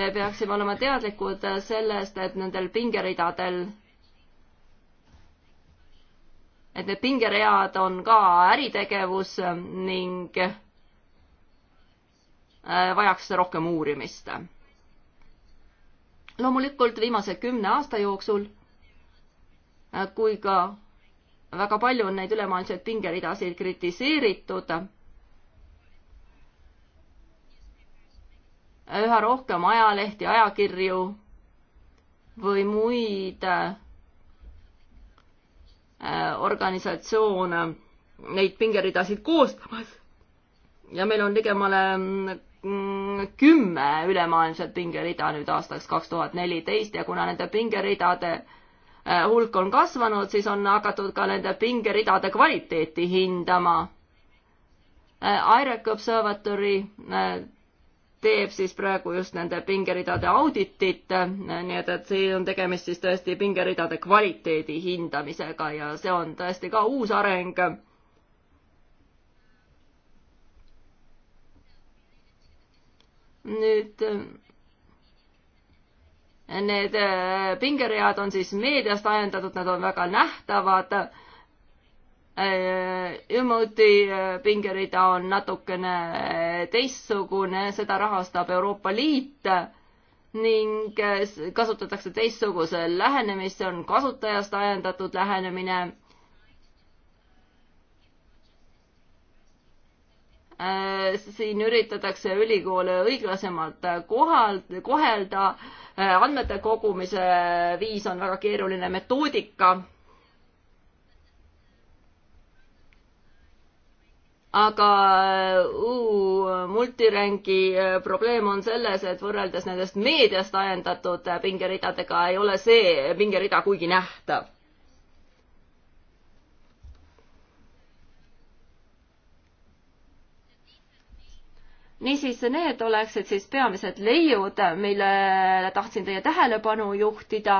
me peaksime olema teadlikud sellest, et nendel pingeridadel, et need pingeread on ka äritegevus ning äh, vajaks rohkem uurimist. loomulikult viimase kümne aasta jooksul Äh, kui ka väga palju on neid ülemaailmseid pingeridasid kritiseeritud. üha rohkem ajalehti, ajakirju või muid äh, organisatsioone neid pingeridasid koostamas. ja meil on ligemale mm, kümme ülemaailmset pingerida nüüd aastaks kaks tuhat neliteist ja kuna nende pingeridade äh, Äh, hulk on kasvanud, siis on hakatud ka nende pingeridade kvaliteeti hindama. Äh, IREC Observatory äh, teeb siis praegu just nende pingeridade auditit, nii et, et siin on tegemist siis tõesti pingeridade kvaliteedi hindamisega ja see on tõesti ka uus areng. nüüd Need äh, pingeread on siis meediast ajendatud, nad on väga nähtavad. Äh, ümuti äh, pingerida on natukene teistsugune, seda rahastab Euroopa Liit ning kasutatakse teistsuguse lähenemist, see on kasutajast ajendatud lähenemine siin üritatakse ülikoole õiglasemalt kohal, kohelda Äh, andmete kogumise viis on väga keeruline metoodika. aga uh, multirengi äh, probleem on selles, et võrreldes nendest meediast ajendatud äh, pingeridadega ei ole see pingerida kuigi nähtav niisiis, need oleksid siis peamised leiud, millele tahtsin teie tähelepanu juhtida,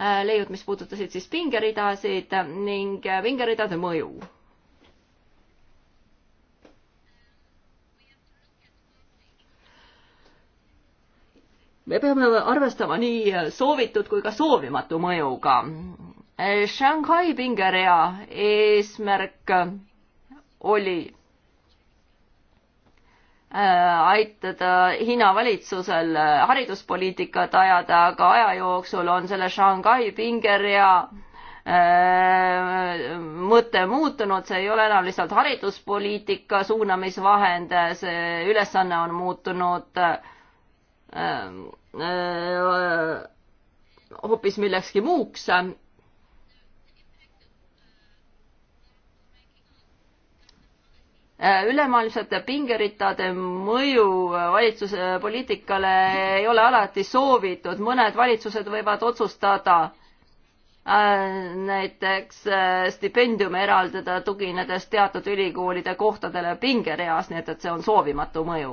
äh, leiud, mis puudutasid siis pingeridasid ning äh, pingeridade mõju. me peame arvestama nii soovitud kui ka soovimatu mõjuga. Äh, Shanghai pingerea eesmärk oli Äh, aitada Hiina valitsusel äh, hariduspoliitikat ajada, aga aja jooksul on selle Shanghai pingerea äh, mõte muutunud, see ei ole enam lihtsalt hariduspoliitika suunamisvahend, see ülesanne on muutunud hoopis millekski muuks Äh, ülemaailmsete pingeritade mõju äh, valitsuse äh, poliitikale ei ole alati soovitud, mõned valitsused võivad otsustada näiteks stipendiume eraldada, tuginedes teatud ülikoolide kohtadele pingereas, nii et, et see on soovimatu mõju.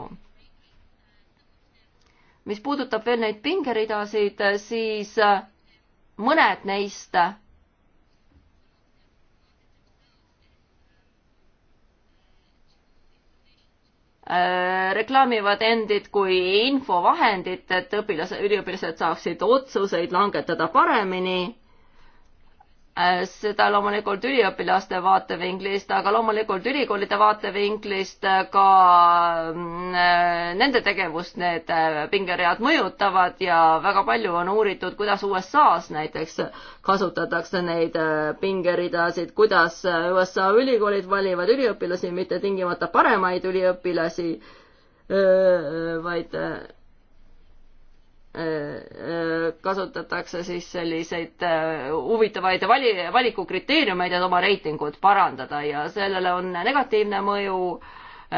mis puudutab veel neid pingeridasid, siis mõned neist Äh, reklaamivad endid kui infovahendit, et õpilased, üliõpilased saaksid otsuseid langetada paremini Äh, seda loomulikult üliõpilaste vaatevinklist, aga loomulikult ülikoolide vaatevinklist äh, ka mm, äh, nende tegevust need pingeread mõjutavad ja väga palju on uuritud, kuidas USA-s näiteks kasutatakse neid pingeridasid, kuidas USA ülikoolid valivad üliõpilasi, mitte tingimata paremaid üliõpilasi, vaid Äh, äh, kasutatakse siis selliseid äh, huvitavaid vali, valikukriteeriumeid, et oma reitingut parandada ja sellele on negatiivne mõju.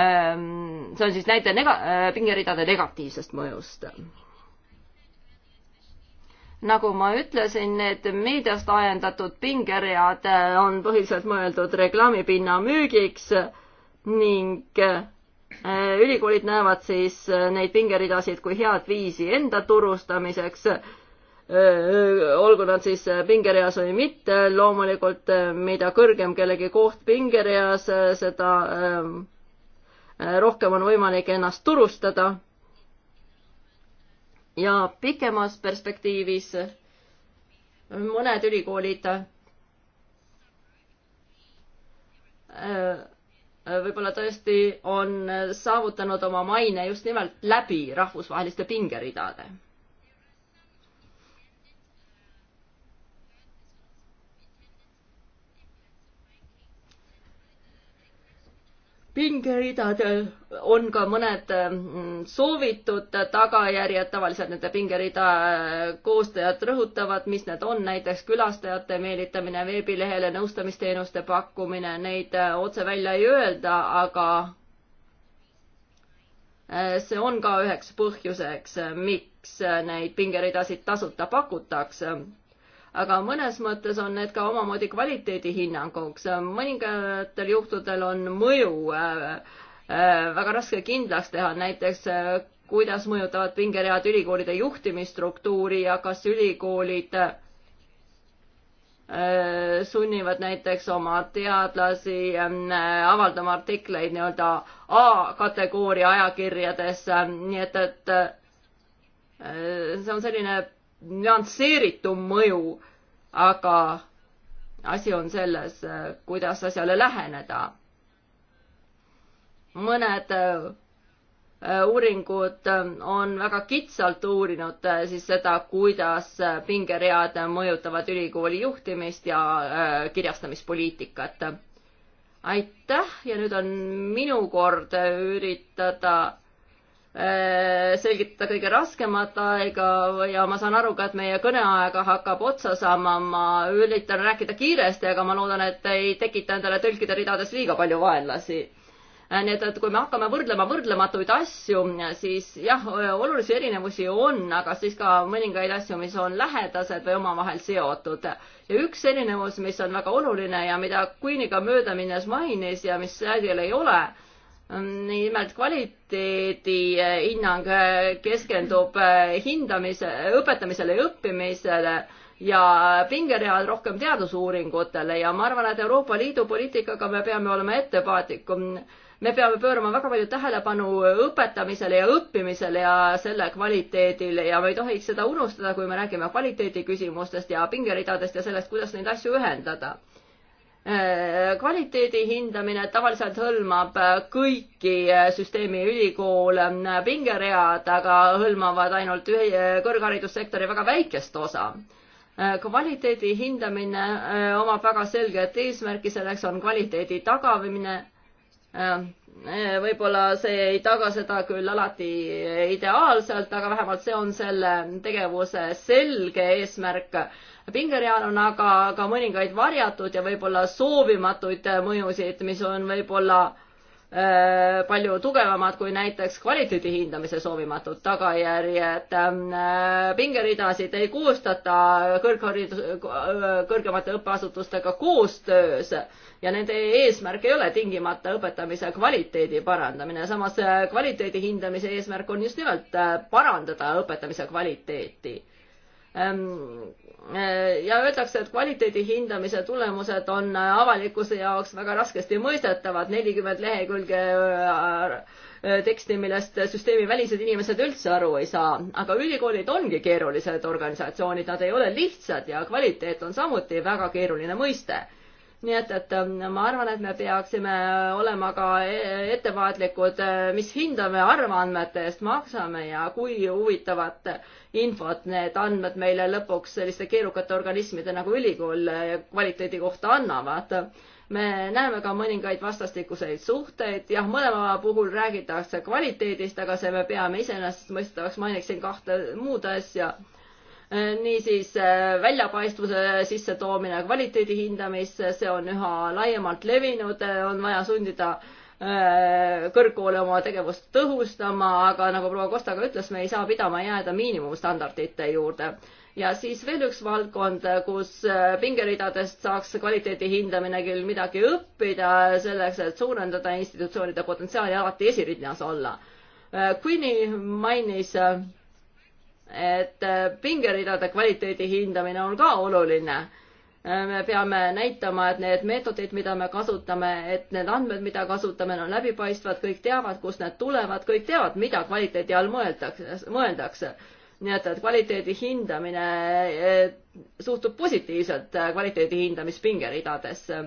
Ähm, see on siis näide nega-, pingeridade negatiivsest mõjust. nagu ma ütlesin, need meediast ajendatud pingeread on põhiliselt mõeldud reklaamipinna müügiks ning Äh, ülikoolid näevad siis äh, neid pingeridasid kui head viisi enda turustamiseks, äh, olgu nad siis pingereas või mitte, loomulikult mida kõrgem kellegi koht pingereas, seda rohkem on võimalik ennast turustada. ja pikemas perspektiivis mõned ülikoolid Äh, võib-olla tõesti on äh, saavutanud oma maine just nimelt läbi rahvusvaheliste pingeridade pingeridadel on ka mõned mm, soovitud tagajärjed, tavaliselt nende pingerida äh, koostajad rõhutavad, mis need on, näiteks külastajate meelitamine veebilehele, nõustamisteenuste pakkumine, neid äh, otse välja ei öelda, aga äh, see on ka üheks põhjuseks, miks neid pingeridasid tasuta pakutakse aga mõnes mõttes on need ka omamoodi kvaliteedihinnanguks. mõningatel juhtudel on mõju äh, äh, väga raske kindlaks teha, näiteks äh, kuidas mõjutavad pingeread ülikoolide juhtimisstruktuuri ja kas ülikoolid sunnivad näiteks oma teadlasi avaldama artikleid nii-öelda A-kategooria ajakirjades, nii et, et see on selline nüansseeritum mõju, aga asi on selles, kuidas asjale läheneda. mõned äh, uuringud on väga kitsalt uurinud äh, siis seda, kuidas äh, pingeread mõjutavad ülikooli juhtimist ja kirjastamispoliitikat. aitäh ja nüüd on minu kord üritada Äh, selgitada kõige raskemat aega ja ma saan aru ka, et meie kõneaega hakkab otsa saama, ma üritan rääkida kiiresti, aga ma loodan, et ei tekita endale tõlkide ridades liiga palju vaenlasi. Äh, nii et, et kui me hakkame võrdlema võrdlematuid asju, siis jah, olulisi erinevusi on, aga siis ka mõningaid asju, mis on lähedased või omavahel seotud. ja üks erinevus, mis on väga oluline ja mida Queeniga möödaminnes mainis ja mis Sädil ei ole nimelt kvaliteedihinnang eh, eh, keskendub eh, hindamise, õpetamisele ja õppimisele ja pingereal rohkem teadusuuringutele ja ma arvan, et Euroopa Liidu poliitikaga me peame olema ettevaatlikum. me peame pöörama väga palju tähelepanu õpetamisele ja õppimisele ja selle kvaliteedile ja me ei tohiks seda unustada, kui me räägime kvaliteedi küsimustest ja pingeridadest ja sellest, kuidas neid asju ühendada Äh, kvaliteedi hindamine tavaliselt hõlmab äh, kõiki äh, süsteemi ülikoole pingeread, aga hõlmavad ainult ühe kõrgharidussektori väga väikest osa. kvaliteedi hindamine omab väga selget eesmärki, selleks on kvaliteedi tagamine. võib-olla see ei taga seda küll alati ideaalselt, aga vähemalt see on selle tegevuse selge eesmärk pingereal on aga ka mõningaid varjatud ja võib-olla soovimatuid mõjusid, mis on võib-olla äh, palju tugevamad kui näiteks kvaliteedi hindamise soovimatud tagajärjed. Äh, pingeridasid ei koostata kõrgharidus, kõrgemate õppeasutustega koostöös ja nende eesmärk ei ole tingimata õpetamise kvaliteedi parandamine, samas äh, kvaliteedi hindamise eesmärk on just nimelt parandada õpetamise kvaliteeti Äh, ja öeldakse, et kvaliteedi hindamise tulemused on äh, avalikkuse jaoks väga raskesti mõistetavad, nelikümmend lehekülge äh, teksti, millest süsteemi välised inimesed üldse aru ei saa. aga ülikoolid ongi keerulised organisatsioonid, nad ei ole lihtsad ja kvaliteet on samuti väga keeruline mõiste nii et, et ähm, ma arvan, et me peaksime äh, olema ka äh, ettevaatlikud, äh, mis hinda me arvandmete eest maksame ja kui huvitavat infot need andmed meile lõpuks selliste keerukate organismide nagu ülikool kvaliteedi kohta annavad. me näeme ka mõningaid vastastikuseid suhteid, jah, mõlema puhul räägitakse kvaliteedist, aga see me peame iseenesestmõistetavaks, mainiksin kahte muud asja Äh, niisiis äh, väljapaistvuse sissetoomine kvaliteedi hindamisse, see on üha laiemalt levinud, äh, on vaja sundida kõrgkoole oma tegevust tõhustama, aga nagu proua Kosta ka ütles, me ei saa pidama jääda miinimumstandardite juurde. ja siis veel üks valdkond, kus pingeridadest saaks kvaliteedi hindamine küll midagi õppida, selleks et suurendada institutsioonide potentsiaali alati esirinnas olla. Queenie mainis äh, et äh, pingeridade kvaliteedi hindamine on ka oluline. Äh, me peame näitama, et need meetodid, mida me kasutame, et need andmed, mida kasutame, on läbipaistvad, kõik teavad, kust need tulevad, kõik teavad, mida kvaliteedi all mõeldakse, mõeldakse. nii et, et kvaliteedi hindamine äh, suhtub positiivselt kvaliteedi hindamispingeridadesse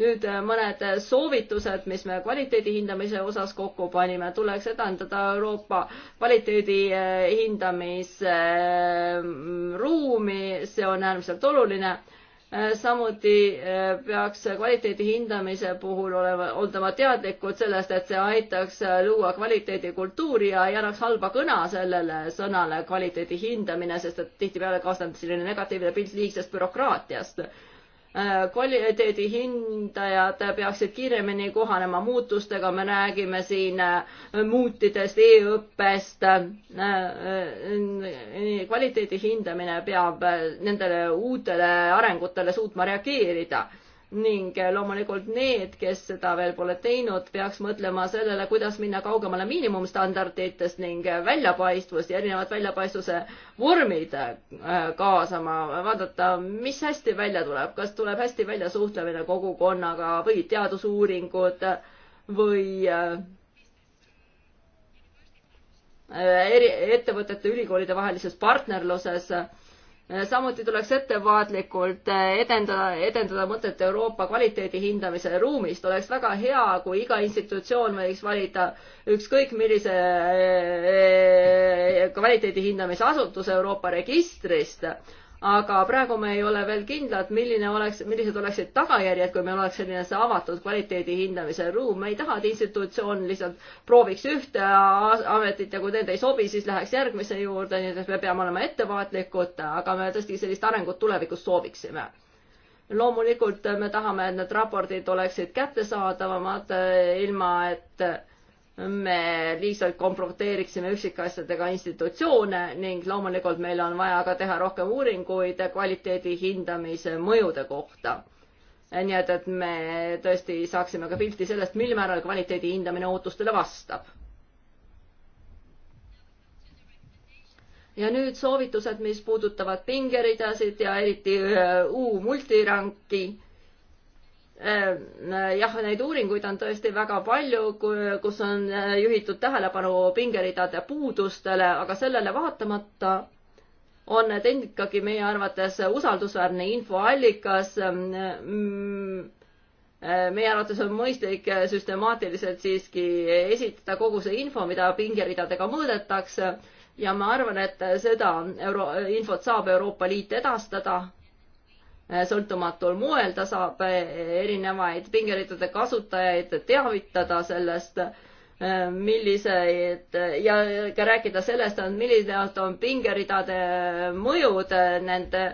nüüd äh, mõned äh, soovitused, mis me kvaliteedi hindamise osas kokku panime, tuleks edendada Euroopa kvaliteedi äh, hindamisruumi, see on äärmiselt oluline. samuti peaks kvaliteedi hindamise puhul olema, oldama teadlikud sellest, et see aitaks luua kvaliteedikultuuri ja ei annaks halba kõna sellele sõnale kvaliteedi hindamine, sest et tihtipeale kaasneb selline negatiivne pilt liigsest bürokraatiast Äh, kvaliteedi hindajad peaksid kiiremini kohanema muutustega, me räägime siin äh, muutidest e, e-õppest. Äh, kvaliteedi hindamine peab nendele uutele arengutele suutma reageerida ning loomulikult need, kes seda veel pole teinud, peaks mõtlema sellele, kuidas minna kaugemale miinimumstandarditest ning väljapaistvust ja erinevad väljapaistvuse vormid äh, kaasama, vaadata, mis hästi välja tuleb, kas tuleb hästi välja suhtlemine kogukonnaga või teadusuuringud või äh, äh, eri ettevõtete, ülikoolide vahelises partnerluses Äh, samuti tuleks ettevaatlikult äh, edendada, edendada mõtet Euroopa kvaliteedi hindamise ruumist. oleks väga hea, kui iga institutsioon võiks valida ükskõik millise äh, kvaliteedi hindamise asutuse Euroopa registrist aga praegu me ei ole veel kindlad, milline oleks, millised oleksid tagajärjed, kui meil oleks selline see avatud kvaliteedi hindamise ruum. me ei taha, et institutsioon lihtsalt prooviks ühte ametit ja kui need ei sobi, siis läheks järgmise juurde, nii et me peame olema ettevaatlikud, aga me tõesti sellist arengut tulevikus sooviksime loomulikult me tahame, et need raportid oleksid kättesaadavamad, ilma et me lihtsalt kompromiteeriksime üksikasjadega institutsioone ning loomulikult meil on vaja ka teha rohkem uuringuid kvaliteedi hindamise mõjude kohta. nii et, et me tõesti saaksime ka pilti sellest, mil määral kvaliteedi hindamine ootustele vastab. ja nüüd soovitused, mis puudutavad pingeridasid ja eriti U multiranki Ehm, äh, jah, neid uuringuid on tõesti väga palju, kus on äh, juhitud tähelepanu pingeridade puudustele, aga sellele vaatamata on need ikkagi meie arvates usaldusväärne infoallikas. Ehm, mm, äh, meie arvates on mõistlik süstemaatiliselt siiski esitada kogu see info, mida pingeridadega mõõdetakse ja ma arvan, et seda euro, infot saab Euroopa Liit edastada Äh, sõltumatul moel, ta saab äh, erinevaid pingeridade kasutajaid teavitada sellest, äh, millised ja ka rääkida sellest, millised on pingeridade mõjud nende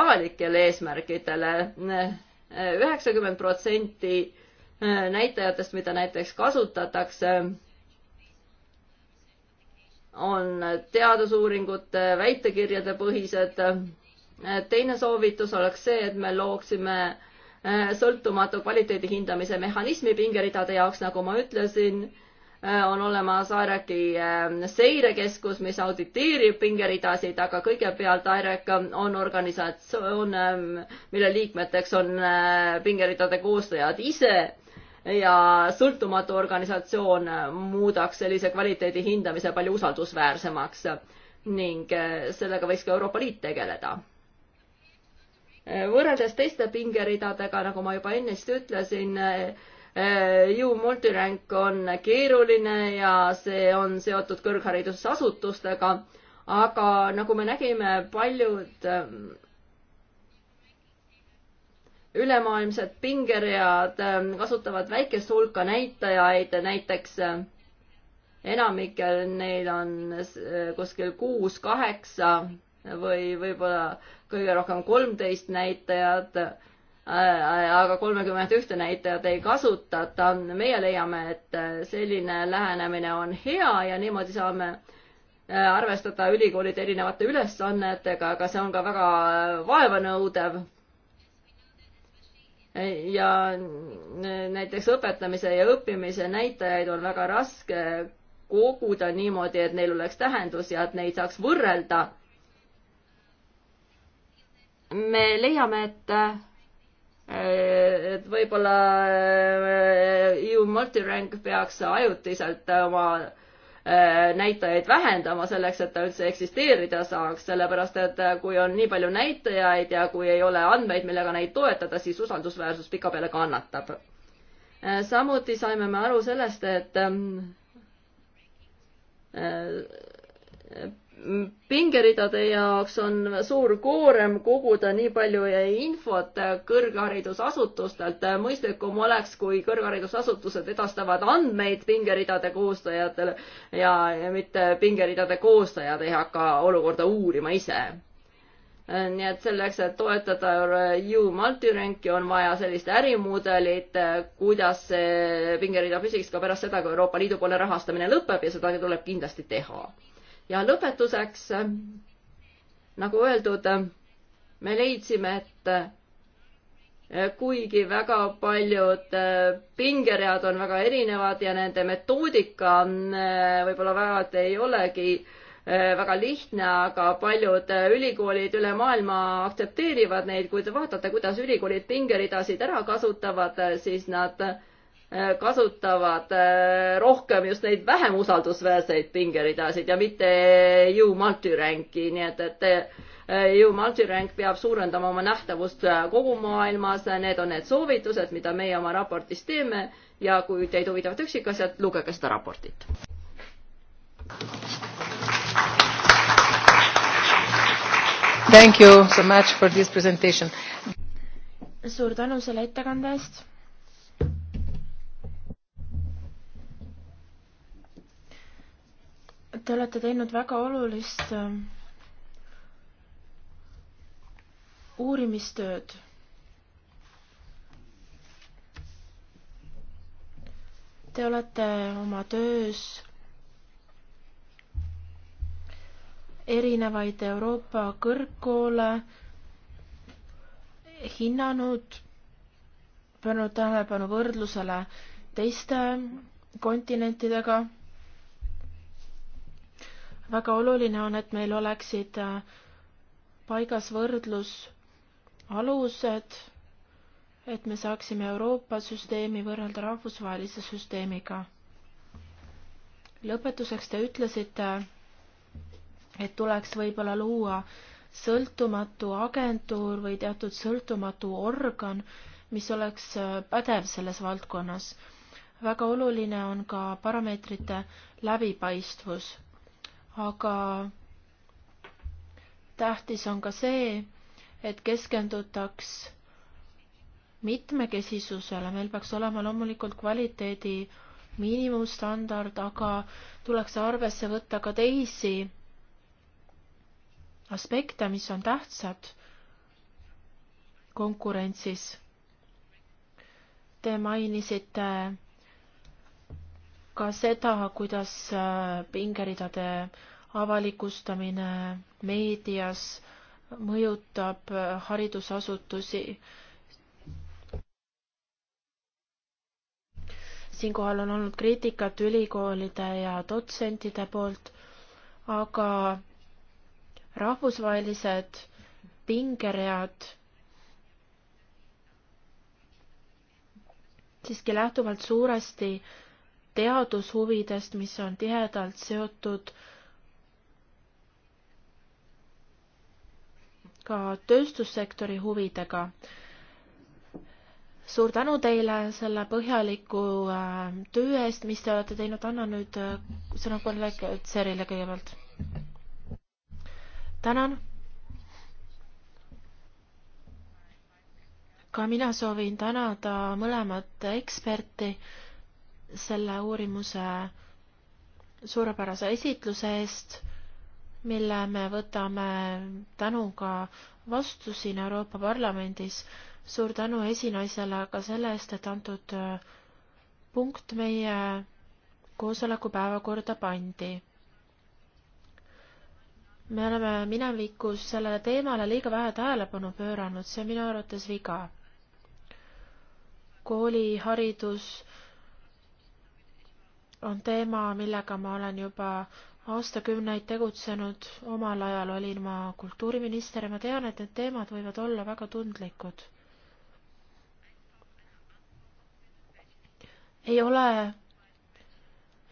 avalikele eesmärkidele. üheksakümmend protsenti näitajatest, mida näiteks kasutatakse, on teadusuuringute väitekirjade põhised teine soovitus oleks see, et me looksime äh, sõltumatu kvaliteedi hindamise mehhanismi pingeridade jaoks, nagu ma ütlesin, äh, on olemas IREC-i äh, seirekeskus, mis auditeerib pingeridasid, aga kõigepealt IREC on organisatsioon, ähm, mille liikmeteks on pingeridade koostajad ise ja sõltumatu organisatsioon muudaks sellise kvaliteedi hindamise palju usaldusväärsemaks ning sellega võiks ka Euroopa Liit tegeleda võrreldes teiste pingeridadega, nagu ma juba ennist ütlesin, ju multirank on keeruline ja see on seotud kõrgharidusasutustega, aga nagu me nägime, paljud ähm, ülemaailmsed pingeread ähm, kasutavad väikest hulka näitajaid, näiteks ähm, enamikel neil on äh, kuskil kuus, kaheksa või võib-olla kõige rohkem kolmteist näitajat, äh, aga kolmekümmet ühte näitajat ei kasutata. meie leiame, et selline lähenemine on hea ja niimoodi saame äh, arvestada ülikoolide erinevate ülesannetega, aga see on ka väga äh, vaevanõudev ja näiteks õpetamise ja õppimise näitajaid on väga raske koguda niimoodi, et neil oleks tähendus ja et neid saaks võrrelda me leiame, et et võib-olla EU äh, multirank peaks ajutiselt oma äh, näitajaid vähendama selleks, et ta üldse eksisteerida saaks, sellepärast et äh, kui on nii palju näitajaid ja kui ei ole andmeid, millega neid toetada, siis usaldusväärsus pikapeale kannatab. samuti saime me aru sellest, et pingeridade jaoks on suur koorem koguda nii palju infot kõrgharidusasutustelt. mõistlikum oleks, kui kõrgharidusasutused edastavad andmeid pingeridade koostajatele ja, ja mitte pingeridade koostajad ei hakka olukorda uurima ise nii et selleks, et toetada ju multiranki, on vaja sellist ärimudelit, kuidas see pingerida püsiks ka pärast seda, kui Euroopa Liidu poole rahastamine lõpeb ja seda tuleb kindlasti teha ja lõpetuseks, nagu öeldud, me leidsime, et kuigi väga paljud pingeread on väga erinevad ja nende metoodika on eh, võib-olla väga, ei olegi eh, väga lihtne, aga paljud ülikoolid üle maailma aktsepteerivad neid, kui te vaatate, kuidas ülikoolid pingeridasid ära kasutavad, eh, siis nad äh, Äh, kasutavad äh, rohkem just neid vähem usaldusväärseid pingeridasid ja mitte ju multiränki, nii et, et ju äh, multiränk peab suurendama oma nähtavust kogu maailmas, need on need soovitused, mida meie oma raportis teeme ja kui teid huvitavad üksikasjad, lugege seda raportit. Thank you so much for this presentation. suur tänu selle ettekande eest Te olete teinud väga olulist ähm, uurimistööd. Te olete oma töös erinevaid Euroopa kõrgkoole hinnanud, pööranud tähelepanu võrdlusele teiste kontinentidega väga oluline on, et meil oleksid äh, paigas võrdlusalused, et me saaksime Euroopa süsteemi võrrelda rahvusvahelise süsteemiga. lõpetuseks te ütlesite, et tuleks võib-olla luua sõltumatu agentuur või teatud sõltumatu organ, mis oleks äh, pädev selles valdkonnas. väga oluline on ka parameetrite läbipaistvus aga tähtis on ka see, et keskendutaks mitmekesisusele, meil peaks olema loomulikult kvaliteedi miinimumstandard, aga tuleks arvesse võtta ka teisi aspekte, mis on tähtsad konkurentsis. Te mainisite ka seda, kuidas äh, pingeridade avalikustamine meedias mõjutab äh, haridusasutusi. siinkohal on olnud kriitikat ülikoolide ja dotsentide poolt, aga rahvusvahelised pingeread siiski lähtuvalt suuresti teadushuvidest, mis on tihedalt seotud ka tööstussektori huvidega. suur tänu teile selle põhjaliku äh, töö eest, mis te olete teinud, annan nüüd äh, sõna kolleeg Tserile kõigepealt. tänan. ka mina soovin tänada mõlemat eksperti selle uurimuse suurepärase esitluse eest, mille me võtame tänuga vastu siin Euroopa Parlamendis. suur tänu esinaisele ka selle eest, et antud äh, punkt meie koosoleku päevakorda pandi. me oleme minevikus sellele teemale liiga vähe tähelepanu pööranud, see on minu arvates viga. kooliharidus on teema, millega ma olen juba aastakümneid tegutsenud, omal ajal olin ma kultuuriminister ja ma tean, et need teemad võivad olla väga tundlikud. ei ole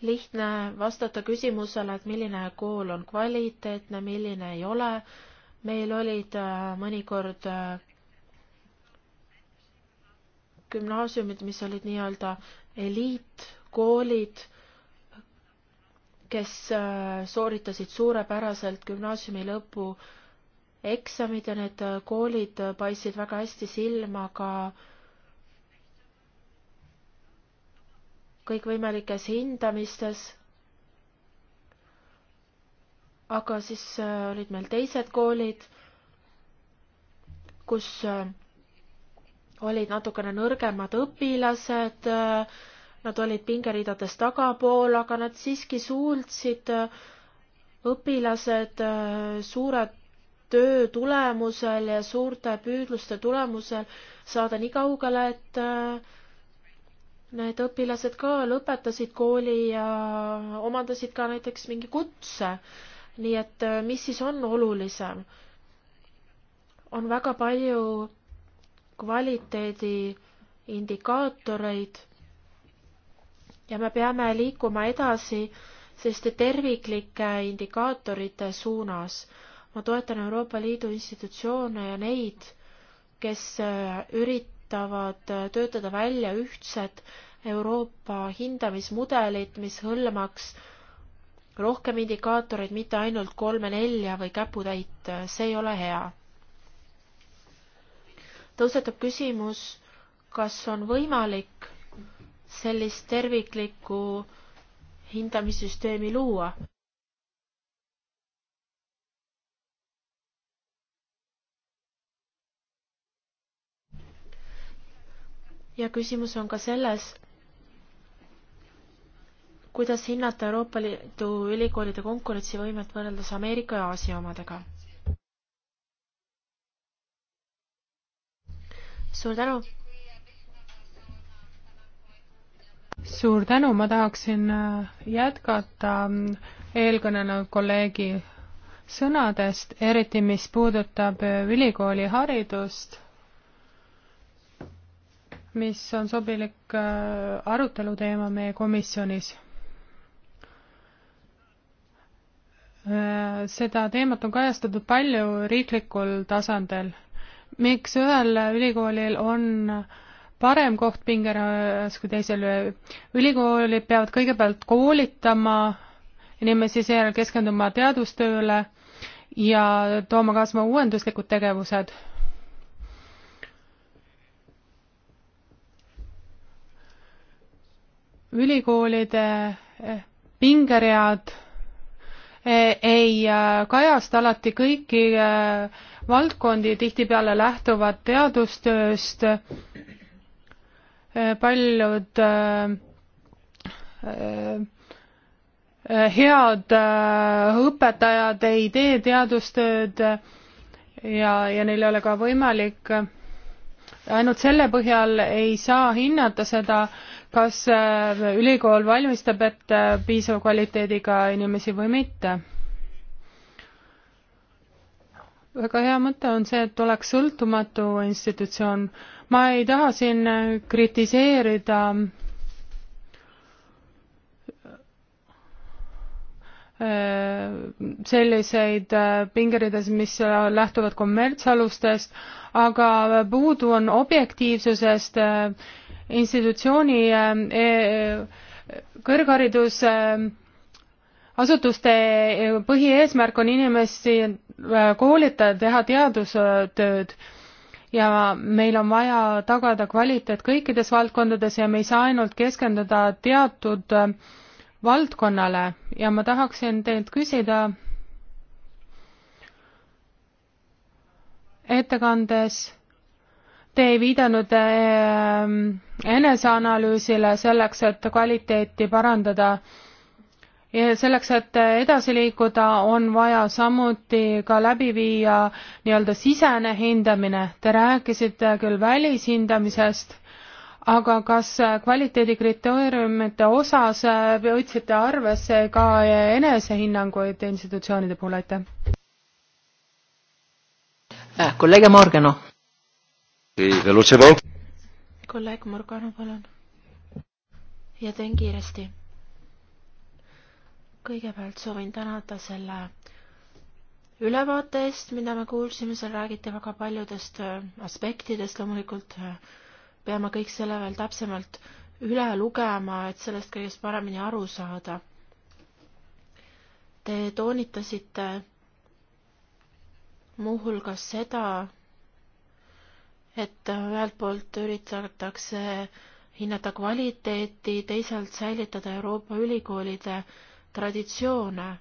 lihtne vastata küsimusele, et milline kool on kvaliteetne, milline ei ole. meil olid äh, mõnikord äh, gümnaasiumid, mis olid nii-öelda eliitkoolid kes äh, sooritasid suurepäraselt gümnaasiumi lõpu eksamid ja need äh, koolid äh, paistsid väga hästi silma ka kõikvõimalikes hindamistes. aga siis olid meil teised koolid, kus olid natukene nõrgemad õpilased äh,, nad olid pingeridades tagapool, aga nad siiski suutsid äh, õpilased äh, suure töö tulemusel ja suurte püüdluste tulemusel saada nii kaugele, et äh, need õpilased ka lõpetasid kooli ja omandasid ka näiteks mingi kutse. nii et mis siis on olulisem? on väga palju kvaliteedi indikaatoreid ja me peame liikuma edasi selliste terviklike indikaatorite suunas. ma toetan Euroopa Liidu institutsioone ja neid, kes äh, üritavad äh, töötada välja ühtsed Euroopa hindamismudelid, mis hõlmaks rohkem indikaatoreid, mitte ainult kolme-nelja või käputäit, see ei ole hea. tõusetub küsimus, kas on võimalik sellist terviklikku hindamissüsteemi luua. ja küsimus on ka selles, kuidas hinnata Euroopa Liidu ülikoolide konkurentsivõimet võrreldes Ameerika ja Aasia omadega? suur tänu! suur tänu, ma tahaksin äh, jätkata äh, eelkõnelenud kolleegi sõnadest, eriti mis puudutab äh, ülikooliharidust, mis on sobilik aruteluteema meie komisjonis. seda teemat on kajastatud palju riiklikul tasandil. miks ühel ülikoolil on äh, parem koht pingereas kui teisel. ülikoolid peavad kõigepealt koolitama inimesi, seejärel keskenduma teadustööle ja tooma kaasa uuenduslikud tegevused. ülikoolide pingeread e, ei e, kajasta alati kõiki e, valdkondi, tihtipeale lähtuvad teadustööst Äh, paljud äh, äh, head õpetajad ei tee teadustööd ja, ja neil ei ole ka võimalik, ainult selle põhjal ei saa hinnata seda, kas ülikool valmistab ette piisava kvaliteediga inimesi või mitte. väga hea mõte on see, et oleks sõltumatu institutsioon ma ei taha siin äh, kritiseerida äh, selliseid äh, pingerides, mis lähtuvad kommertsalustest, aga puudu on objektiivsusest institutsiooni kõrgharidusasutuste põhieesmärk on inimesi koolitada, teha teadustööd ja meil on vaja tagada kvaliteet kõikides valdkondades ja me ei saa ainult keskenduda teatud äh, valdkonnale ja ma tahaksin teilt küsida ettekandes te ei viidanud äh, eneseanalüüsile selleks, et kvaliteeti parandada ja selleks, et edasi liikuda, on vaja samuti ka läbi viia nii-öelda sisene hindamine. Te rääkisite küll välishindamisest, aga kas kvaliteedikriteeriumite osas võtsite arvesse ka enesehinnanguid institutsioonide puhul, aitäh? Äh, kolleeg Morgano. kolleeg Morgano, palun. ja teen kiiresti kõigepealt soovin tänada selle ülevaate eest, mida me kuulsime, seal räägiti väga paljudest äh, aspektidest, loomulikult äh, peame kõik selle veel täpsemalt üle lugema, et sellest kõigest paremini aru saada. Te toonitasite muuhulgas seda, et äh, ühelt poolt üritatakse hinnata kvaliteeti, teisalt säilitada Euroopa ülikoolide traditsioone.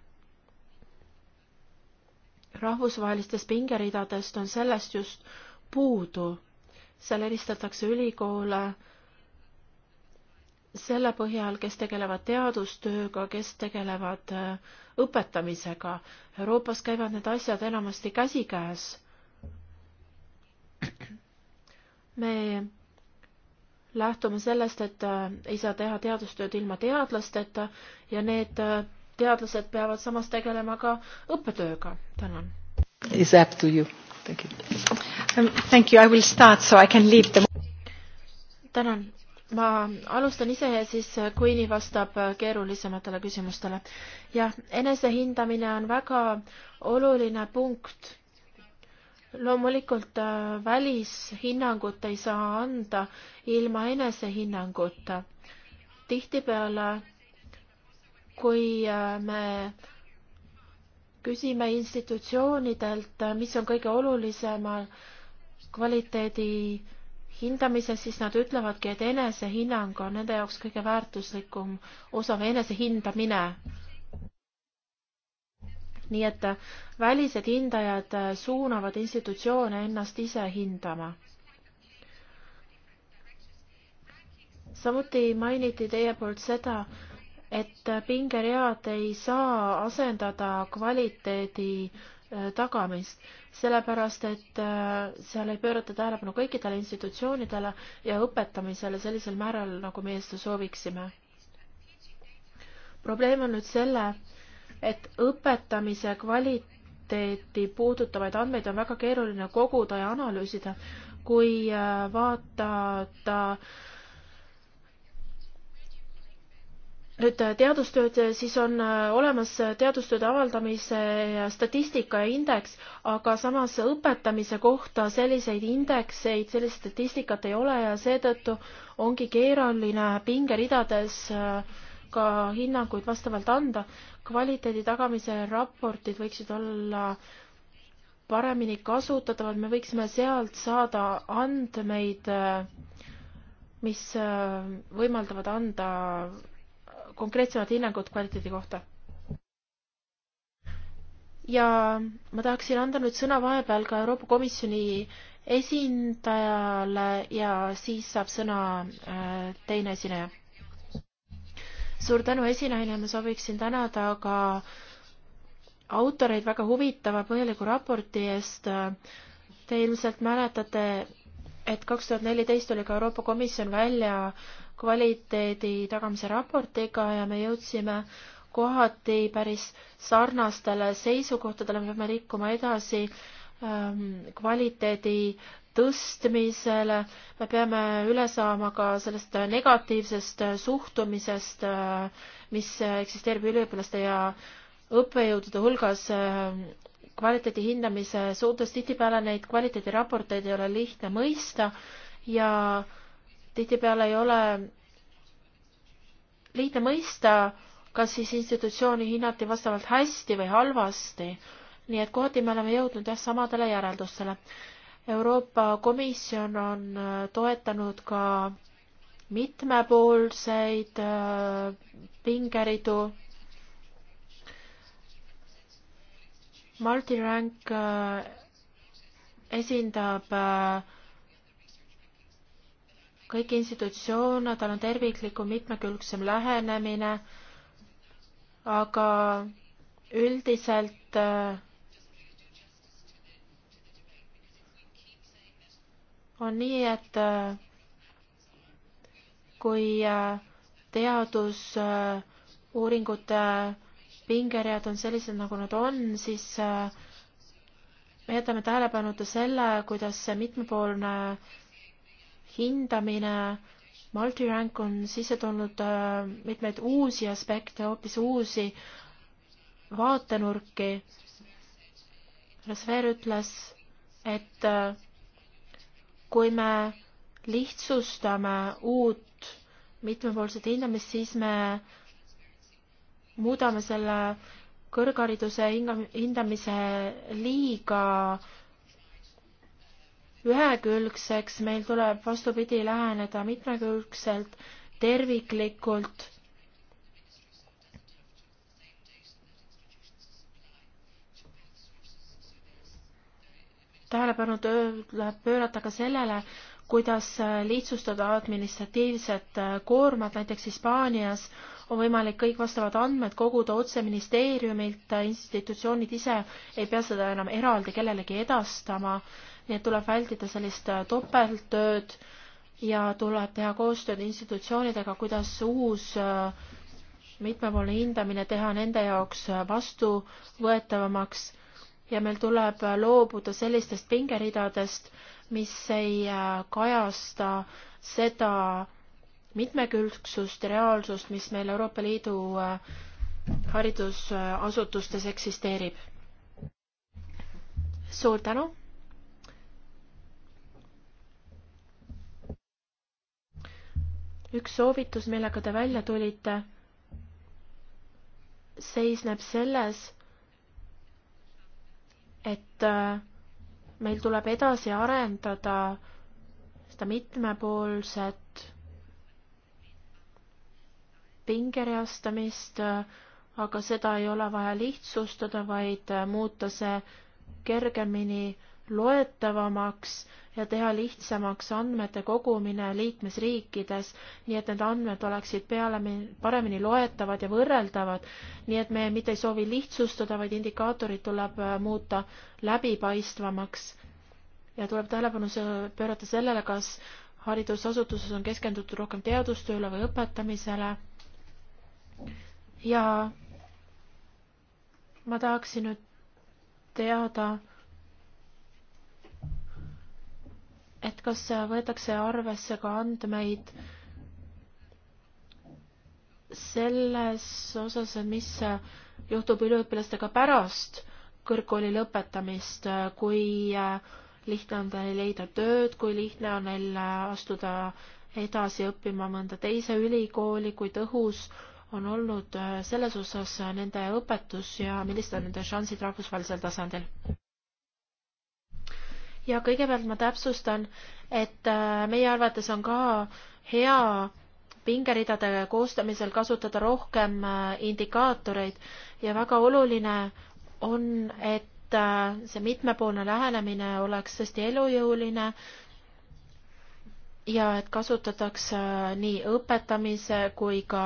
rahvusvahelistest pingeridadest on sellest just puudu. seal eristatakse ülikoole selle põhjal, kes tegelevad teadustööga, kes tegelevad äh, õpetamisega. Euroopas käivad need asjad enamasti käsikäes. me lähtume sellest, et äh, ei saa teha teadustööd ilma teadlasteta ja need äh, teadlased peavad samas tegelema ka õppetööga. tänan. It's up to you. Thank you um,. Thank you, I will start so I can leave the. tänan, ma alustan ise ja siis äh, Queenie vastab keerulisematele küsimustele. jah, enesehindamine on väga oluline punkt loomulikult äh, välishinnangut ei saa anda ilma enesehinnanguta. tihtipeale, kui äh, me küsime institutsioonidelt, äh, mis on kõige olulisemal kvaliteedi hindamises, siis nad ütlevadki, et enesehinnang on nende jaoks kõige väärtuslikum osa või enesehindamine nii et äh, välised hindajad äh, suunavad institutsioone ennast ise hindama. samuti mainiti teie poolt seda, et äh, pingeread ei saa asendada kvaliteedi tagamist, sellepärast et seal ei pöörata tähelepanu kõikidele institutsioonidele ja õpetamisele sellisel määral, nagu meie seda sooviksime. probleem on nüüd selle, et õpetamise kvaliteeti puudutavaid andmeid on väga keeruline koguda ja analüüsida. kui äh, vaadata nüüd äh, teadustööd, siis on äh, olemas teadustööde avaldamise statistika ja indeks, aga samas õpetamise kohta selliseid indekseid, sellist statistikat ei ole ja seetõttu ongi keeruline pingeridades äh, ka hinnanguid vastavalt anda. kvaliteedi tagamise raportid võiksid olla paremini kasutatavad, me võiksime sealt saada andmeid, mis võimaldavad anda konkreetsemat hinnangut kvaliteedi kohta. ja ma tahaksin anda nüüd sõna vahepeal ka Euroopa Komisjoni esindajale ja siis saab sõna äh, teine esineja suur tänu, esinaine, ma sooviksin tänada ka autoreid väga huvitava põhjaliku raporti eest. Te ilmselt mäletate, et kaks tuhat neliteist tuli ka Euroopa Komisjon välja kvaliteedi tagamise raportiga ja me jõudsime kohati päris sarnastele seisukohtadele, me peame liikuma edasi ähm, kvaliteedi tõstmisele, me peame üle saama ka sellest negatiivsest suhtumisest, mis eksisteerib üliõpilaste ja õppejõudude hulgas kvaliteedi hindamise suhtes. tihtipeale neid kvaliteediraporteid ei ole lihtne mõista ja tihtipeale ei ole lihtne mõista, kas siis institutsiooni hinnati vastavalt hästi või halvasti. nii et kohati me oleme jõudnud jah, samadele järeldustele. Euroopa Komisjon on äh, toetanud ka mitmepoolseid äh, pingeridu. Multirank äh, esindab kõiki institutsioone, tal on terviklikum, mitmekülgsem lähenemine, aga üldiselt äh, on nii, et äh, kui äh, teadusuuringute äh, pingeread on sellised, nagu nad on, siis me jätame tähelepanuta selle, kuidas see mitmepoolne hindamine, multirank on sisse tulnud mitmeid uusi aspekte, hoopis uusi vaatenurki. Rasver ütles, et äh, kui me lihtsustame uut mitmepoolset hindamist, siis me muudame selle kõrghariduse hindamise liiga ühekülgseks, meil tuleb vastupidi läheneda mitmekülgselt, terviklikult tähelepanu tuleb pöörata ka sellele, kuidas lihtsustada administratiivset äh, koormat, näiteks Hispaanias on võimalik kõik vastavad andmed koguda otse ministeeriumilt, institutsioonid ise ei pea seda enam eraldi kellelegi edastama, nii et tuleb vältida sellist äh, topelttööd ja tuleb teha koostööd institutsioonidega, kuidas uus äh, mitmepoolne hindamine teha nende jaoks vastuvõetavamaks ja meil tuleb loobuda sellistest pingeridadest, mis ei äh, kajasta seda mitmekülgsust ja reaalsust, mis meil Euroopa Liidu äh, haridusasutustes eksisteerib. suur tänu. üks soovitus, millega te välja tulite, seisneb selles, et äh, meil tuleb edasi arendada seda mitmepoolset pingereastamist, äh, aga seda ei ole vaja lihtsustada, vaid äh, muuta see kergemini loetavamaks ja teha lihtsamaks andmete kogumine liikmesriikides, nii et need andmed oleksid peale, paremini loetavad ja võrreldavad, nii et me mitte ei soovi lihtsustada, vaid indikaatorid tuleb äh, muuta läbipaistvamaks. ja tuleb tähelepanu pöörata sellele, kas haridusasutuses on keskendutud rohkem teadustööle või õpetamisele. ja ma tahaksin nüüd teada et kas võetakse arvesse ka andmeid selles osas, mis juhtub üliõpilastega pärast kõrgkooli lõpetamist, kui lihtne on neil leida tööd, kui lihtne on neil astuda edasi õppima mõnda teise ülikooli, kui tõhus on olnud selles osas nende õpetus ja millised on nende šansid rahvusvahelisel tasandil? ja kõigepealt ma täpsustan, et äh, meie arvates on ka hea pingeridade koostamisel kasutada rohkem äh, indikaatoreid ja väga oluline on, et äh, see mitmepoolne lähenemine oleks tõesti elujõuline ja et kasutatakse nii õpetamise kui ka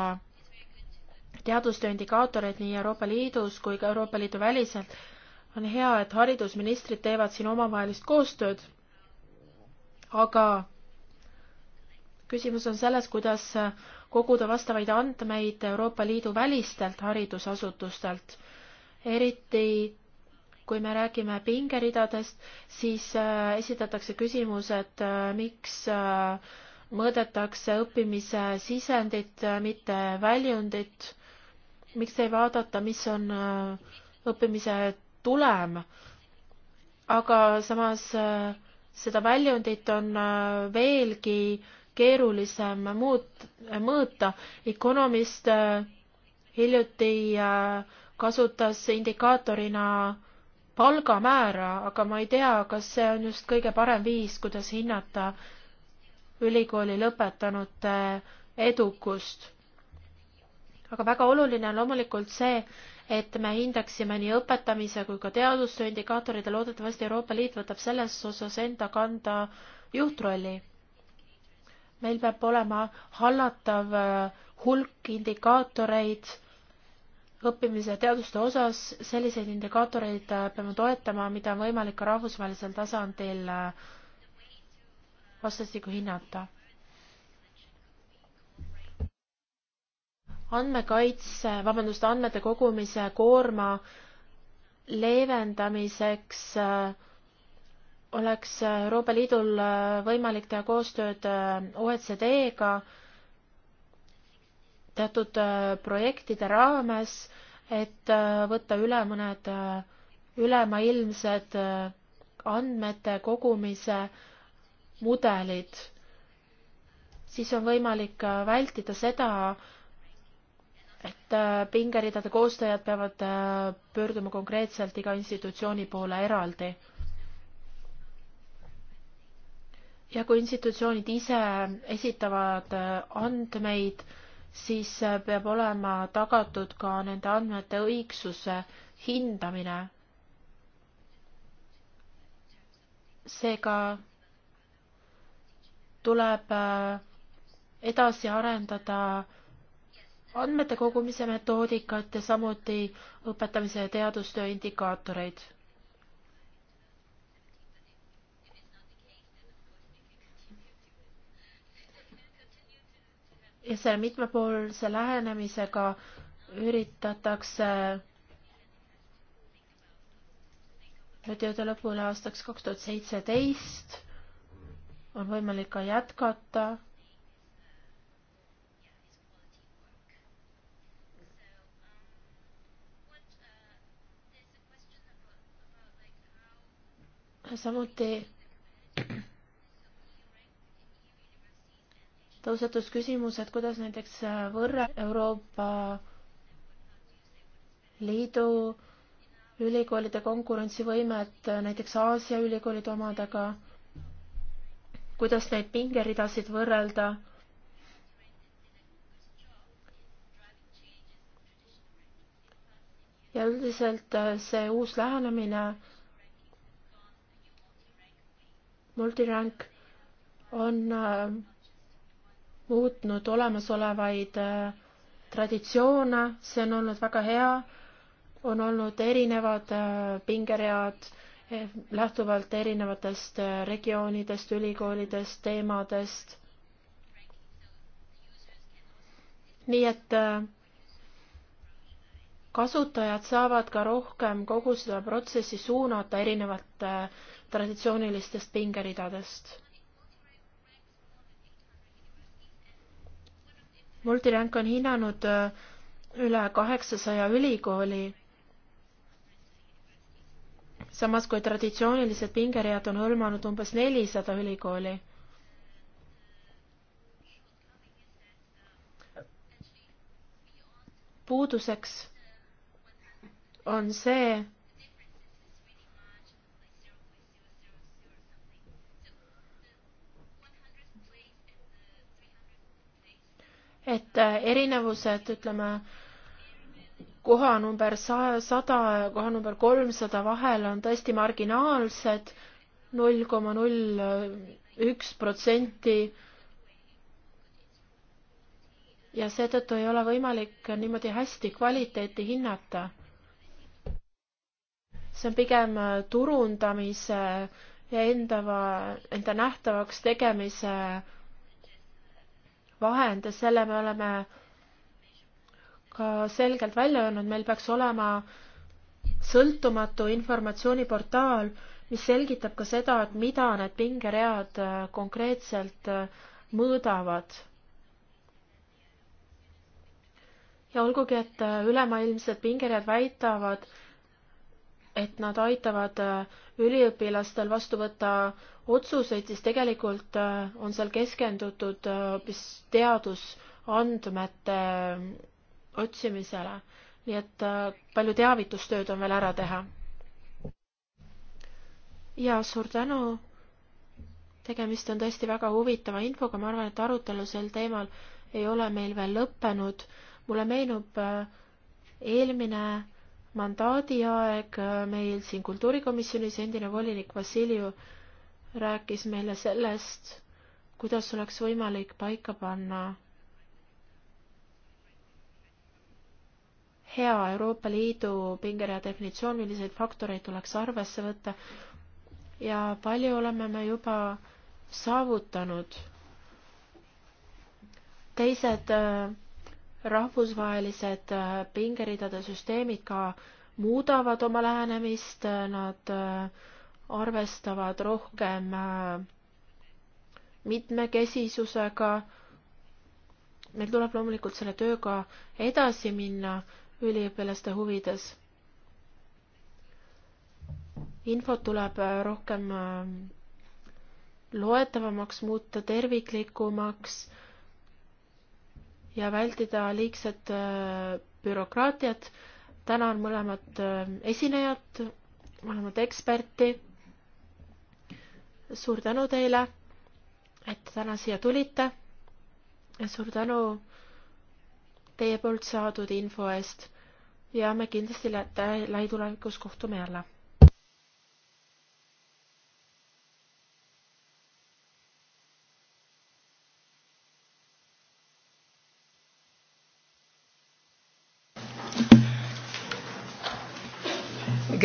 teadustöö indikaatoreid nii Euroopa Liidus kui ka Euroopa Liidu väliselt on hea, et haridusministrid teevad siin omavahelist koostööd, aga küsimus on selles, kuidas koguda vastavaid andmeid Euroopa Liidu välistelt haridusasutustelt, eriti kui me räägime pingeridadest, siis äh, esitatakse küsimus, et äh, miks äh, mõõdetakse õppimise sisendit, mitte väljundit, miks ei vaadata, mis on õppimise tulema. aga samas äh, seda väljundit on äh, veelgi keerulisem muut-, mõõta. Economist äh, hiljuti kasutas indikaatorina palgamäära, aga ma ei tea, kas see on just kõige parem viis, kuidas hinnata ülikooli lõpetanute edukust. aga väga oluline on loomulikult see, et me hindaksime nii õpetamise kui ka teadustöö indikaatorid ja loodetavasti Euroopa Liit võtab selles osas enda kanda juhtrolli. meil peab olema hallatav äh, hulk indikaatoreid õppimise ja teaduste osas, selliseid indikaatoreid äh, peame toetama, mida on võimalik ka rahvusvahelisel tasandil äh, vastastikku hinnata andmekaitse, vabandust, andmete kogumise koorma leevendamiseks äh, oleks Euroopa Liidul äh, võimalik teha koostööd äh, OECD-ga teatud projektide raames, et võtta üle mõned ülemaailmsed andmete kogumise mudelid, siis on võimalik vältida seda, et äh, pingeridade koostajad peavad äh, pöörduma konkreetselt iga institutsiooni poole eraldi. ja kui institutsioonid ise esitavad äh, andmeid, siis peab olema tagatud ka nende andmete õigsuse hindamine. seega tuleb edasi arendada äh, andmete kogumise metoodikat ja samuti õpetamise ja teadustöö indikaatoreid. ja selle mitmepoolse lähenemisega üritatakse tööde lõpule aastaks kaks tuhat seitseteist on võimalik ka jätkata samuti tõusetus küsimus, et kuidas näiteks võrra Euroopa Liidu ülikoolide konkurentsivõimet näiteks Aasia ülikoolide omadega, kuidas neid pingeridasid võrrelda. ja üldiselt see uus lähenemine multirank on äh, muutnud olemasolevaid äh, traditsioone, see on olnud väga hea, on olnud erinevad äh, pingeread eh, lähtuvalt erinevatest regioonidest, ülikoolidest, teemadest. nii et kasutajad saavad ka rohkem kogu seda protsessi suunata erinevate traditsioonilistest pingeridadest. Multirank on hinnanud äh, üle kaheksasaja ülikooli. samas kui traditsioonilised pingeread on hõlmanud umbes nelisada ülikooli puuduseks on see, et äh, erinevused, ütleme, koha number sada ja koha number kolmsada vahel on tõesti marginaalsed, null koma null äh, üks protsenti. ja seetõttu ei ole võimalik niimoodi hästi kvaliteeti hinnata. see on pigem äh, turundamise ja enda, enda nähtavaks tegemise vahend ja selle me oleme ka selgelt välja öelnud, meil peaks olema sõltumatu informatsiooniportaal, mis selgitab ka seda, et mida need pingeread äh, konkreetselt äh, mõõdavad. ja olgugi, et äh, ülemaailmsed pingeread väidavad, et nad aitavad äh, üliõpilastel vastu võtta otsuseid, siis tegelikult äh, on seal keskendutud äh, hoopis teadusandmete otsimisele. nii et palju teavitustööd on veel ära teha. ja suur tänu. tegemist on tõesti väga huvitava infoga, ma arvan, et arutelu sel teemal ei ole meil veel lõppenud. mulle meenub eelmine mandaadi aeg meil siin kultuurikomisjonis, endine volinik Vassiljev rääkis meile sellest, kuidas oleks võimalik paika panna hea Euroopa Liidu pingerea definitsioon, milliseid faktoreid tuleks arvesse võtta ja palju oleme me juba saavutanud. teised äh, rahvusvahelised äh, pingeridade süsteemid ka muudavad oma lähenemist, äh, nad äh, arvestavad rohkem mitmekesisusega. meil tuleb loomulikult selle tööga edasi minna üliõpilaste huvides. infot tuleb rohkem loetavamaks muuta, terviklikumaks ja vältida liigset äh, bürokraatiat. tänan mõlemat äh, esinejat, mõlemat eksperti. suur tänu teile, et täna siia tulite. suur tänu teie poolt saadud info eest ja me kindlasti lähitulevikus kohtume jälle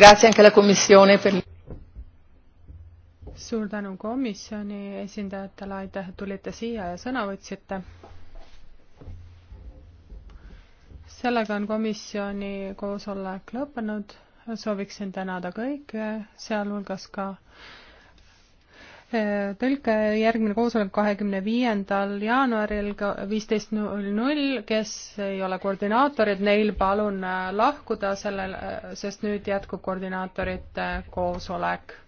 grazie anche alla Commissione per suur tänu komisjoni esindajatele, aitäh, et tulite siia ja sõna võtsite. sellega on komisjoni koosolek lõppenud. sooviksin tänada kõiki, sealhulgas ka Äh, tõlke järgmine koosolek kahekümne viiendal jaanuaril viisteist null null, kes ei ole koordinaatorid, neil palun äh, lahkuda sellel, äh, sest nüüd jätkub koordinaatorite koosolek